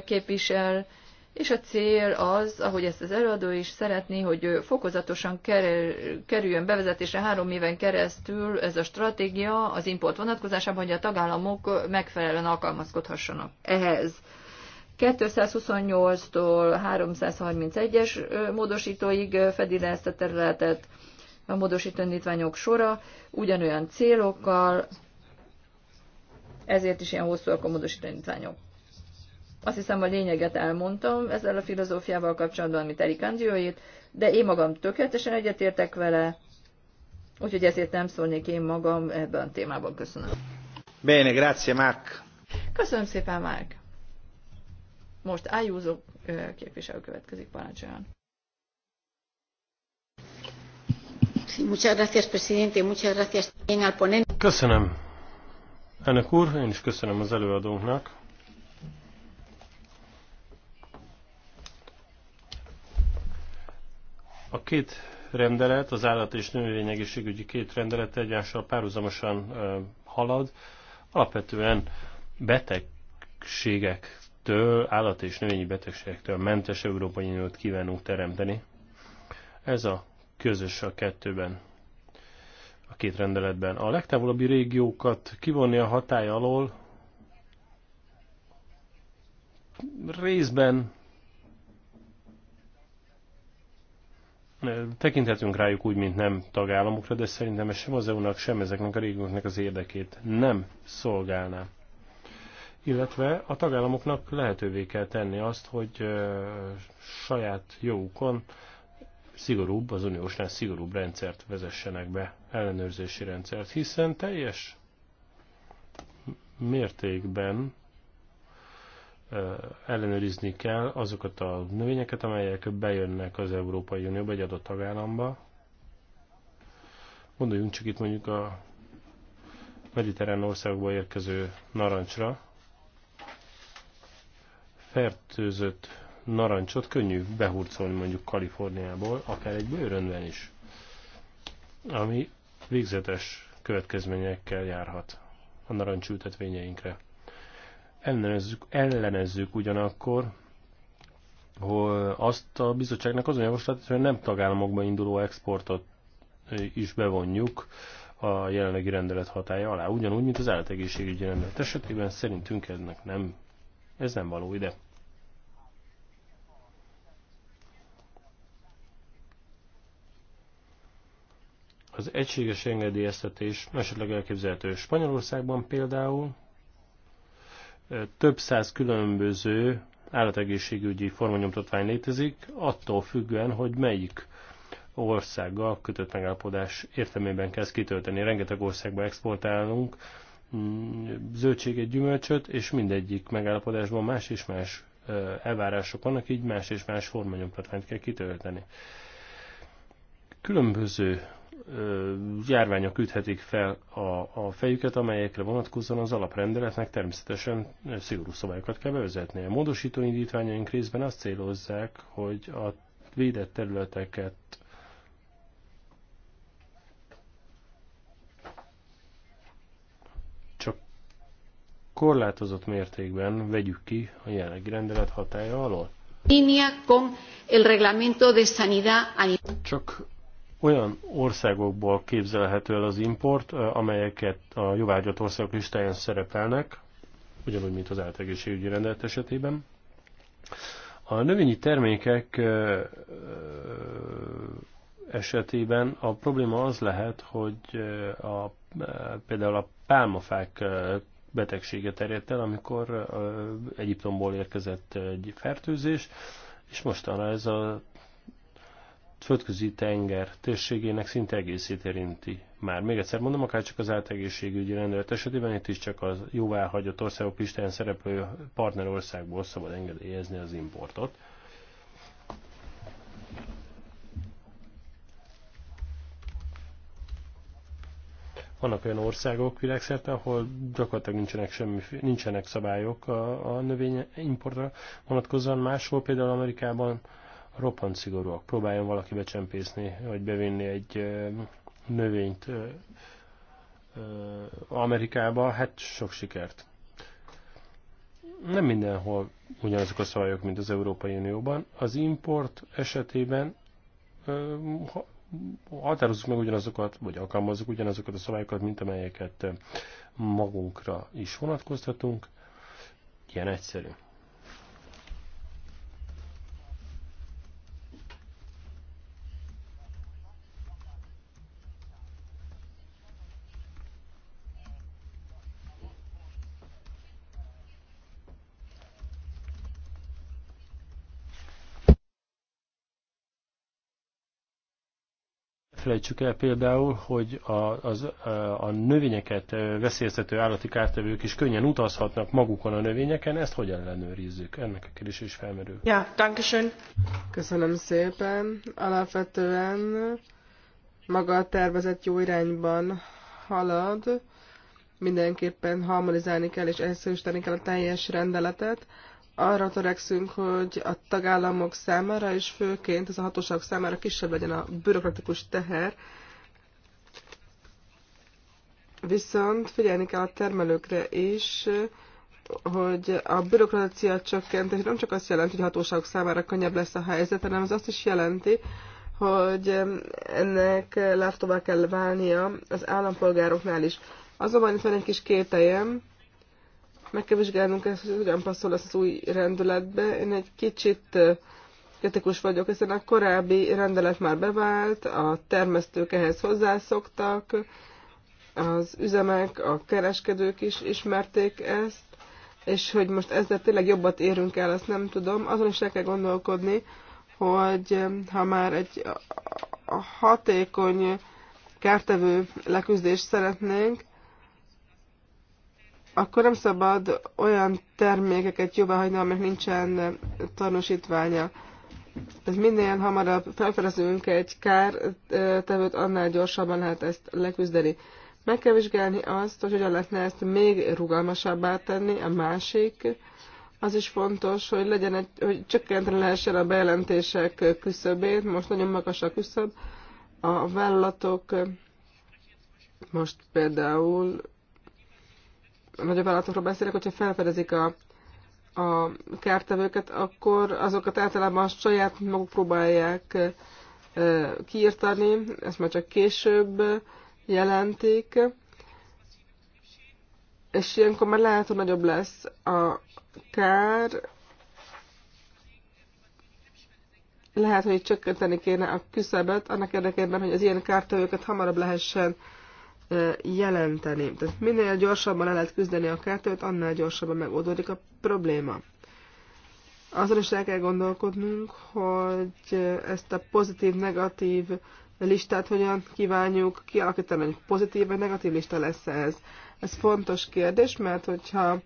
képvisel, és a cél az, ahogy ezt az előadó is szeretné, hogy fokozatosan kerüljön bevezetésre három éven keresztül ez a stratégia az import vonatkozásában, hogy a tagállamok megfelelően alkalmazkodhassanak ehhez. 228-tól 331-es módosítóig fedi le ezt a területet a módosító indítványok sora, ugyanolyan célokkal, ezért is ilyen hosszúak a módosító indítványok. Azt hiszem a lényeget elmondtam ezzel a filozófiával kapcsolatban, amit Erik Andrióét, de én magam tökéletesen egyetértek vele, úgyhogy ezért nem szólnék én magam ebben a témában. Köszönöm. Bene, grazie Mark. Köszönöm szépen, Mark. Most Ájúzó képviselő következik, parancsoljon. Köszönöm. Elnök úr, én is köszönöm az előadónknak. A két rendelet, az állat és növényegészségügyi két rendelet egyással párhuzamosan halad. Alapvetően betegségek betegségektől, állat és növényi betegségektől mentes Európai Uniót kívánunk teremteni. Ez a közös a kettőben, a két rendeletben. A legtávolabbi régiókat kivonni a hatály alól részben tekinthetünk rájuk úgy, mint nem tagállamokra, de szerintem ez sem az EU-nak, sem ezeknek a régióknak az érdekét nem szolgálná illetve a tagállamoknak lehetővé kell tenni azt, hogy saját jókon szigorúbb, az uniósnál szigorúbb rendszert vezessenek be, ellenőrzési rendszert, hiszen teljes mértékben ellenőrizni kell azokat a növényeket, amelyek bejönnek az Európai Unióba, egy adott tagállamba. Gondoljunk csak itt mondjuk a mediterrán országból érkező narancsra, fertőzött narancsot könnyű behurcolni mondjuk Kaliforniából, akár egy bőrönben is, ami végzetes következményekkel járhat a ültetvényeinkre. Ellenezzük, ellenezzük ugyanakkor hogy azt a bizottságnak azon javaslat, hogy nem tagállamokban induló exportot is bevonjuk a jelenlegi rendelet hatája alá. Ugyanúgy, mint az állategészségügyi rendelet esetében szerintünk ennek nem, ez nem való ide. az egységes engedélyeztetés esetleg elképzelhető. Spanyolországban például több száz különböző állategészségügyi formanyomtatvány létezik, attól függően, hogy melyik országgal kötött megállapodás értelmében kezd kitölteni. Rengeteg országba exportálunk mm, zöldséget, gyümölcsöt, és mindegyik megállapodásban más és más elvárások vannak, így más és más formanyomtatványt kell kitölteni. Különböző járványok üthetik fel a, a fejüket, amelyekre vonatkozóan az alaprendeletnek természetesen szigorú szabályokat kell bevezetni. A módosító indítványaink részben azt célozzák, hogy a védett területeket csak korlátozott mértékben vegyük ki a jelenlegi rendelet hatája alól. Csak olyan országokból képzelhető el az import, amelyeket a jóvágyat országok listáján szerepelnek, ugyanúgy, mint az általegészségügyi rendelet esetében. A növényi termékek esetében a probléma az lehet, hogy a, például a pálmafák betegsége terjedt el, amikor Egyiptomból érkezett egy fertőzés, és mostanra ez a földközi tenger térségének szinte egészét érinti. Már még egyszer mondom, akár csak az átegészségügyi rendelet esetében itt is csak az jóváhagyott országok listáján szereplő partnerországból szabad engedélyezni az importot. Vannak olyan országok világszerte, ahol gyakorlatilag nincsenek, semmi, nincsenek szabályok a, a növény importra vonatkozóan, máshol például Amerikában roppant szigorúak. Próbáljon valaki becsempészni, vagy bevinni egy növényt Amerikába, hát sok sikert. Nem mindenhol ugyanazok a szabályok, mint az Európai Unióban. Az import esetében határozzuk meg ugyanazokat, vagy alkalmazzuk ugyanazokat a szabályokat, mint amelyeket magunkra is vonatkoztatunk. Ilyen egyszerű. felejtsük el például, hogy a, az, a növényeket veszélyeztető állati kártevők is könnyen utazhatnak magukon a növényeken, ezt hogy ellenőrizzük? Ennek a kérdés is felmerül. Ja, dankeschön. Köszönöm szépen. Alapvetően maga a tervezet jó irányban halad. Mindenképpen harmonizálni kell és egyszerűsíteni kell a teljes rendeletet arra törekszünk, hogy a tagállamok számára, és főként ez a hatóságok számára kisebb legyen a bürokratikus teher, viszont figyelni kell a termelőkre is, hogy a bürokrácia csökkentés nem csak azt jelenti, hogy a hatóságok számára könnyebb lesz a helyzet, hanem ez azt is jelenti, hogy ennek láthatóvá kell válnia az állampolgároknál is. Azonban itt van egy kis kételjem, meg kell vizsgálnunk ezt, hogy hogyan passzol az új rendületbe. Én egy kicsit kritikus vagyok, hiszen a korábbi rendelet már bevált, a termesztők ehhez hozzászoktak, az üzemek, a kereskedők is ismerték ezt, és hogy most ezzel tényleg jobbat érünk el, azt nem tudom. Azon is el kell gondolkodni, hogy ha már egy hatékony kártevő leküzdést szeretnénk, akkor nem szabad olyan termékeket jóvá hagyni, amelyek nincsen tanúsítványa. Tehát minél hamarabb felfedezünk egy tevőt, annál gyorsabban lehet ezt leküzdeni. Meg kell vizsgálni azt, hogy hogyan lehetne ezt még rugalmasabbá tenni. A másik, az is fontos, hogy legyen egy, hogy csökkenteni lehessen a bejelentések küszöbét. Most nagyon magas a küszöb. A vállalatok most például nagyobb állatokról beszélek, hogyha felfedezik a, a kártevőket, akkor azokat általában saját maguk próbálják kiirtani, ezt már csak később jelentik, és ilyenkor már lehet, hogy nagyobb lesz a kár, lehet, hogy csökkenteni kéne a küszöbet annak érdekében, hogy az ilyen kártevőket hamarabb lehessen jelenteni. Tehát minél gyorsabban le lehet küzdeni a kártyát, annál gyorsabban megoldódik a probléma. Azon is el kell gondolkodnunk, hogy ezt a pozitív-negatív listát hogyan kívánjuk kialakítani, hogy pozitív vagy negatív lista lesz ez. Ez fontos kérdés, mert hogyha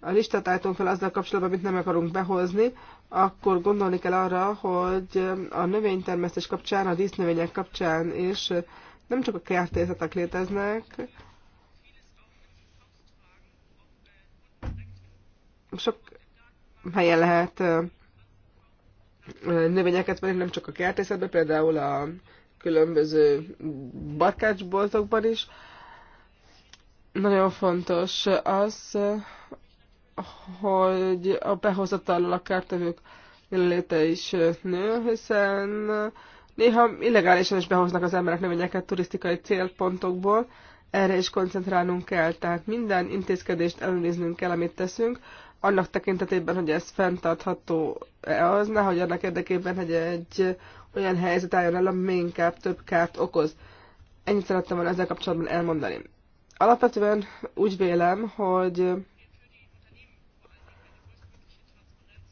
a listát állítunk fel azzal kapcsolatban, amit nem akarunk behozni, akkor gondolni kell arra, hogy a növénytermesztés kapcsán, a dísznövények kapcsán is nem csak a kertészetek léteznek, sok helyen lehet növényeket venni, nem csak a kertészetben, például a különböző barkácsboltokban is. Nagyon fontos az, hogy a behozatal a kártevők léte is nő, hiszen Néha illegálisan is behoznak az emberek növényeket turisztikai célpontokból, erre is koncentrálnunk kell, tehát minden intézkedést ellenőriznünk kell, amit teszünk, annak tekintetében, hogy ez fenntartható-e az, nehogy annak érdekében, hogy egy olyan helyzet álljon el, ami inkább több kárt okoz. Ennyit szerettem volna ezzel kapcsolatban elmondani. Alapvetően úgy vélem, hogy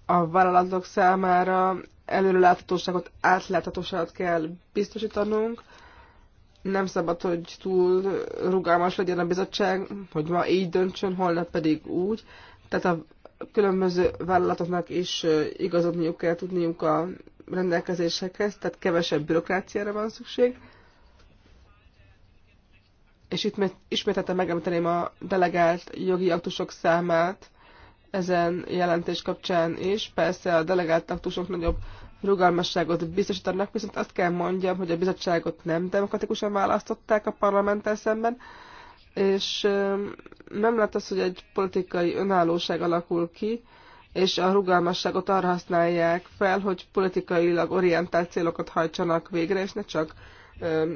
a vállalatok számára előreláthatóságot, átláthatóságot kell biztosítanunk. Nem szabad, hogy túl rugalmas legyen a bizottság, hogy ma így döntsön, holnap pedig úgy. Tehát a különböző vállalatoknak is igazodniuk kell tudniuk a rendelkezésekhez, tehát kevesebb bürokráciára van szükség. És itt ismételten megemlíteném a delegált jogi aktusok számát, ezen jelentés kapcsán is. Persze a delegáltak túl sok nagyobb rugalmasságot biztosítanak, viszont azt kell mondjam, hogy a bizottságot nem demokratikusan választották a parlamenttel szemben, és nem lehet az, hogy egy politikai önállóság alakul ki, és a rugalmasságot arra használják fel, hogy politikailag orientált célokat hajtsanak végre, és ne csak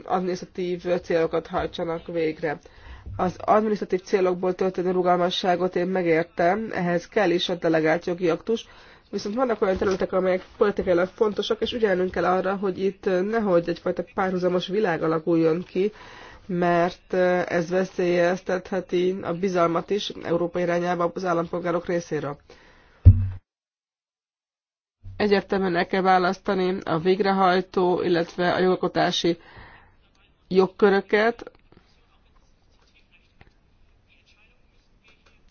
administratív célokat hajtsanak végre. Az administratív célokból történő rugalmasságot én megértem, ehhez kell is a delegált jogi aktus, viszont vannak olyan területek, amelyek politikailag fontosak, és ügyelnünk kell arra, hogy itt nehogy egyfajta párhuzamos világ alakuljon ki, mert ez veszélyeztetheti a bizalmat is Európa irányába az állampolgárok részére. Egyértelműen el kell választani a végrehajtó, illetve a jogalkotási jogköröket,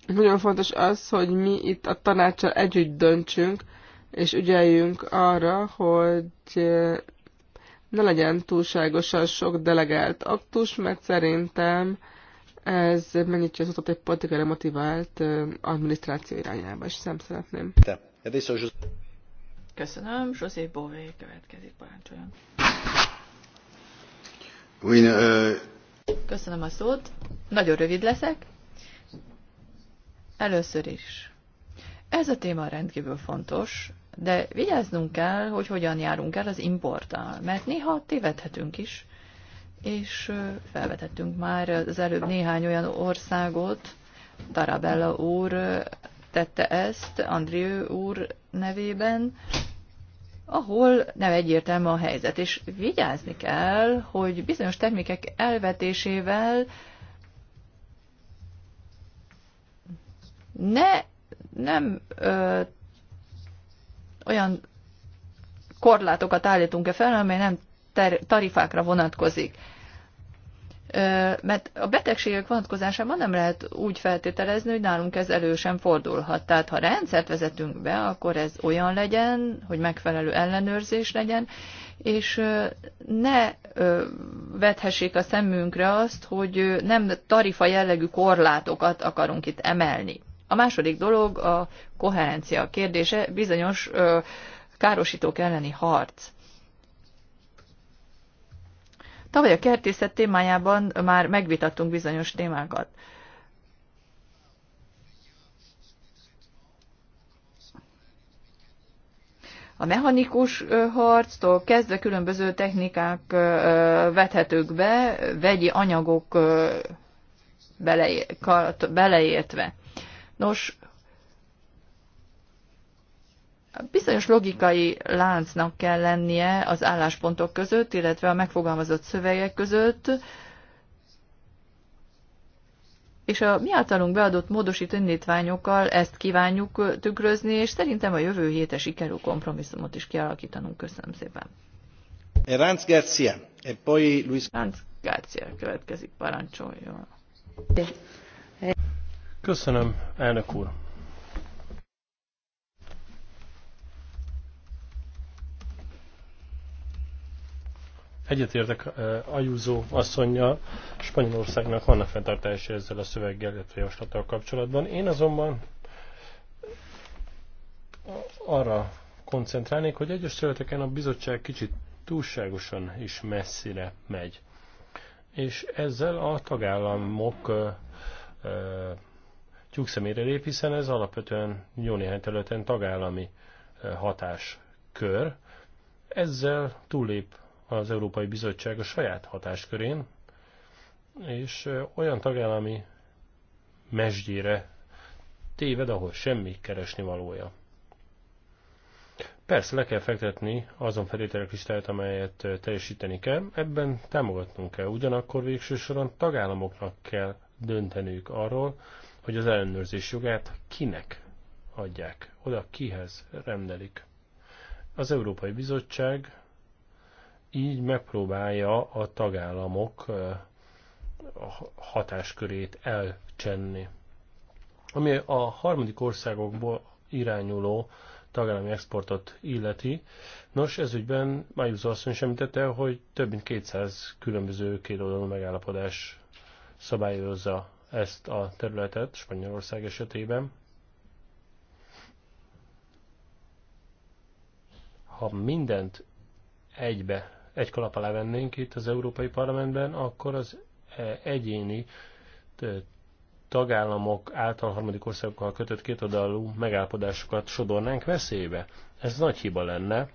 Nagyon fontos az, hogy mi itt a tanácsal együtt döntsünk, és ügyeljünk arra, hogy eh, ne legyen túlságosan sok delegált aktus, mert szerintem ez mennyit az egy politikára motivált eh, adminisztráció irányába, és nem szeretném. Köszönöm, José Bové következik, parancsoljon. Eh, Köszönöm a szót. Nagyon rövid leszek. Először is. Ez a téma rendkívül fontos, de vigyáznunk kell, hogy hogyan járunk el az importtal, mert néha tévedhetünk is, és felvetettünk már az előbb néhány olyan országot, Tarabella úr tette ezt, Andrió úr nevében, ahol nem egyértelmű a helyzet, és vigyázni kell, hogy bizonyos termékek elvetésével ne, nem ö, olyan korlátokat állítunk-e fel, amely nem tarifákra vonatkozik. Ö, mert a betegségek vonatkozásában nem lehet úgy feltételezni, hogy nálunk ez elő sem fordulhat. Tehát ha rendszert vezetünk be, akkor ez olyan legyen, hogy megfelelő ellenőrzés legyen, és ne vethessék a szemünkre azt, hogy nem tarifa jellegű korlátokat akarunk itt emelni. A második dolog a koherencia kérdése, bizonyos ö, károsítók elleni harc. Tavaly a kertészet témájában már megvitattunk bizonyos témákat. a mechanikus harctól kezdve különböző technikák vethetők be, vegyi anyagok beleértve. Nos, bizonyos logikai láncnak kell lennie az álláspontok között, illetve a megfogalmazott szövegek között, és a mi általunk beadott módosító indítványokkal ezt kívánjuk tükrözni, és szerintem a jövő héten sikerül kompromisszumot is kialakítanunk. Köszönöm szépen. Ránc Garcia, e poi Luis... Ránc Garcia következik, parancsoljon. Köszönöm, elnök úr. Egyetértek eh, Ajúzó asszonynal, Spanyolországnak vannak fenntartási ezzel a szöveggel, illetve javaslattal kapcsolatban. Én azonban arra koncentrálnék, hogy egyes területeken a bizottság kicsit túlságosan is messzire megy. És ezzel a tagállamok eh, eh, tyúk szemére lép, hiszen ez alapvetően jó néhány területen tagállami hatáskör. Ezzel túllép az Európai Bizottság a saját hatáskörén, és olyan tagállami mesdjére téved, ahol semmi keresni valója. Persze le kell fektetni azon feltételek listáját, amelyet teljesíteni kell, ebben támogatnunk kell. Ugyanakkor végső soron tagállamoknak kell dönteniük arról, hogy az ellenőrzés jogát kinek adják, oda kihez rendelik. Az Európai Bizottság így megpróbálja a tagállamok hatáskörét elcsenni. Ami a harmadik országokból irányuló tagállami exportot illeti. Nos, ez ügyben Májusz asszony sem tette, hogy több mint 200 különböző kérdődő megállapodás szabályozza ezt a területet Spanyolország esetében. Ha mindent egybe, egy kalap alá vennénk itt az Európai Parlamentben, akkor az e, egyéni e, tagállamok által harmadik országokkal kötött kétoldalú megállapodásokat sodornánk veszélybe. Ez nagy hiba lenne,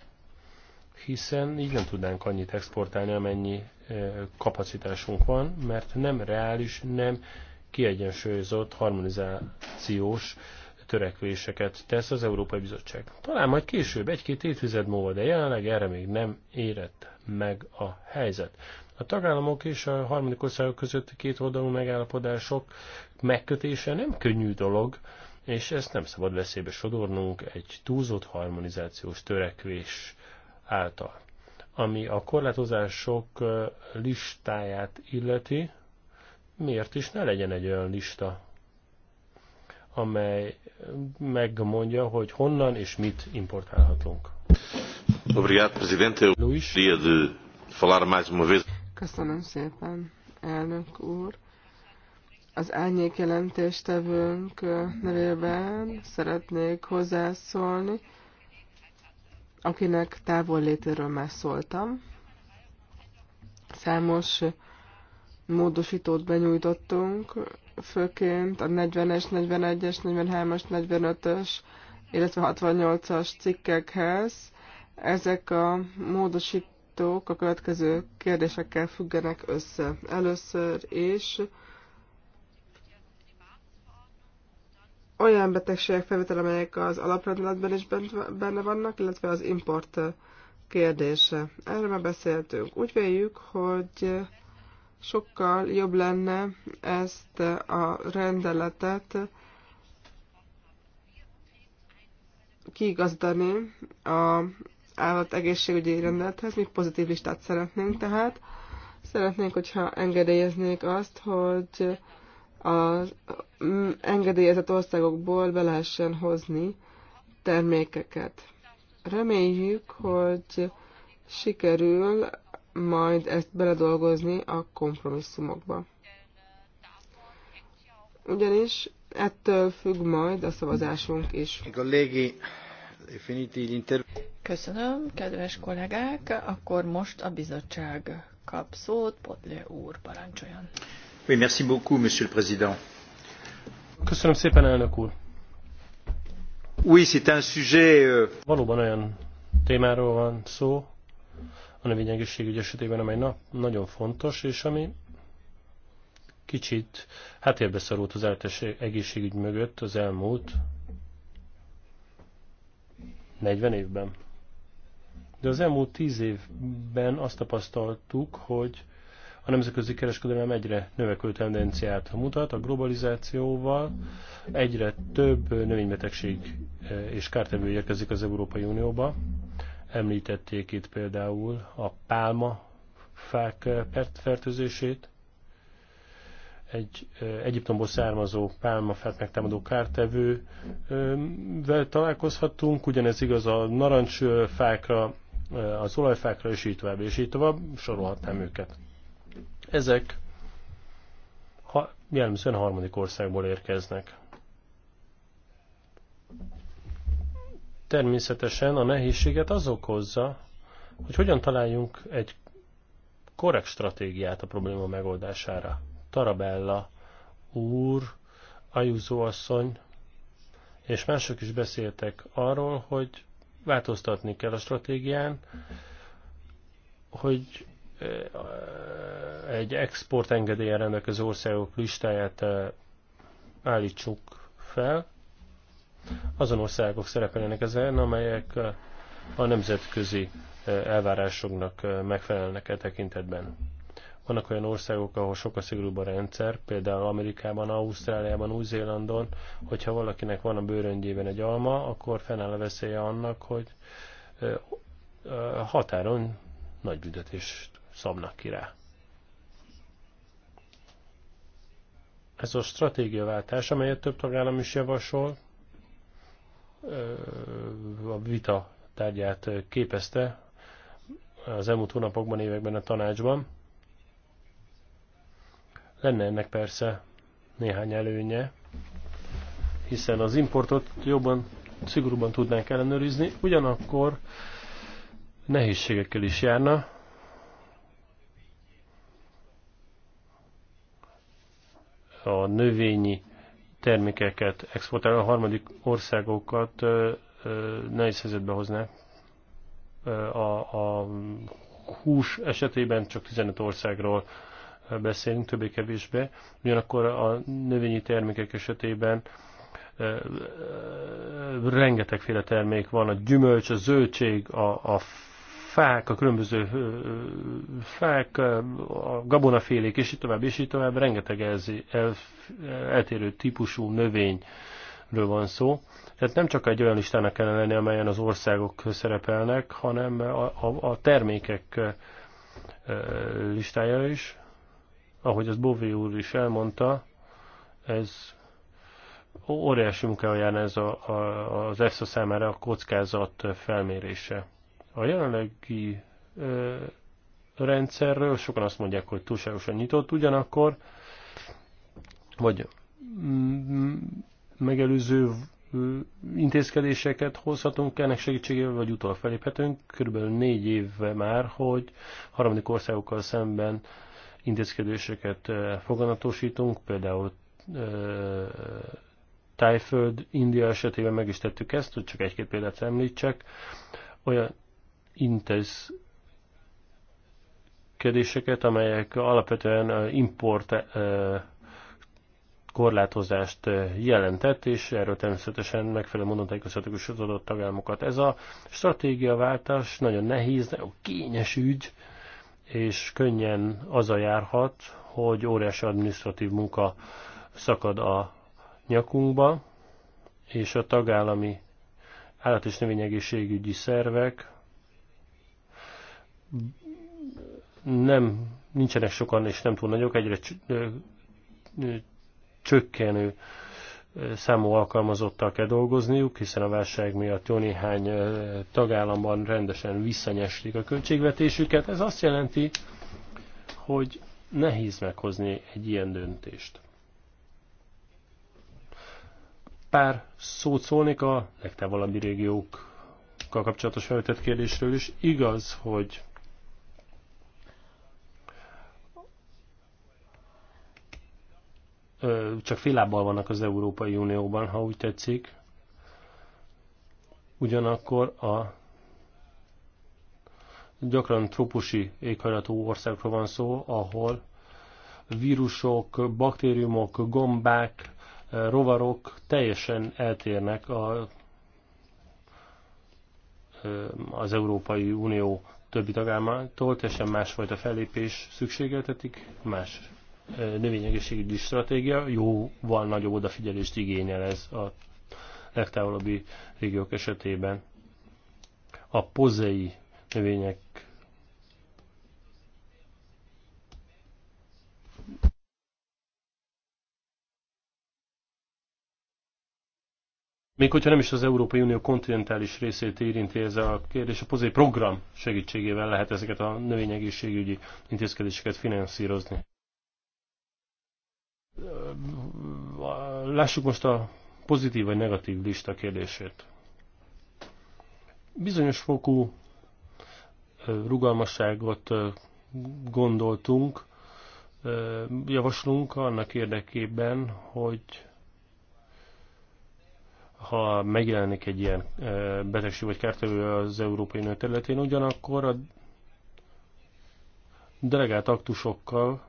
hiszen így nem tudnánk annyit exportálni, amennyi e, kapacitásunk van, mert nem reális, nem kiegyensúlyozott, harmonizációs törekvéseket tesz az Európai Bizottság. Talán majd később, egy-két évtized múlva, de jelenleg erre még nem érett meg a helyzet. A tagállamok és a harmadik országok közötti két oldalú megállapodások megkötése nem könnyű dolog, és ezt nem szabad veszélybe sodornunk egy túlzott harmonizációs törekvés által. Ami a korlátozások listáját illeti, miért is ne legyen egy olyan lista, amely megmondja, hogy honnan és mit importálhatunk. Obrigado, Presidente. Luis. de falar mais uma vez. Köszönöm szépen, elnök úr. Az árnyék jelentéstevőnk nevében szeretnék hozzászólni, akinek távol létéről már szóltam. Számos módosítót benyújtottunk, főként a 40-es, 41-es, 43-as, 45-ös, illetve 68-as cikkekhez. Ezek a módosítók a következő kérdésekkel függenek össze. Először is olyan betegségek felvétel, amelyek az alaprendeletben is benne vannak, illetve az import kérdése. Erről már beszéltünk. Úgy véljük, hogy sokkal jobb lenne ezt a rendeletet kiigazdani a állat egészségügyi rendelethez. Mi pozitív listát szeretnénk tehát. Szeretnénk, hogyha engedélyeznék azt, hogy az engedélyezett országokból be lehessen hozni termékeket. Reméljük, hogy sikerül majd ezt beledolgozni a kompromisszumokba. Ugyanis ettől függ majd a szavazásunk is. Köszönöm, kedves kollégák! Akkor most a bizottság kap szót, Podle úr parancsoljon. Oui, merci beaucoup, monsieur le président. Köszönöm szépen, elnök úr. Oui, c'est un sujet... Euh, Valóban olyan témáról van szó, a növényegészségügy esetében, amely na, nagyon fontos, és ami kicsit háttérbe szorult az általános egészségügy mögött az elmúlt 40 évben. De az elmúlt 10 évben azt tapasztaltuk, hogy a nemzetközi kereskedelem egyre növekvő tendenciát mutat, a globalizációval egyre több növénybetegség eh, és kártevő érkezik az Európai Unióba. Említették itt például a pálma fák eh, fertőzését, egy eh, Egyiptomból származó pálmafát megtámadó kártevővel eh, találkozhattunk, ugyanez igaz a narancsfákra, az olajfákra, és így tovább, és így tovább, sorolhatnám őket. Ezek ha, jellemzően harmadik országból érkeznek. Természetesen a nehézséget az okozza, hogy hogyan találjunk egy korrekt stratégiát a probléma megoldására. Tarabella úr, Ajuzó asszony és mások is beszéltek arról, hogy változtatni kell a stratégián, hogy eh, egy exportengedélyen rendelkező országok listáját eh, állítsuk fel, azon országok szerepelnek ezen, amelyek a nemzetközi eh, elvárásoknak eh, megfelelnek e tekintetben. Vannak olyan országok, ahol sokkal szigorúbb a rendszer, például Amerikában, Ausztráliában, Új-Zélandon, hogyha valakinek van a bőröngyében egy alma, akkor fennáll a veszélye annak, hogy eh, határon nagy büntetést szabnak ki rá. Ez a stratégiaváltás, amelyet több tagállam is javasol, a vita tárgyát képezte az elmúlt hónapokban, években a tanácsban. Lenne ennek persze néhány előnye, hiszen az importot jobban, szigorúban tudnánk ellenőrizni, ugyanakkor nehézségekkel is járna. A növényi termékeket exportálni, a harmadik országokat nehéz helyzetbe hozná. A, a hús esetében csak 15 országról beszélünk, többé-kevésbé. Ugyanakkor a növényi termékek esetében rengetegféle termék van, a gyümölcs, a zöldség, a, a fák, a különböző fák, a gabonafélék, és így tovább, és így tovább, rengeteg ez, el, eltérő típusú növényről van szó. Tehát nem csak egy olyan listának kellene lenni, amelyen az országok szerepelnek, hanem a, a, a termékek listája is. Ahogy az Bové úr is elmondta, ez óriási munkája járna ez a, a, az EFSA számára a kockázat felmérése. A jelenlegi ö, rendszerről sokan azt mondják, hogy túlságosan nyitott, ugyanakkor, vagy mm, megelőző intézkedéseket hozhatunk, ennek segítségével vagy utol feléphetünk. Körülbelül négy évve már, hogy harmadik országokkal szemben intézkedéseket foganatosítunk, például Tájföld, India esetében meg is tettük ezt, hogy csak egy-két példát említsek. Olyan kérdéseket, amelyek alapvetően import eh, korlátozást eh, jelentett, és erről természetesen megfelelő módon tájékoztatok is az adott tagállamokat. Ez a stratégiaváltás nagyon nehéz, nagyon kényes ügy, és könnyen az a járhat, hogy óriási administratív munka szakad a nyakunkba, és a tagállami állat- és növényegészségügyi szervek nem, nincsenek sokan és nem túl nagyok, egyre csökkenő számú alkalmazottal kell dolgozniuk, hiszen a válság miatt jó néhány tagállamban rendesen visszanyeslik a költségvetésüket. Ez azt jelenti, hogy nehéz meghozni egy ilyen döntést. Pár szót szólnék a legtávolabbi régiókkal kapcsolatos feltett kérdésről is. Igaz, hogy csak lábbal vannak az Európai Unióban, ha úgy tetszik. Ugyanakkor a gyakran trópusi éghajlatú országokról van szó, ahol vírusok, baktériumok, gombák, rovarok teljesen eltérnek a, az Európai Unió többi tagállamától, teljesen másfajta fellépés szükségeltetik, más növényegészségügyi stratégia, jóval nagyobb odafigyelést igényel ez a legtávolabbi régiók esetében. A pozei növények Még hogyha nem is az Európai Unió kontinentális részét érinti ez a kérdés, a POZÉ program segítségével lehet ezeket a növényegészségügyi intézkedéseket finanszírozni. Lássuk most a pozitív vagy negatív lista kérdését. Bizonyos fokú rugalmasságot gondoltunk, javaslunk annak érdekében, hogy ha megjelenik egy ilyen betegség vagy kártevő az Európai Nő területén, ugyanakkor a delegált aktusokkal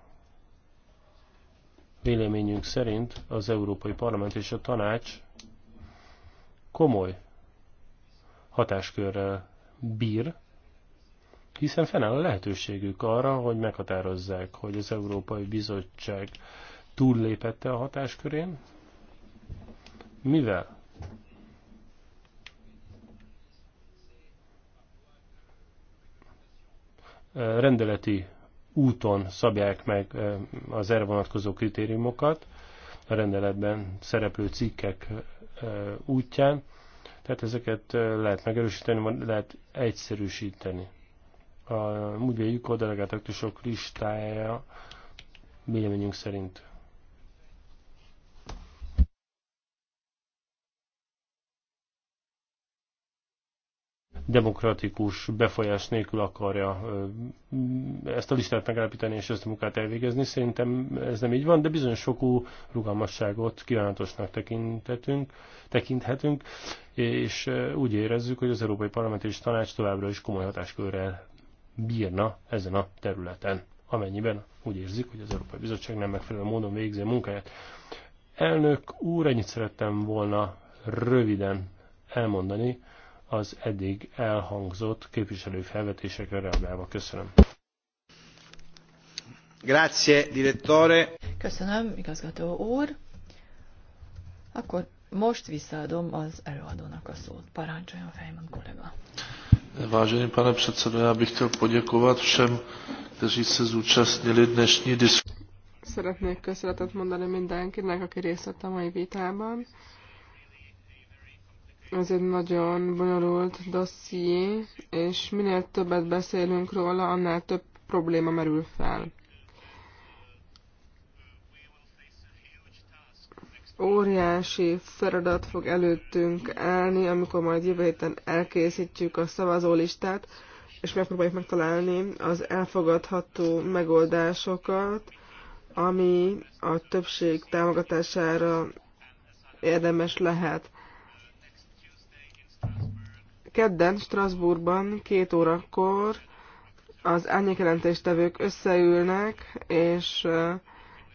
Véleményünk szerint az Európai Parlament és a Tanács komoly hatáskörrel bír, hiszen fennáll a lehetőségük arra, hogy meghatározzák, hogy az Európai Bizottság túllépette a hatáskörén, mivel rendeleti úton szabják meg az erre vonatkozó kritériumokat a rendeletben szereplő cikkek útján. Tehát ezeket lehet megerősíteni, lehet egyszerűsíteni. A úgy véljük, a listája véleményünk szerint demokratikus befolyás nélkül akarja ezt a listát megállapítani és ezt a munkát elvégezni. Szerintem ez nem így van, de bizonyos sokú rugalmasságot kívánatosnak tekintetünk, tekinthetünk, és úgy érezzük, hogy az Európai Parlament és Tanács továbbra is komoly hatáskörrel bírna ezen a területen, amennyiben úgy érzik, hogy az Európai Bizottság nem megfelelő módon végzi a munkáját. Elnök úr, ennyit szerettem volna röviden elmondani az eddig elhangzott képviselő felvetésekre reagálva. Köszönöm. Grazie, direttore. Köszönöm, igazgató úr. Akkor most visszaadom az előadónak a szót. Parancsoljon Fejman kollega. Vážený pane předsedo, já bych chtěl poděkovat všem, kteří se zúčastnili dnešní diskuse. Szeretnék köszönetet mondani mindenkinek, aki részt vett a mai vitában. Ez egy nagyon bonyolult dosszié, és minél többet beszélünk róla, annál több probléma merül fel. Óriási feladat fog előttünk állni, amikor majd jövő héten elkészítjük a szavazólistát, és megpróbáljuk megtalálni az elfogadható megoldásokat, ami a többség támogatására érdemes lehet kedden Strasbourgban két órakor az árnyékjelentéstevők összeülnek, és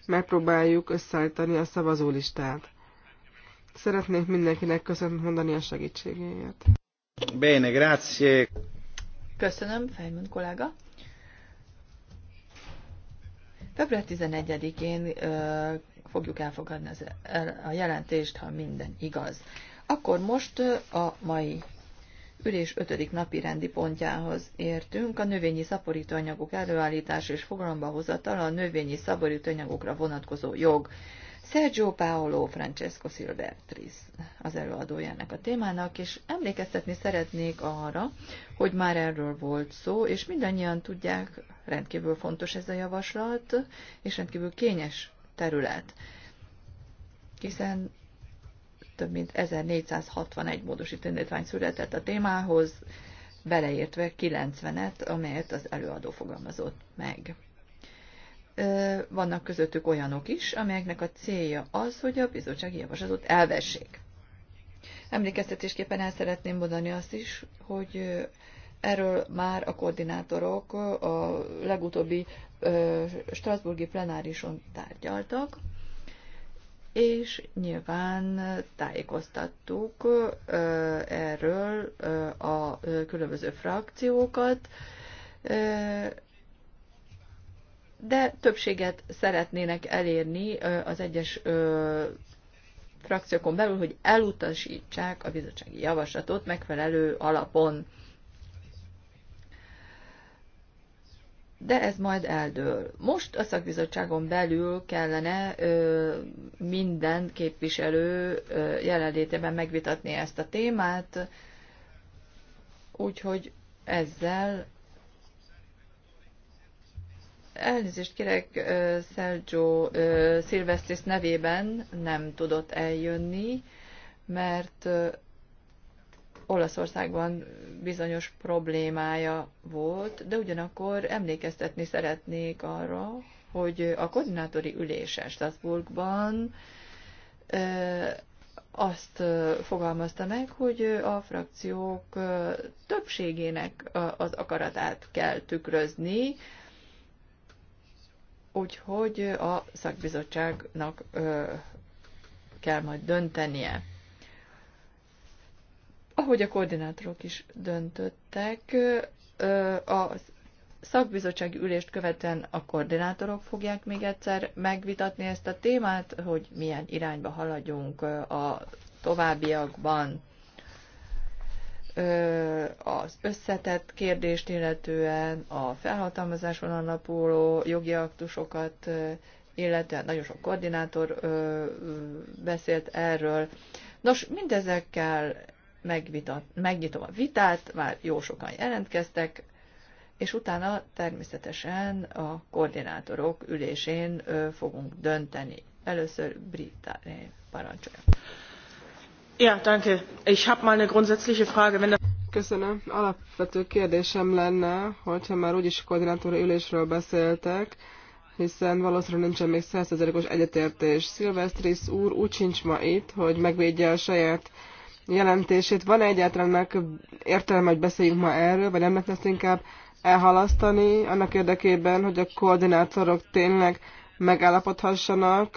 megpróbáljuk összeállítani a szavazólistát. Szeretnék mindenkinek köszönet mondani a segítségéért. Bene, grazie. Köszönöm, Fejmond kollega. Február 11-én fogjuk elfogadni az, a jelentést, ha minden igaz. Akkor most a mai ülés ötödik napi rendi pontjához értünk, a növényi szaporítóanyagok előállítás és fogalomba hozatal a növényi szaporítóanyagokra vonatkozó jog. Sergio Paolo Francesco Silvertris az előadójának a témának, és emlékeztetni szeretnék arra, hogy már erről volt szó, és mindannyian tudják, rendkívül fontos ez a javaslat, és rendkívül kényes terület, hiszen több mint 1461 módosító indítvány született a témához, beleértve 90-et, amelyet az előadó fogalmazott meg. Vannak közöttük olyanok is, amelyeknek a célja az, hogy a bizottsági javaslatot elvessék. Emlékeztetésképpen el szeretném mondani azt is, hogy erről már a koordinátorok a legutóbbi Strasburgi plenárison tárgyaltak, és nyilván tájékoztattuk erről a különböző frakciókat, de többséget szeretnének elérni az egyes frakciókon belül, hogy elutasítsák a bizottsági javaslatot megfelelő alapon. de ez majd eldől. Most a szakbizottságon belül kellene ö, minden képviselő ö, jelenlétében megvitatni ezt a témát, úgyhogy ezzel elnézést kérek ö, Sergio Silvestris nevében nem tudott eljönni, mert Olaszországban bizonyos problémája volt, de ugyanakkor emlékeztetni szeretnék arra, hogy a koordinátori ülésen Strasbourgban azt fogalmazta meg, hogy a frakciók többségének az akaratát kell tükrözni, úgyhogy a szakbizottságnak kell majd döntenie ahogy a koordinátorok is döntöttek, a szakbizottsági ülést követően a koordinátorok fogják még egyszer megvitatni ezt a témát, hogy milyen irányba haladjunk a továbbiakban az összetett kérdést illetően, a felhatalmazáson alapuló jogi aktusokat illetően, nagyon sok koordinátor beszélt erről. Nos, mindezekkel megvitat, megnyitom a vitát, már jó sokan jelentkeztek, és utána természetesen a koordinátorok ülésén fogunk dönteni. Először Brita parancsolja. Ja, danke. Ich habe mal eine grundsätzliche Frage. Wenn Köszönöm. Alapvető kérdésem lenne, hogyha már úgyis koordinátori ülésről beszéltek, hiszen valószínűleg nincsen még százszerzelékos egyetértés. Szilvesztris úr úgy sincs ma itt, hogy megvédje a saját jelentését. van -e egyáltalán ennek értelme, hogy beszéljünk ma erről, vagy nem lehet ezt inkább elhalasztani annak érdekében, hogy a koordinátorok tényleg megállapodhassanak,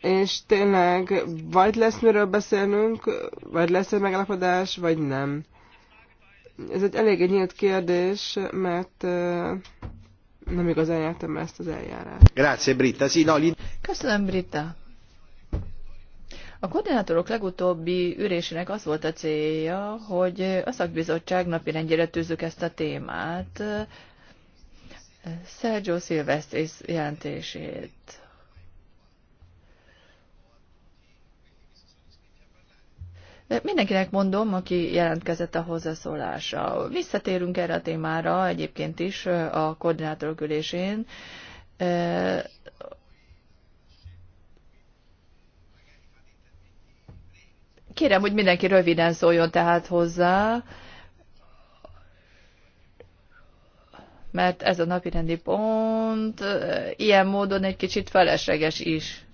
és tényleg vagy lesz miről beszélnünk, vagy lesz egy megállapodás, vagy nem. Ez egy egy nyílt kérdés, mert nem igazán jártam ezt az eljárást. Grazie, Britta. Köszönöm, Britta. A koordinátorok legutóbbi ürésének az volt a célja, hogy a szakbizottság napi rendjére tűzzük ezt a témát, Sergio Silvestris jelentését. De mindenkinek mondom, aki jelentkezett a hozzászólásra. Visszatérünk erre a témára egyébként is a koordinátorok ülésén Kérem, hogy mindenki röviden szóljon tehát hozzá, mert ez a napirendi pont ilyen módon egy kicsit felesleges is.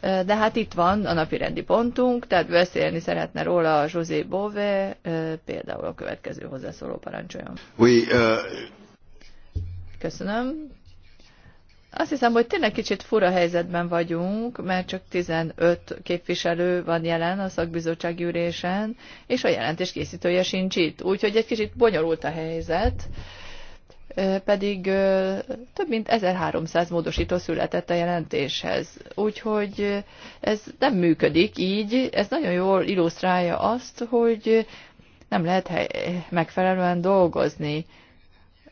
De hát itt van a napirendi pontunk, tehát beszélni szeretne róla a José Bové, például a következő hozzászóló parancsoljon. Oui, uh... Köszönöm. Azt hiszem, hogy tényleg kicsit fura helyzetben vagyunk, mert csak 15 képviselő van jelen a szakbizottsági ürésen, és a jelentés készítője sincs itt. Úgyhogy egy kicsit bonyolult a helyzet, pedig több mint 1300 módosító született a jelentéshez. Úgyhogy ez nem működik így, ez nagyon jól illusztrálja azt, hogy nem lehet megfelelően dolgozni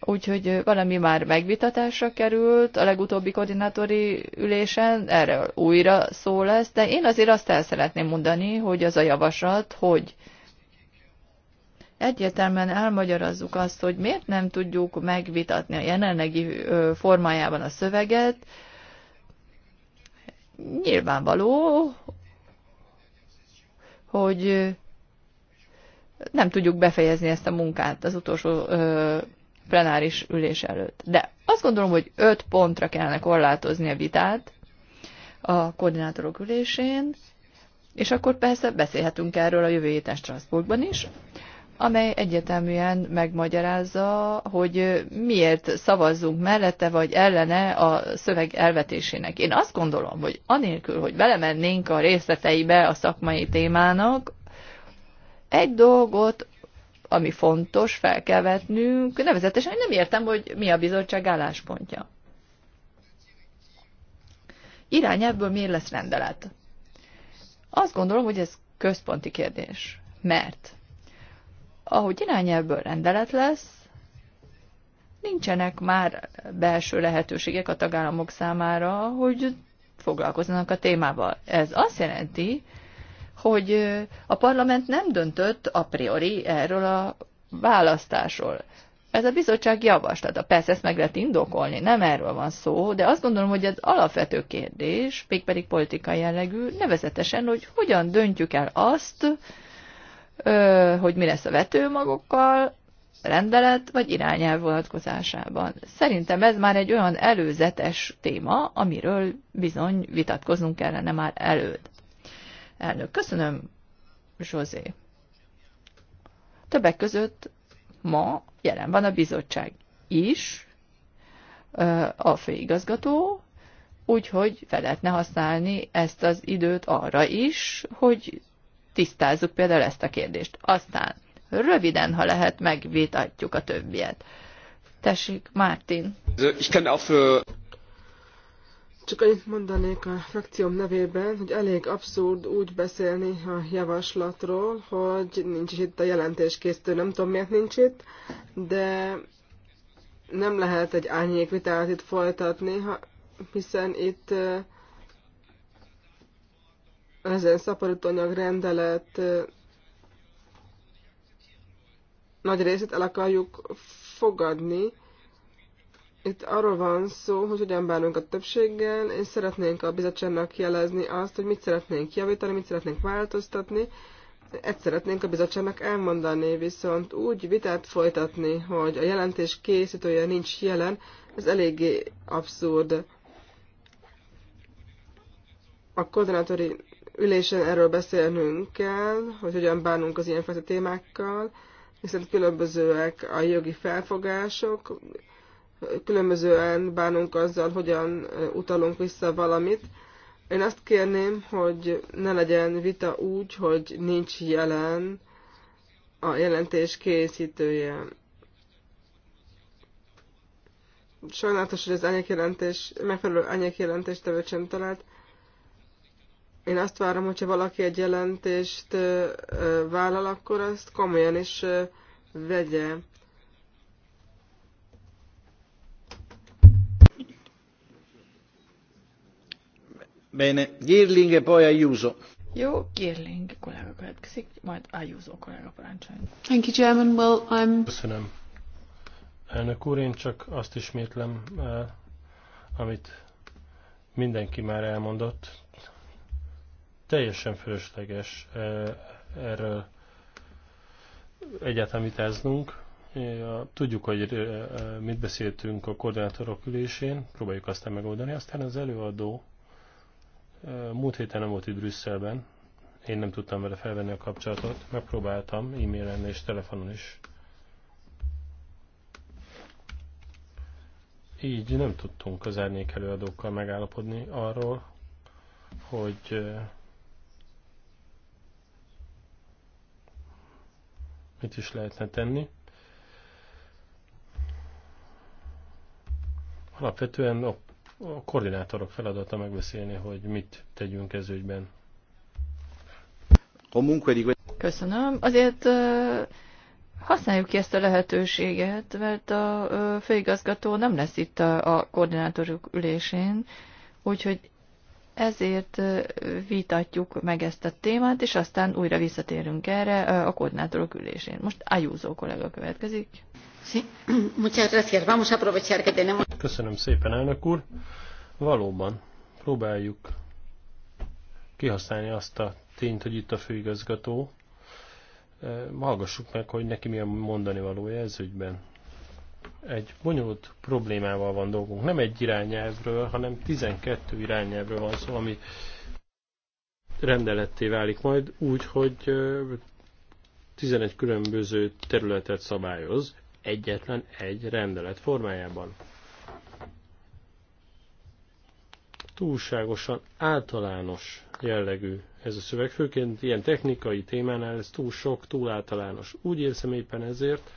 úgyhogy valami már megvitatásra került a legutóbbi koordinátori ülésen, erről újra szó lesz, de én azért azt el szeretném mondani, hogy az a javaslat, hogy egyértelműen elmagyarázzuk azt, hogy miért nem tudjuk megvitatni a jelenlegi formájában a szöveget. Nyilvánvaló, hogy nem tudjuk befejezni ezt a munkát az utolsó plenáris ülés előtt. De azt gondolom, hogy öt pontra kellene korlátozni a vitát a koordinátorok ülésén, és akkor persze beszélhetünk erről a jövő héten Strasbourgban is, amely egyeteműen megmagyarázza, hogy miért szavazzunk mellette vagy ellene a szöveg elvetésének. Én azt gondolom, hogy anélkül, hogy belemennénk a részleteibe a szakmai témának, egy dolgot ami fontos, fel kell vetnünk, nevezetesen nem értem, hogy mi a bizottság álláspontja. Irányelvből miért lesz rendelet? Azt gondolom, hogy ez központi kérdés. Mert ahogy irányelvből rendelet lesz, nincsenek már belső lehetőségek a tagállamok számára, hogy foglalkozzanak a témával. Ez azt jelenti, hogy a parlament nem döntött a priori erről a választásról. Ez a bizottság a Persze ezt meg lehet indokolni, nem erről van szó, de azt gondolom, hogy ez alapvető kérdés, mégpedig politikai jellegű, nevezetesen, hogy hogyan döntjük el azt, hogy mi lesz a vetőmagokkal, rendelet vagy irányelv vonatkozásában. Szerintem ez már egy olyan előzetes téma, amiről bizony vitatkoznunk kellene már előtt. Elnök, köszönöm, José. Többek között ma jelen van a bizottság is, a főigazgató, úgyhogy fel lehetne használni ezt az időt arra is, hogy tisztázzuk például ezt a kérdést. Aztán röviden, ha lehet, megvitatjuk a többiet. Tessék, Mártin. Csak annyit mondanék a frakcióm nevében, hogy elég abszurd úgy beszélni a javaslatról, hogy nincs is itt a jelentéskészítő, nem tudom miért nincs itt, de nem lehet egy árnyék vitát itt folytatni, ha, hiszen itt eh, ezen szaporítóanyag rendelet eh, nagy részét el akarjuk fogadni, itt arról van szó, hogy hogyan bánunk a többséggel, és szeretnénk a bizottságnak jelezni azt, hogy mit szeretnénk javítani, mit szeretnénk változtatni. Ezt szeretnénk a bizottságnak elmondani, viszont úgy vitát folytatni, hogy a jelentés készítője nincs jelen, ez eléggé abszurd. A koordinátori ülésen erről beszélnünk kell, hogy hogyan bánunk az ilyenfajta témákkal, hiszen különbözőek a jogi felfogások, különbözően bánunk azzal, hogyan utalunk vissza valamit. Én azt kérném, hogy ne legyen vita úgy, hogy nincs jelen a jelentés készítője. Sajnálatos, hogy az anyagjelentés, megfelelő tevőt sem talált. Én azt várom, hogyha valaki egy jelentést vállal, akkor azt komolyan is vegye. Bene, Girling e poi Ayuso. Jó, Girling kollega következik, majd Ayuso kollega parancsoljon. Thank you, Chairman. Well, I'm... Köszönöm. Elnök úr, én csak azt ismétlem, eh, amit mindenki már elmondott. Teljesen fölösleges eh, erről egyáltalán vitáznunk. Eh, tudjuk, hogy eh, mit beszéltünk a koordinátorok ülésén, próbáljuk aztán megoldani. Aztán az előadó Múlt héten nem volt itt Brüsszelben, én nem tudtam vele felvenni a kapcsolatot, megpróbáltam e-mailen és telefonon is. Így nem tudtunk az árnyék előadókkal megállapodni arról, hogy mit is lehetne tenni. Alapvetően a koordinátorok feladata megbeszélni, hogy mit tegyünk ez ügyben. Köszönöm. Azért használjuk ki ezt a lehetőséget, mert a főigazgató nem lesz itt a koordinátorok ülésén, úgyhogy ezért vitatjuk meg ezt a témát, és aztán újra visszatérünk erre a koordinátorok ülésén. Most Ayuso kollega következik. Köszönöm szépen, elnök úr. Valóban próbáljuk kihasználni azt a tényt, hogy itt a főigazgató. Hallgassuk meg, hogy neki milyen mondani valója ez ügyben egy bonyolult problémával van dolgunk. Nem egy irányelvről, hanem 12 irányelvről van szó, ami rendeletté válik majd úgy, hogy 11 különböző területet szabályoz egyetlen egy rendelet formájában. Túlságosan általános jellegű ez a szöveg, főként ilyen technikai témánál ez túl sok, túl általános. Úgy érzem éppen ezért,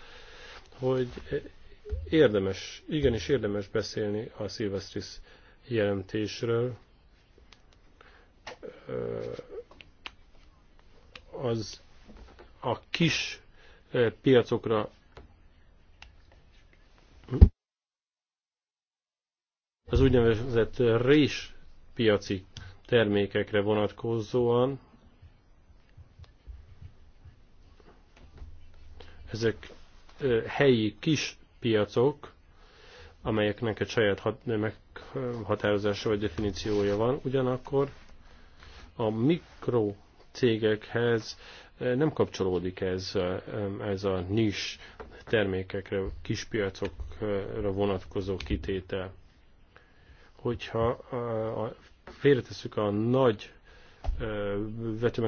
hogy érdemes, igenis érdemes beszélni a Silvestris jelentésről. Az a kis piacokra az úgynevezett rés piaci termékekre vonatkozóan ezek helyi kis piacok, amelyeknek egy saját meghatározása vagy definíciója van, ugyanakkor a mikro cégekhez eh, nem kapcsolódik ez, eh, ez a nis termékekre, kispiacokra vonatkozó kitétel. Hogyha eh, félretesszük a nagy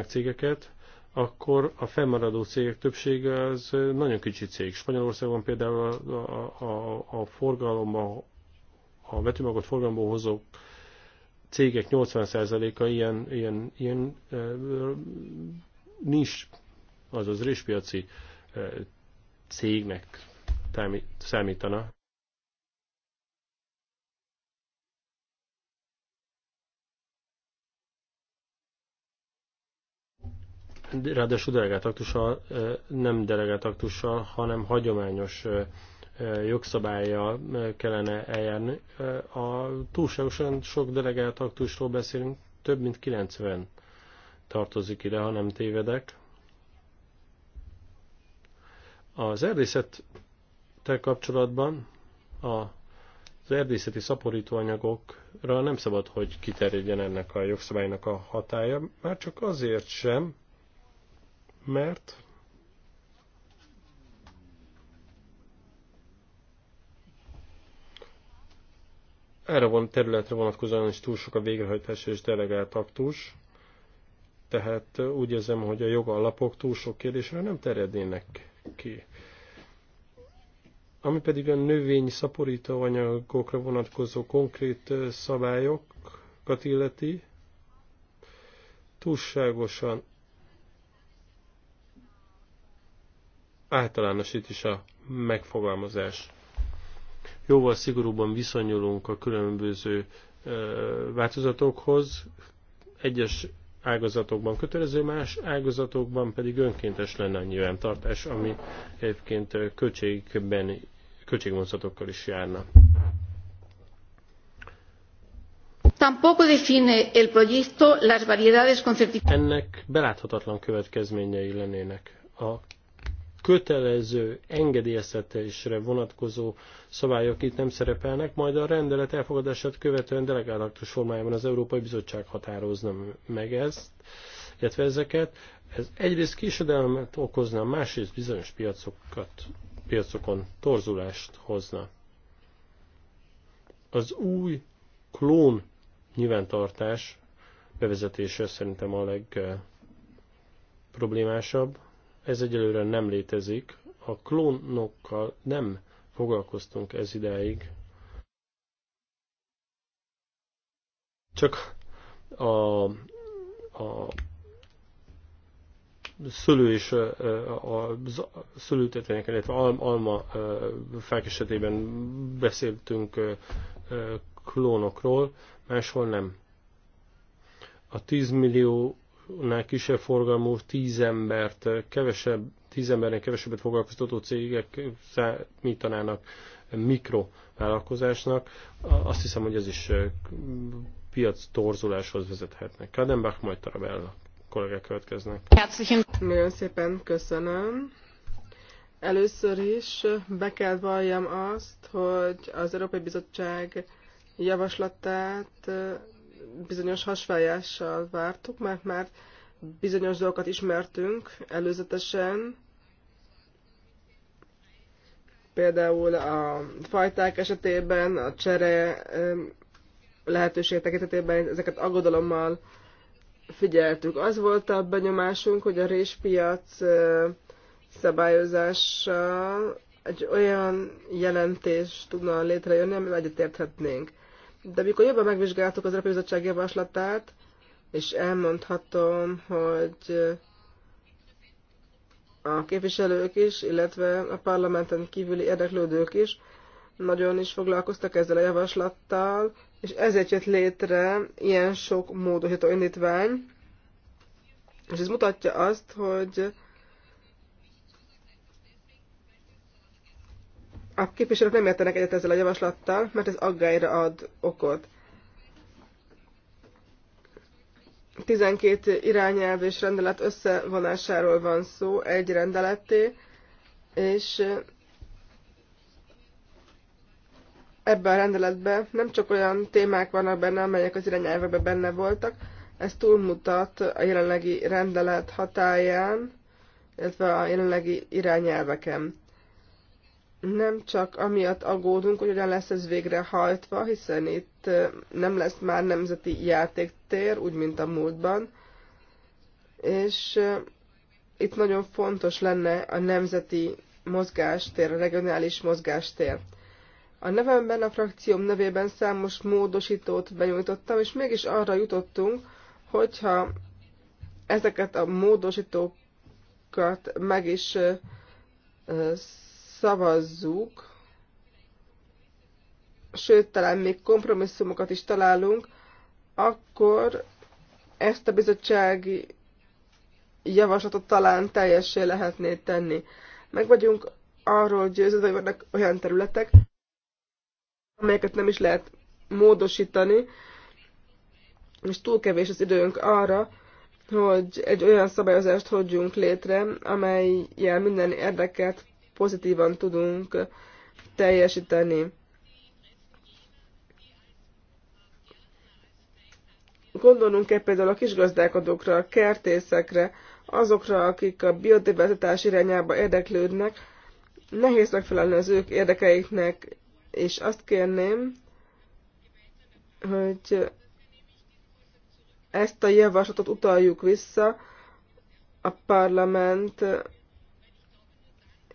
cégeket, akkor a fennmaradó cégek többsége az nagyon kicsi cég. Spanyolországban például a, a, a, a forgalomba, a vetőmagot forgalomból hozó cégek 80%-a ilyen, ilyen, ilyen nincs, azaz réspiaci cégnek számítana. ráadásul delegált aktussal, nem delegált aktussal, hanem hagyományos jogszabályjal kellene eljárni. A túlságosan sok delegált aktusról beszélünk, több mint 90 tartozik ide, ha nem tévedek. Az erdészettel kapcsolatban a az erdészeti szaporítóanyagokra nem szabad, hogy kiterjedjen ennek a jogszabálynak a hatája, már csak azért sem, mert erre van területre vonatkozóan is túl sok a végrehajtás és delegált aktus, tehát úgy érzem, hogy a jogalapok túl sok kérdésre nem terjednének ki. Ami pedig a növény szaporító anyagokra vonatkozó konkrét szabályokat illeti, túlságosan általánosít is a megfogalmazás. Jóval szigorúban viszonyulunk a különböző változatokhoz, egyes ágazatokban kötelező, más ágazatokban pedig önkéntes lenne a nyilvántartás, ami egyébként költségben, költségvonzatokkal is járna. Tampoco define el proyecto las variedades Ennek beláthatatlan következményei lennének a kötelező engedélyeztetésre vonatkozó szabályok itt nem szerepelnek, majd a rendelet elfogadását követően delegálaktus formájában az Európai Bizottság határozna meg ezt, illetve ezeket. Ez egyrészt késedelmet okozna, másrészt bizonyos piacokat, piacokon torzulást hozna. Az új klón nyilvántartás bevezetése szerintem a legproblémásabb. Eh, ez egyelőre nem létezik. A klónokkal nem foglalkoztunk ez idáig. Csak a, a szülő és a szülőtetvények, illetve alma alma esetében beszéltünk klónokról, máshol nem. A 10 millió nál kisebb forgalmú, tíz embert kevesebb, tíz embernek kevesebbet foglalkoztató cégek számítanának mikrovállalkozásnak. Azt hiszem, hogy ez is piac torzuláshoz vezethetnek. Kadenbach, majd Tarabella kollégák következnek. Nagyon szépen köszönöm. Először is be kell valljam azt, hogy az Európai Bizottság javaslatát bizonyos hasfájással vártuk, mert már bizonyos dolgokat ismertünk előzetesen, például a fajták esetében, a csere lehetőség tekintetében ezeket aggodalommal figyeltük. Az volt a benyomásunk, hogy a réspiac szabályozással egy olyan jelentés tudna létrejönni, amivel egyetérthetnénk. De mikor jobban megvizsgáltuk az Európai javaslatát, és elmondhatom, hogy a képviselők is, illetve a parlamenten kívüli érdeklődők is nagyon is foglalkoztak ezzel a javaslattal, és ezért jött létre ilyen sok módosító indítvány, és ez mutatja azt, hogy a képviselők nem értenek egyet ezzel a javaslattal, mert ez aggályra ad okot. 12 irányelv és rendelet összevonásáról van szó egy rendeletté, és ebben a rendeletben nem csak olyan témák vannak benne, amelyek az irányelvekben benne voltak, ez túlmutat a jelenlegi rendelet hatáján, illetve a jelenlegi irányelveken nem csak amiatt aggódunk, hogy hogyan lesz ez végrehajtva, hiszen itt nem lesz már nemzeti játéktér, úgy, mint a múltban, és itt nagyon fontos lenne a nemzeti mozgástér, a regionális mozgástér. A nevemben, a frakcióm nevében számos módosítót benyújtottam, és mégis arra jutottunk, hogyha ezeket a módosítókat meg is szavazzuk, sőt, talán még kompromisszumokat is találunk, akkor ezt a bizottsági javaslatot talán teljessé lehetné tenni. Meg vagyunk arról győződve, hogy vannak olyan területek, amelyeket nem is lehet módosítani, és túl kevés az időnk arra, hogy egy olyan szabályozást hozzunk létre, amely minden érdeket pozitívan tudunk teljesíteni. Gondolunk kell például a kisgazdálkodókra, a kertészekre, azokra, akik a biodiverzitás irányába érdeklődnek. Nehéz megfelelni az ők érdekeiknek, és azt kérném, hogy ezt a javaslatot utaljuk vissza a parlament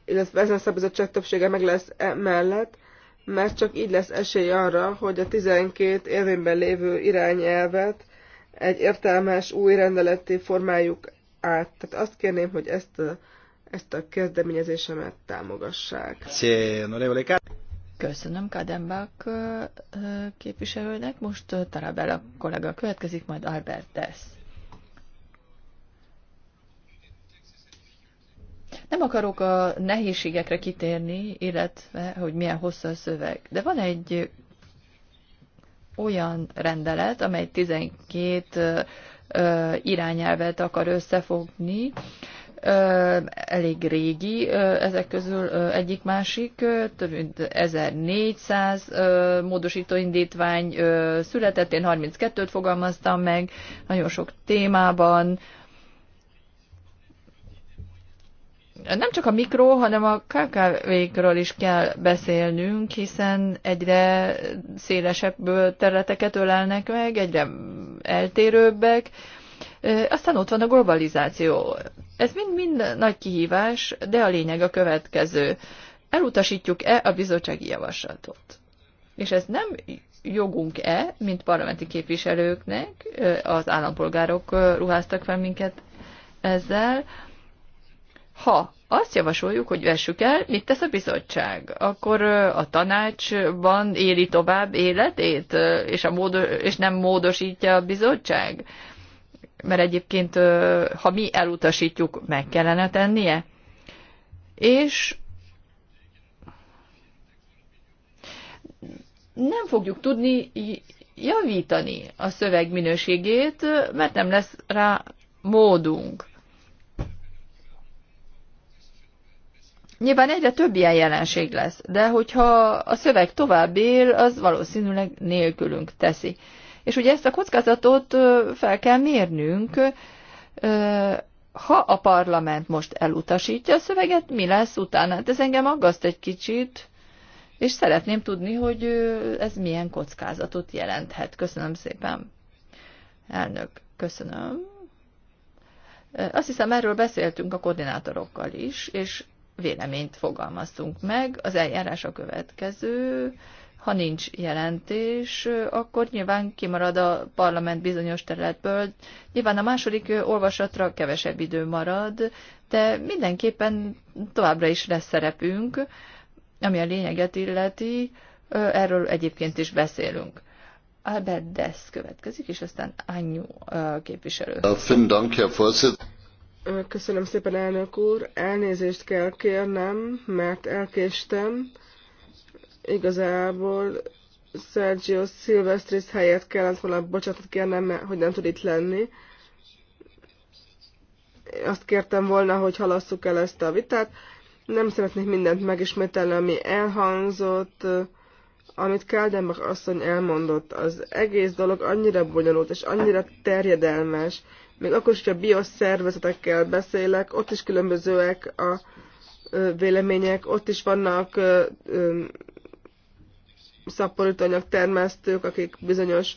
illetve ezen a szabizottság többsége meg lesz e mellett, mert csak így lesz esély arra, hogy a 12 érvényben lévő irányelvet egy értelmes új rendeleti formájuk át. Tehát azt kérném, hogy ezt a, ezt a kezdeményezésemet támogassák. Köszönöm Kadembák képviselőnek, most Tarabella kollega következik, majd Albert Tesz. Nem akarok a nehézségekre kitérni, illetve hogy milyen hosszú a szöveg, de van egy olyan rendelet, amely 12 irányelvet akar összefogni, elég régi, ezek közül egyik-másik, több mint 1400 módosítóindítvány született, én 32-t fogalmaztam meg, nagyon sok témában, nem csak a mikro, hanem a KKV-kről is kell beszélnünk, hiszen egyre szélesebb területeket ölelnek meg, egyre eltérőbbek. Aztán ott van a globalizáció. Ez mind-mind nagy kihívás, de a lényeg a következő. Elutasítjuk-e a bizottsági javaslatot? És ez nem jogunk-e, mint parlamenti képviselőknek, az állampolgárok ruháztak fel minket ezzel, ha azt javasoljuk, hogy vessük el, mit tesz a bizottság? Akkor a tanácsban éli tovább életét, és, a módos, és nem módosítja a bizottság? Mert egyébként, ha mi elutasítjuk, meg kellene tennie? És nem fogjuk tudni javítani a szöveg minőségét, mert nem lesz rá módunk. Nyilván egyre több ilyen jelenség lesz, de hogyha a szöveg tovább él, az valószínűleg nélkülünk teszi. És ugye ezt a kockázatot fel kell mérnünk, ha a parlament most elutasítja a szöveget, mi lesz utána? Hát ez engem aggaszt egy kicsit, és szeretném tudni, hogy ez milyen kockázatot jelenthet. Köszönöm szépen. Elnök, köszönöm. Azt hiszem, erről beszéltünk a koordinátorokkal is, és véleményt fogalmaztunk meg. Az eljárás a következő. Ha nincs jelentés, akkor nyilván kimarad a parlament bizonyos területből. Nyilván a második olvasatra kevesebb idő marad, de mindenképpen továbbra is lesz szerepünk, ami a lényeget illeti. Erről egyébként is beszélünk. Albert Dess következik, és aztán Anyu képviselő. Köszönöm szépen, elnök úr. Elnézést kell kérnem, mert elkéstem. Igazából Sergio Silvestris helyett kellett volna bocsánatot kérnem, mert hogy nem tud itt lenni. Azt kértem volna, hogy halasszuk el ezt a vitát. Nem szeretnék mindent megismételni, ami elhangzott, amit Káldenbach asszony elmondott. Az egész dolog annyira bonyolult és annyira terjedelmes, még akkor is, hogyha szervezetekkel beszélek, ott is különbözőek a vélemények, ott is vannak szaporítóanyag termesztők, akik bizonyos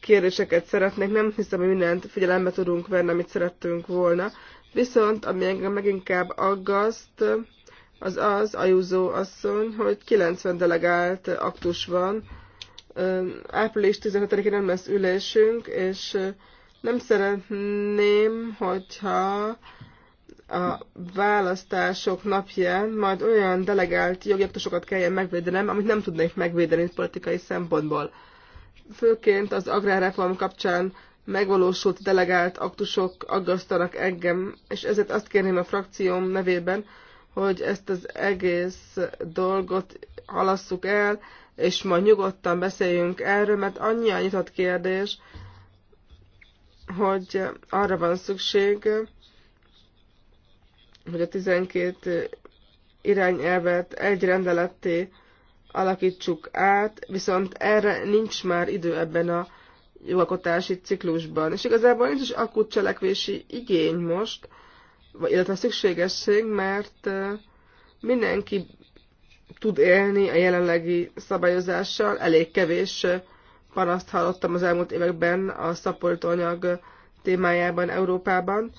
kérdéseket szeretnék. Nem hiszem, hogy mindent figyelembe tudunk venni, amit szerettünk volna. Viszont, ami engem meginkább aggaszt, az az, Ajúzó asszony, hogy 90 delegált aktus van. Április 15-én nem lesz ülésünk, és nem szeretném, hogyha a választások napján majd olyan delegált jogjaktusokat kelljen megvédenem, amit nem tudnék megvédeni politikai szempontból. Főként az agrárreform kapcsán megvalósult delegált aktusok aggasztanak engem, és ezért azt kérném a frakcióm nevében, hogy ezt az egész dolgot halasszuk el, és majd nyugodtan beszéljünk erről, mert annyian nyitott kérdés, hogy arra van szükség, hogy a 12 irányelvet egy rendeletté alakítsuk át, viszont erre nincs már idő ebben a jogalkotási ciklusban. És igazából nincs is akut cselekvési igény most, illetve szükségesség, mert mindenki tud élni a jelenlegi szabályozással, elég kevés panaszt hallottam az elmúlt években a szaporítóanyag témájában Európában.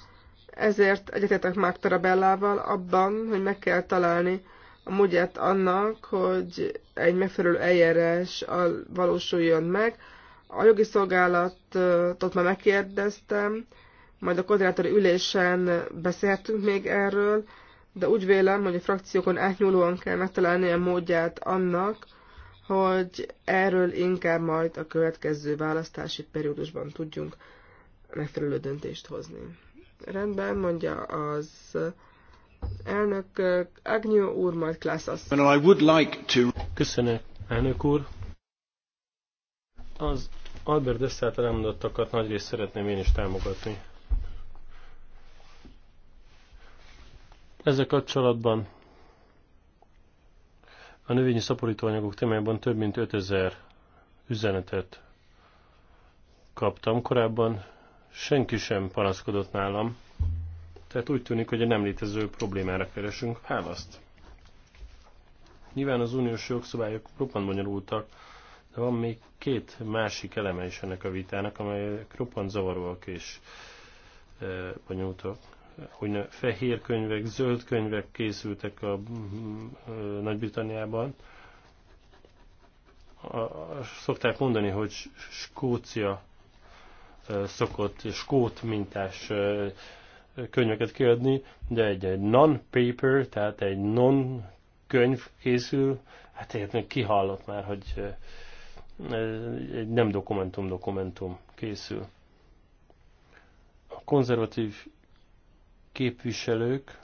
Ezért egyetetek már Tarabellával abban, hogy meg kell találni a módját annak, hogy egy megfelelő eljárás valósuljon meg. A jogi szolgálatot már megkérdeztem, majd a koordinátori ülésen beszélhetünk még erről, de úgy vélem, hogy a frakciókon átnyúlóan kell megtalálni a módját annak, hogy erről inkább majd a következő választási periódusban tudjunk megfelelő döntést hozni. Rendben, mondja az elnök Agnyó úr, majd Klaszasz. Köszönöm, elnök úr. Az Albert Dessert által elmondottakat nagyrészt szeretném én is támogatni. Ezzel kapcsolatban a növényi szaporítóanyagok témájában több mint 5000 üzenetet kaptam. Korábban senki sem panaszkodott nálam, tehát úgy tűnik, hogy a nem létező problémára keresünk választ. Nyilván az uniós jogszabályok roppant bonyolultak, de van még két másik eleme is ennek a vitának, amelyek roppant zavaróak és e, bonyolultak hogy fehér könyvek, zöld könyvek készültek a mm, Nagy-Britanniában. Szokták mondani, hogy Skócia szokott skót mintás könyveket kiadni, de egy, egy non-paper, tehát egy non-könyv készül, hát egyébként kihallott már, hogy egy nem dokumentum-dokumentum készül. A konzervatív képviselők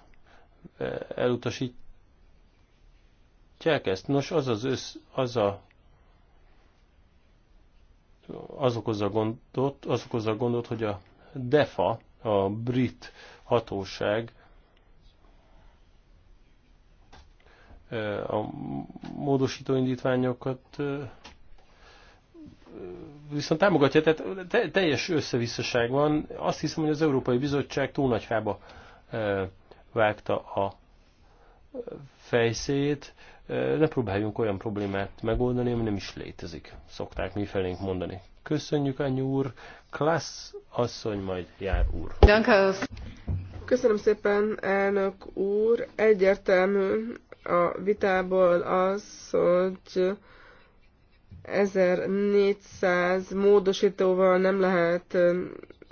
eh, elutasítják ezt. Nos, az az, össz, az a az okozza gondot, az okozza gondot, hogy a DEFA, a brit hatóság eh, a módosító indítványokat eh, viszont támogatja, tehát teljes összevisszaság van. Azt hiszem, hogy az Európai Bizottság túl nagy fába vágta a fejszét. ne próbáljunk olyan problémát megoldani, ami nem is létezik. Szokták mi felénk mondani. Köszönjük, anyu úr. Klassz asszony, majd jár úr. Köszönöm szépen, elnök úr. Egyértelmű a vitából az, hogy 1400 módosítóval nem lehet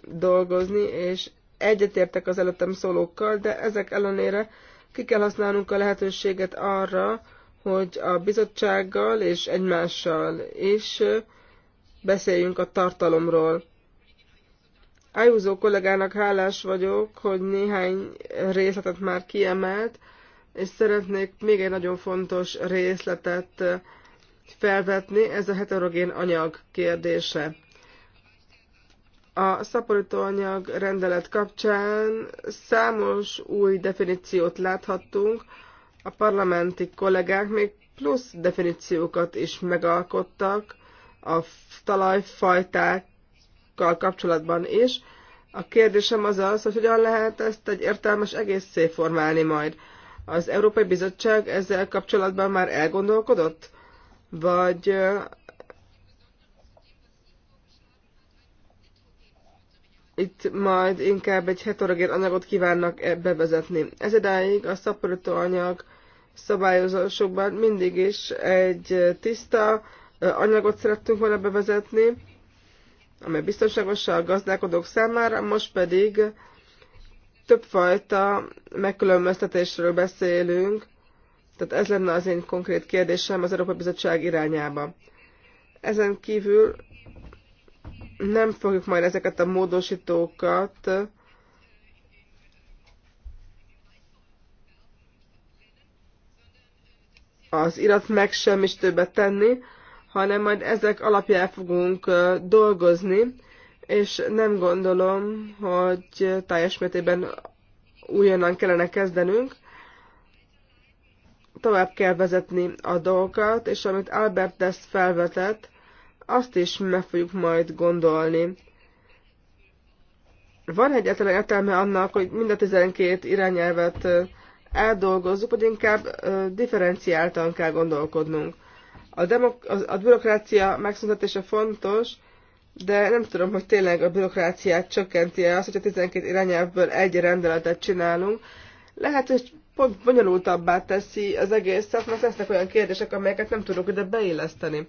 dolgozni, és egyetértek az előttem szólókkal, de ezek ellenére ki kell használnunk a lehetőséget arra, hogy a bizottsággal és egymással is beszéljünk a tartalomról. Ájúzó kollégának hálás vagyok, hogy néhány részletet már kiemelt, és szeretnék még egy nagyon fontos részletet felvetni, ez a heterogén anyag kérdése. A szaporítóanyag rendelet kapcsán számos új definíciót láthattunk, a parlamenti kollégák még plusz definíciókat is megalkottak a talajfajtákkal kapcsolatban is. A kérdésem az az, hogy hogyan lehet ezt egy értelmes egészé formálni majd. Az Európai Bizottság ezzel kapcsolatban már elgondolkodott? vagy itt majd inkább egy heterogén anyagot kívánnak e bevezetni. Ez idáig a szaporító anyag szabályozásokban mindig is egy tiszta anyagot szerettünk volna bevezetni, amely biztonságos a gazdálkodók számára, most pedig többfajta megkülönböztetésről beszélünk, tehát ez lenne az én konkrét kérdésem az Európai Bizottság irányába. Ezen kívül nem fogjuk majd ezeket a módosítókat az irat többet tenni, hanem majd ezek alapján fogunk dolgozni, és nem gondolom, hogy teljes mértékben újonnan kellene kezdenünk, tovább kell vezetni a dolgokat, és amit Albert ezt felvetett, azt is meg fogjuk majd gondolni. Van egyetlen értelme annak, hogy mind a 12 irányelvet eldolgozzuk, vagy inkább differenciáltan kell gondolkodnunk. A, a, a bürokrácia megszüntetése fontos, de nem tudom, hogy tényleg a bürokráciát csökkenti-e az, hogyha 12 irányelvből egy rendeletet csinálunk. Lehet, hogy pont bonyolultabbá teszi az egészet, mert lesznek olyan kérdések, amelyeket nem tudok ide beilleszteni.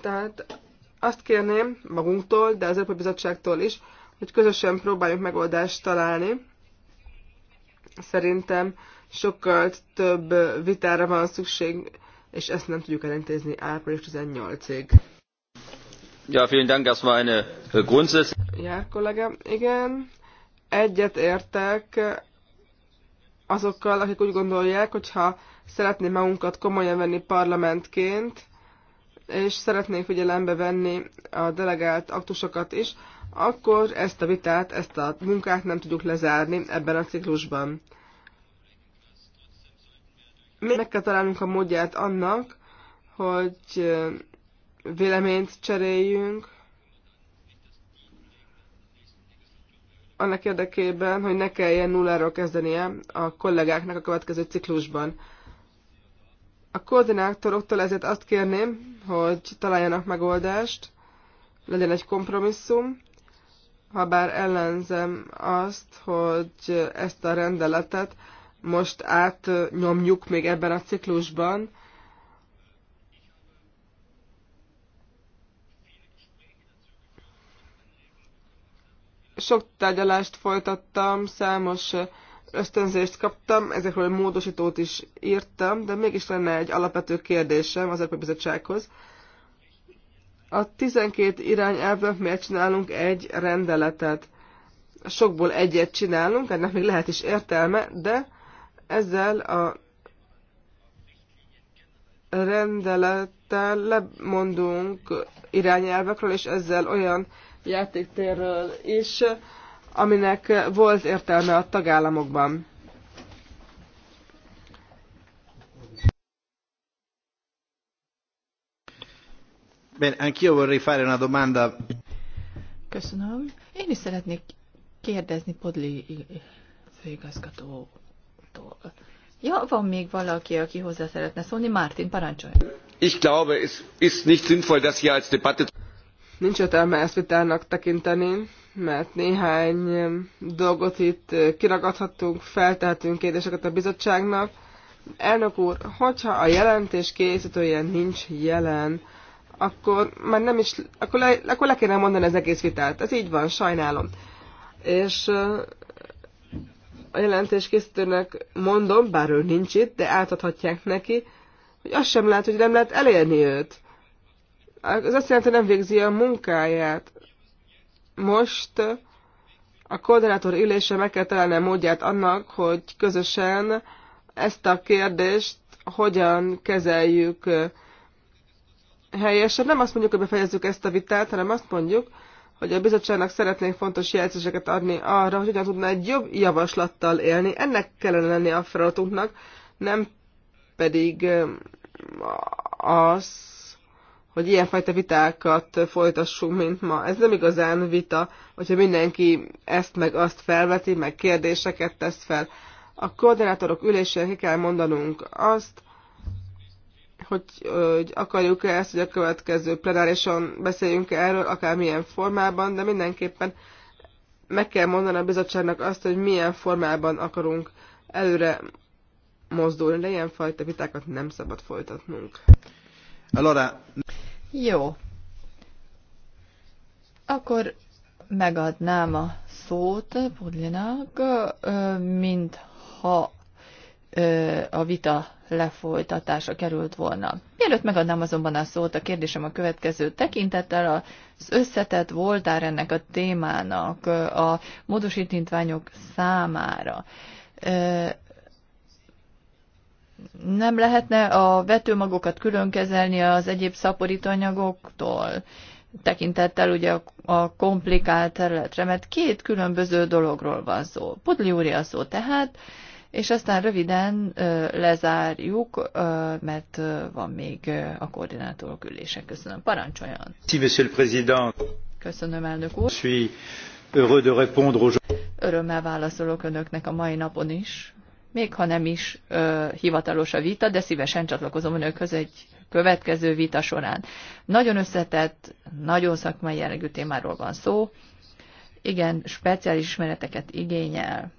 Tehát azt kérném magunktól, de az Európai Bizottságtól is, hogy közösen próbáljuk megoldást találni. Szerintem sokkal több vitára van szükség, és ezt nem tudjuk elintézni április 18-ig. Ja, vielen Dank, das war eine äh, Grundsatz. Ja, kollega, igen. Egyet értek azokkal, akik úgy gondolják, hogyha szeretném magunkat komolyan venni parlamentként, és szeretnék figyelembe venni a delegált aktusokat is, akkor ezt a vitát, ezt a munkát nem tudjuk lezárni ebben a ciklusban. Mi meg kell találnunk a módját annak, hogy véleményt cseréljünk, annak érdekében, hogy ne kelljen nulláról kezdenie a kollégáknak a következő ciklusban. A koordinátoroktól ezért azt kérném, hogy találjanak megoldást, legyen egy kompromisszum, ha bár ellenzem azt, hogy ezt a rendeletet most átnyomjuk még ebben a ciklusban, Sok tárgyalást folytattam, számos ösztönzést kaptam, ezekről módosítót is írtam, de mégis lenne egy alapvető kérdésem az Európai Bizottsághoz. A 12 irányelvből miért csinálunk egy rendeletet? Sokból egyet csinálunk, ennek még lehet is értelme, de ezzel a rendelettel lemondunk irányelvekről, és ezzel olyan játéktérről is, aminek volt értelme a tagállamokban. Ben, anch'io vorrei fare una domanda. Köszönöm. Én is szeretnék kérdezni Podli főigazgatótól. Ja, van még valaki, aki hozzá szeretne szólni. Martin, parancsolj! Ich glaube, es ist nicht sinnvoll, dass hier als Debatte... Nincs értelme ezt vitának tekinteni, mert néhány dolgot itt kiragadhattunk, feltehetünk kérdéseket a bizottságnak. Elnök úr, hogyha a jelentés készítője nincs jelen, akkor már nem is, akkor le, akkor le kéne mondani az egész vitát. Ez így van, sajnálom. És a jelentés készítőnek mondom, bár ő nincs itt, de átadhatják neki, hogy azt sem lehet, hogy nem lehet elérni őt az azt jelenti, hogy nem végzi a munkáját. Most a koordinátor ülése meg kell találni a módját annak, hogy közösen ezt a kérdést hogyan kezeljük helyesen. Nem azt mondjuk, hogy befejezzük ezt a vitát, hanem azt mondjuk, hogy a bizottságnak szeretnénk fontos jelzéseket adni arra, hogy hogyan tudna egy jobb javaslattal élni. Ennek kellene lenni a feladatunknak, nem pedig az, hogy ilyenfajta vitákat folytassunk, mint ma. Ez nem igazán vita, hogyha mindenki ezt meg azt felveti, meg kérdéseket tesz fel. A koordinátorok ülésén ki kell mondanunk azt, hogy, hogy akarjuk-e ezt, hogy a következő plenárison beszéljünk -e erről, akár milyen formában, de mindenképpen meg kell mondani a bizottságnak azt, hogy milyen formában akarunk előre mozdulni, de ilyenfajta vitákat nem szabad folytatnunk. Allora... Jó. Akkor megadnám a szót Budlinak, mintha a vita lefolytatása került volna. Mielőtt megadnám azonban a szót, a kérdésem a következő tekintettel az összetett voltár ennek a témának a módosítintványok számára nem lehetne a vetőmagokat külön kezelni az egyéb szaporítóanyagoktól, tekintettel ugye a komplikált területre, mert két különböző dologról van szó. Pudli úri a szó tehát, és aztán röviden lezárjuk, mert van még a koordinátorok ülése. Köszönöm. Parancsoljon! Köszönöm, elnök úr! Örömmel válaszolok önöknek a mai napon is még ha nem is ö, hivatalos a vita, de szívesen csatlakozom önökhöz egy következő vita során. Nagyon összetett, nagyon szakmai jellegű témáról van szó. Igen, speciális ismereteket igényel.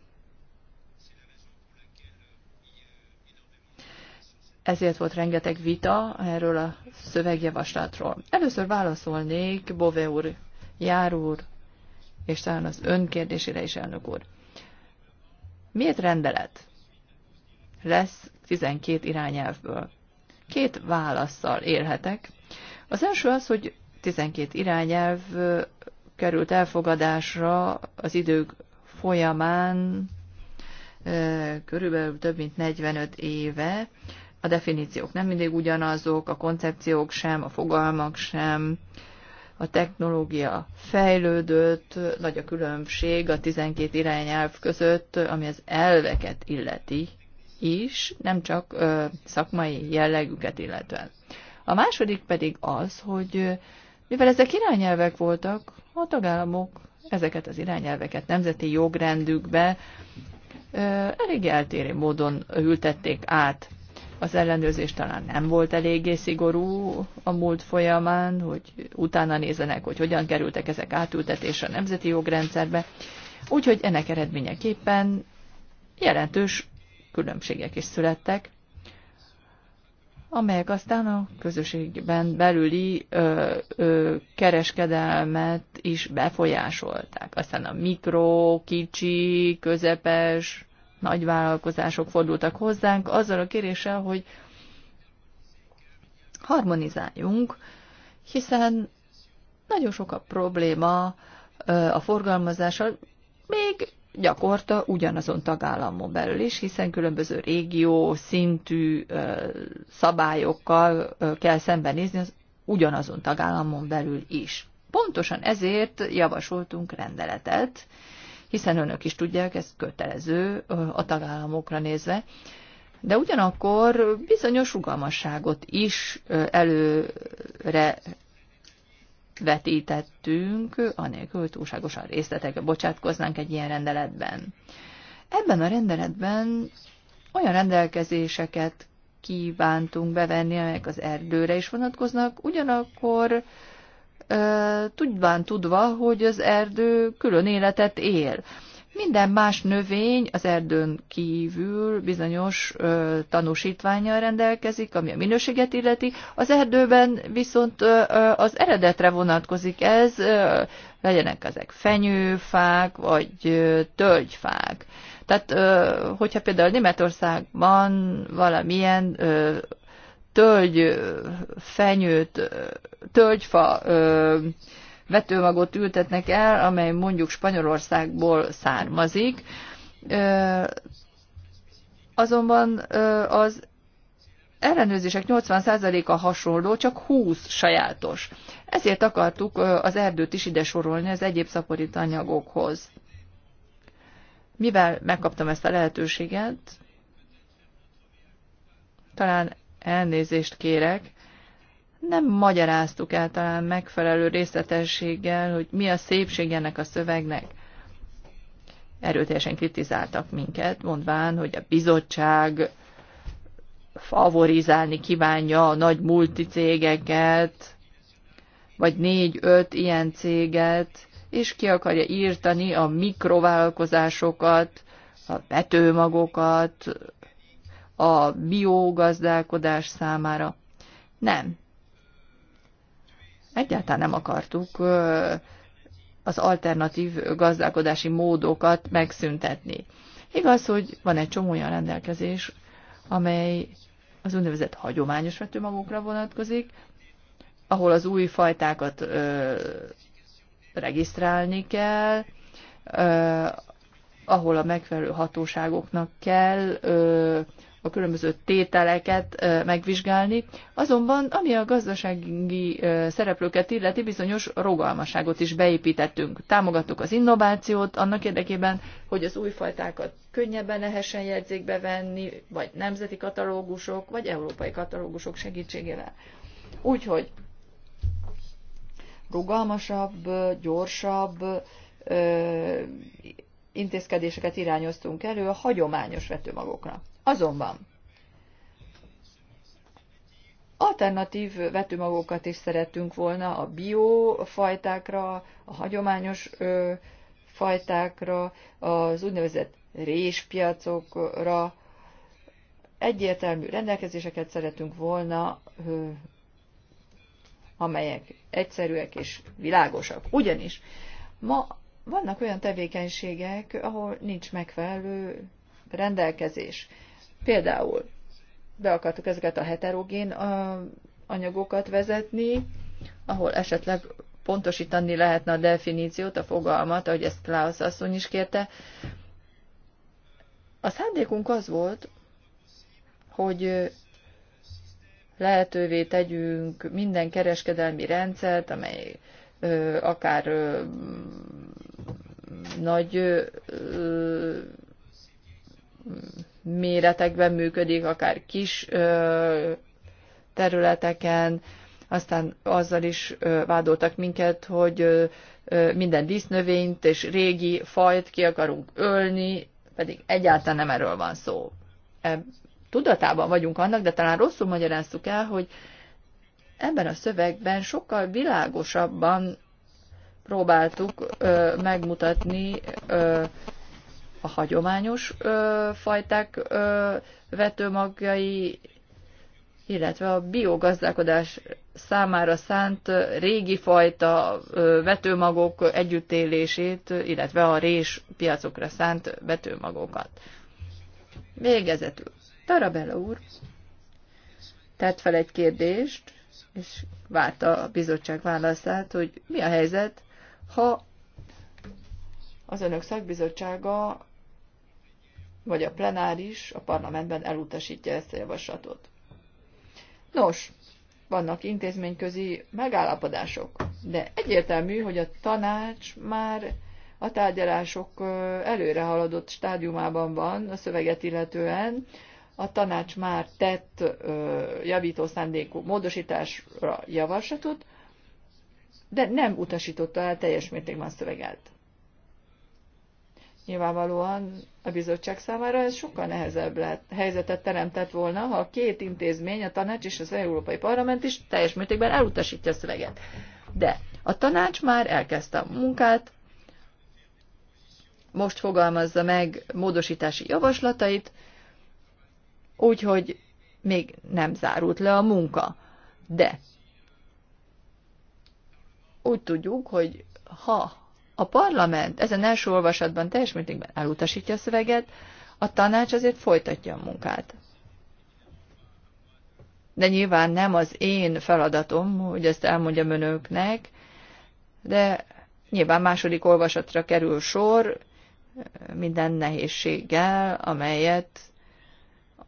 Ezért volt rengeteg vita erről a szövegjavaslatról. Először válaszolnék Bové úr, Jár úr, és talán az kérdésére is elnök úr. Miért rendelet? lesz 12 irányelvből. Két válaszsal élhetek. Az első az, hogy 12 irányelv került elfogadásra az idők folyamán körülbelül több mint 45 éve. A definíciók nem mindig ugyanazok, a koncepciók sem, a fogalmak sem, a technológia fejlődött, nagy a különbség a 12 irányelv között, ami az elveket illeti, is, nem csak szakmai jellegüket illetve. A második pedig az, hogy mivel ezek irányelvek voltak, a tagállamok ezeket az irányelveket nemzeti jogrendükbe elég eltérő módon ültették át. Az ellenőrzés talán nem volt eléggé szigorú a múlt folyamán, hogy utána nézenek, hogy hogyan kerültek ezek átültetésre a nemzeti jogrendszerbe. Úgyhogy ennek eredményeképpen jelentős különbségek is születtek, amelyek aztán a közösségben belüli ö, ö, kereskedelmet is befolyásolták. Aztán a mikro, kicsi, közepes, nagy vállalkozások fordultak hozzánk azzal a kéréssel, hogy harmonizáljunk, hiszen nagyon sok a probléma a forgalmazással, még gyakorta ugyanazon tagállamon belül is, hiszen különböző régió szintű szabályokkal kell szembenézni az ugyanazon tagállamon belül is. Pontosan ezért javasoltunk rendeletet, hiszen önök is tudják, ez kötelező a tagállamokra nézve, de ugyanakkor bizonyos rugalmasságot is előre vetítettünk, anélkül túlságosan részletekbe bocsátkoznánk egy ilyen rendeletben. Ebben a rendeletben olyan rendelkezéseket kívántunk bevenni, amelyek az erdőre is vonatkoznak, ugyanakkor tudván tudva, hogy az erdő külön életet él. Minden más növény az erdőn kívül bizonyos ö, tanúsítványjal rendelkezik, ami a minőséget illeti. Az erdőben viszont ö, az eredetre vonatkozik ez, ö, legyenek ezek fenyőfák vagy ö, tölgyfák. Tehát, ö, hogyha például Németországban valamilyen ö, tölgy, fenyőt, tölgyfa ö, vetőmagot ültetnek el, amely mondjuk Spanyolországból származik. Azonban az ellenőrzések 80%-a hasonló, csak 20 sajátos. Ezért akartuk az erdőt is ide sorolni az egyéb szaporít anyagokhoz. Mivel megkaptam ezt a lehetőséget, talán elnézést kérek, nem magyaráztuk el talán megfelelő részletességgel, hogy mi a szépség ennek a szövegnek. Erőteljesen kritizáltak minket, mondván, hogy a bizottság favorizálni kívánja a nagy multicégeket, vagy négy-öt ilyen céget, és ki akarja írtani a mikrovállalkozásokat, a betőmagokat, a biogazdálkodás számára. Nem, Egyáltalán nem akartuk az alternatív gazdálkodási módokat megszüntetni. Igaz, hogy van egy csomó olyan rendelkezés, amely az úgynevezett hagyományos vetőmagokra vonatkozik, ahol az új fajtákat ö, regisztrálni kell, ö, ahol a megfelelő hatóságoknak kell ö, a különböző tételeket megvizsgálni, azonban ami a gazdasági szereplőket illeti, bizonyos rogalmaságot is beépítettünk. Támogattuk az innovációt annak érdekében, hogy az újfajtákat könnyebben lehessen jegyzékbe venni, vagy nemzeti katalógusok, vagy európai katalógusok segítségével. Úgyhogy rugalmasabb, gyorsabb intézkedéseket irányoztunk elő a hagyományos vetőmagokra. Azonban alternatív vetőmagokat is szerettünk volna a biofajtákra, a hagyományos ö, fajtákra, az úgynevezett réspiacokra. Egyértelmű rendelkezéseket szeretünk volna, ö, amelyek egyszerűek és világosak. Ugyanis ma vannak olyan tevékenységek, ahol nincs megfelelő rendelkezés. Például be akartuk ezeket a heterogén anyagokat vezetni, ahol esetleg pontosítani lehetne a definíciót, a fogalmat, ahogy ezt Klaus asszony is kérte. A szándékunk az volt, hogy lehetővé tegyünk minden kereskedelmi rendszert, amely ö, akár ö, nagy ö, méretekben működik, akár kis területeken, aztán azzal is vádoltak minket, hogy minden dísznövényt és régi fajt ki akarunk ölni, pedig egyáltalán nem erről van szó. E, tudatában vagyunk annak, de talán rosszul magyaráztuk el, hogy ebben a szövegben sokkal világosabban próbáltuk ö, megmutatni ö, a hagyományos ö, fajták ö, vetőmagjai, illetve a biogazdálkodás számára szánt régi fajta ö, vetőmagok együttélését, illetve a rés piacokra szánt vetőmagokat. Végezetül. Tarabella úr tett fel egy kérdést, és várta a bizottság válaszát, hogy mi a helyzet, ha az önök szakbizottsága vagy a plenáris a parlamentben elutasítja ezt a javaslatot. Nos, vannak intézményközi megállapodások, de egyértelmű, hogy a tanács már a tárgyalások előre haladott stádiumában van a szöveget illetően. A tanács már tett javító szándékú módosításra javaslatot, de nem utasította el teljes mértékben a szöveget. Nyilvánvalóan a bizottság számára ez sokkal nehezebb lett, helyzetet teremtett volna, ha a két intézmény, a tanács és az Európai Parlament is teljes mértékben elutasítja a szöveget. De a tanács már elkezdte a munkát, most fogalmazza meg módosítási javaslatait, úgyhogy még nem zárult le a munka. De úgy tudjuk, hogy ha a parlament ezen első olvasatban teljes mértékben elutasítja a szöveget, a tanács azért folytatja a munkát. De nyilván nem az én feladatom, hogy ezt elmondjam önöknek, de nyilván második olvasatra kerül sor minden nehézséggel, amelyet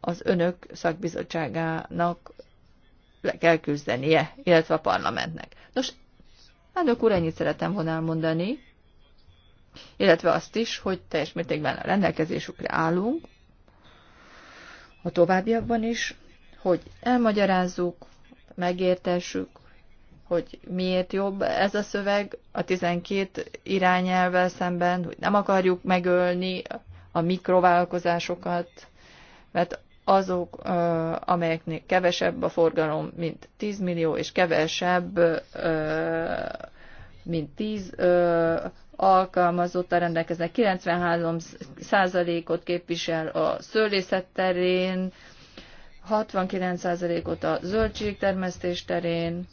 az önök szakbizottságának le kell küzdenie, illetve a parlamentnek. Nos, elnök úr, ennyit szeretem volna elmondani illetve azt is, hogy teljes mértékben a rendelkezésükre állunk a továbbiakban is, hogy elmagyarázzuk, megértessük, hogy miért jobb ez a szöveg a 12 irányelvel szemben, hogy nem akarjuk megölni a mikrovállalkozásokat, mert azok, amelyeknél kevesebb a forgalom, mint 10 millió, és kevesebb, mint 10 alkalmazottan rendelkeznek, 93 százalékot képvisel a szőlészet terén, 69 százalékot a zöldségtermesztés terén,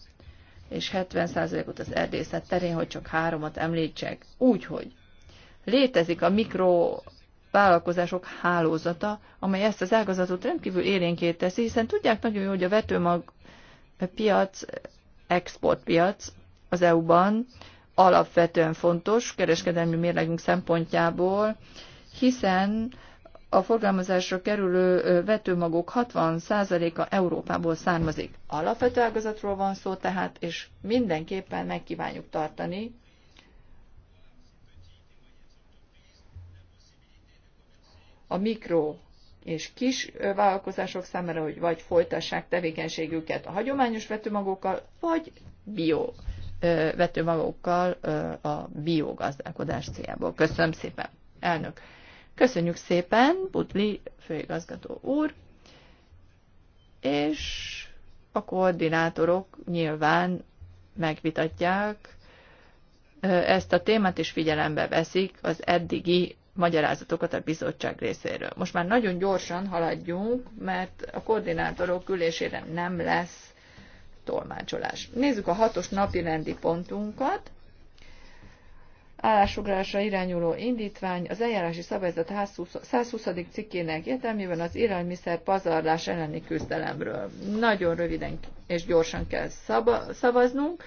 és 70 százalékot az erdészet terén, hogy csak háromat említsek. Úgyhogy létezik a mikro vállalkozások hálózata, amely ezt az ágazatot rendkívül élénkét teszi, hiszen tudják nagyon jól, hogy a vetőmag piac, exportpiac az EU-ban alapvetően fontos kereskedelmi mérlegünk szempontjából, hiszen a forgalmazásra kerülő vetőmagok 60%-a Európából származik. Alapvető ágazatról van szó tehát, és mindenképpen megkívánjuk tartani a mikro és kis vállalkozások számára, hogy vagy folytassák tevékenységüket a hagyományos vetőmagokkal, vagy bio vető a biogazdálkodás céljából. Köszönöm szépen, elnök. Köszönjük szépen, Butli főigazgató úr, és a koordinátorok nyilván megvitatják ezt a témát, és figyelembe veszik az eddigi magyarázatokat a bizottság részéről. Most már nagyon gyorsan haladjunk, mert a koordinátorok ülésére nem lesz tolmácsolás. Nézzük a hatos napi rendi pontunkat. Állásugrásra irányuló indítvány az eljárási szabályzat 120. cikkének értelmében az élelmiszer pazarlás elleni küzdelemről. Nagyon röviden és gyorsan kell szavaznunk.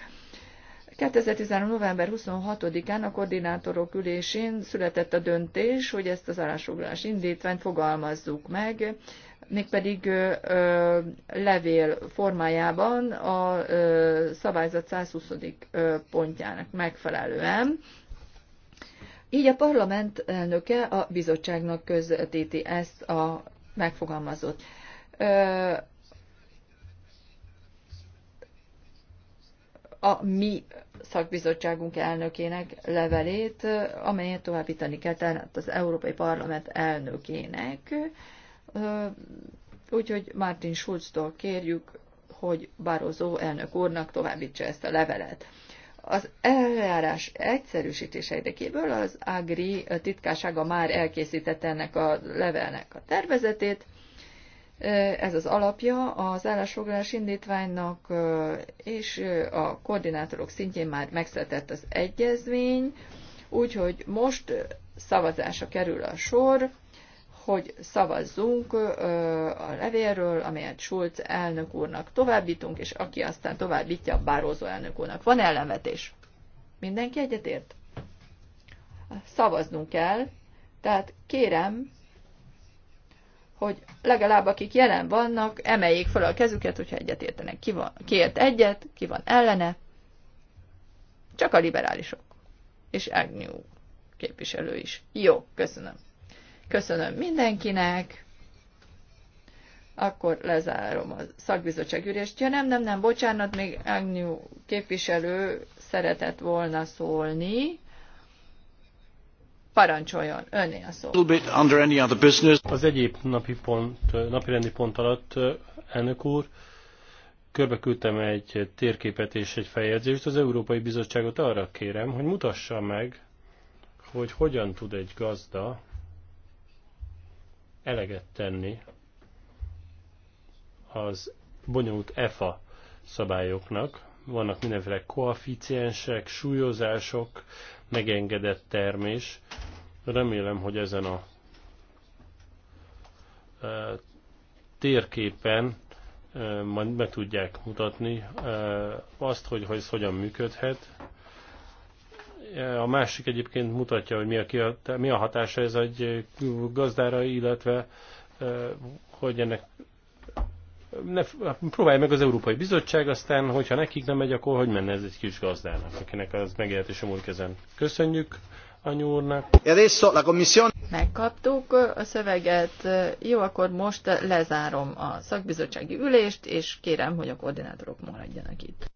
2013. november 26-án a koordinátorok ülésén született a döntés, hogy ezt az állásfoglalás indítványt fogalmazzuk meg, mégpedig ö, levél formájában a ö, szabályzat 120. pontjának megfelelően. Így a parlament elnöke a bizottságnak közvetíti ezt a megfogalmazott a mi szakbizottságunk elnökének levelét, amelyet továbbítani kell tehát az Európai Parlament elnökének. Úgyhogy Martin Schulztól kérjük, hogy Barozó elnök úrnak továbbítsa ezt a levelet. Az eljárás egyszerűsítése érdekéből az Agri titkársága már elkészítette ennek a levelnek a tervezetét, Eh, ez az alapja az állásfoglalás indítványnak, eh, és eh, a koordinátorok szintjén már megszületett az egyezmény, úgyhogy most szavazásra kerül a sor, hogy szavazzunk a levélről, amelyet Schulz elnök úrnak továbbítunk, és aki aztán továbbítja a Bározó elnök úrnak. Van ellenvetés? Mindenki egyetért? Szavaznunk kell, tehát kérem, hogy legalább akik jelen vannak, emeljék fel a kezüket, hogyha egyet értenek. Ki, van, ki ért egyet, ki van ellene. Csak a liberálisok. És Agnew képviselő is. Jó, köszönöm. Köszönöm mindenkinek. Akkor lezárom a szakbizottság ürést. Ja nem, nem, nem, bocsánat, még Agnew képviselő szeretett volna szólni. Parancsoljon, önné a szó. Az egyéb napi pont, napirendi pont alatt, elnök úr, körbe küldtem egy térképet és egy feljegyzést. Az Európai Bizottságot arra kérem, hogy mutassa meg, hogy hogyan tud egy gazda eleget tenni az bonyolult EFA szabályoknak, vannak mindenféle koeficiensek, súlyozások, megengedett termés. Remélem, hogy ezen a e, térképen e, majd meg tudják mutatni e, azt, hogy, hogy ez hogyan működhet. E, a másik egyébként mutatja, hogy mi a, mi a hatása ez egy gazdára, illetve e, hogy ennek ne, hát próbálj meg az Európai Bizottság, aztán, hogyha nekik nem megy, akkor hogy menne ez egy kis gazdának, akinek az megélhetése múlik ezen. Köszönjük anyúrnak. E Megkaptuk a szöveget, jó, akkor most lezárom a szakbizottsági ülést, és kérem, hogy a koordinátorok maradjanak itt.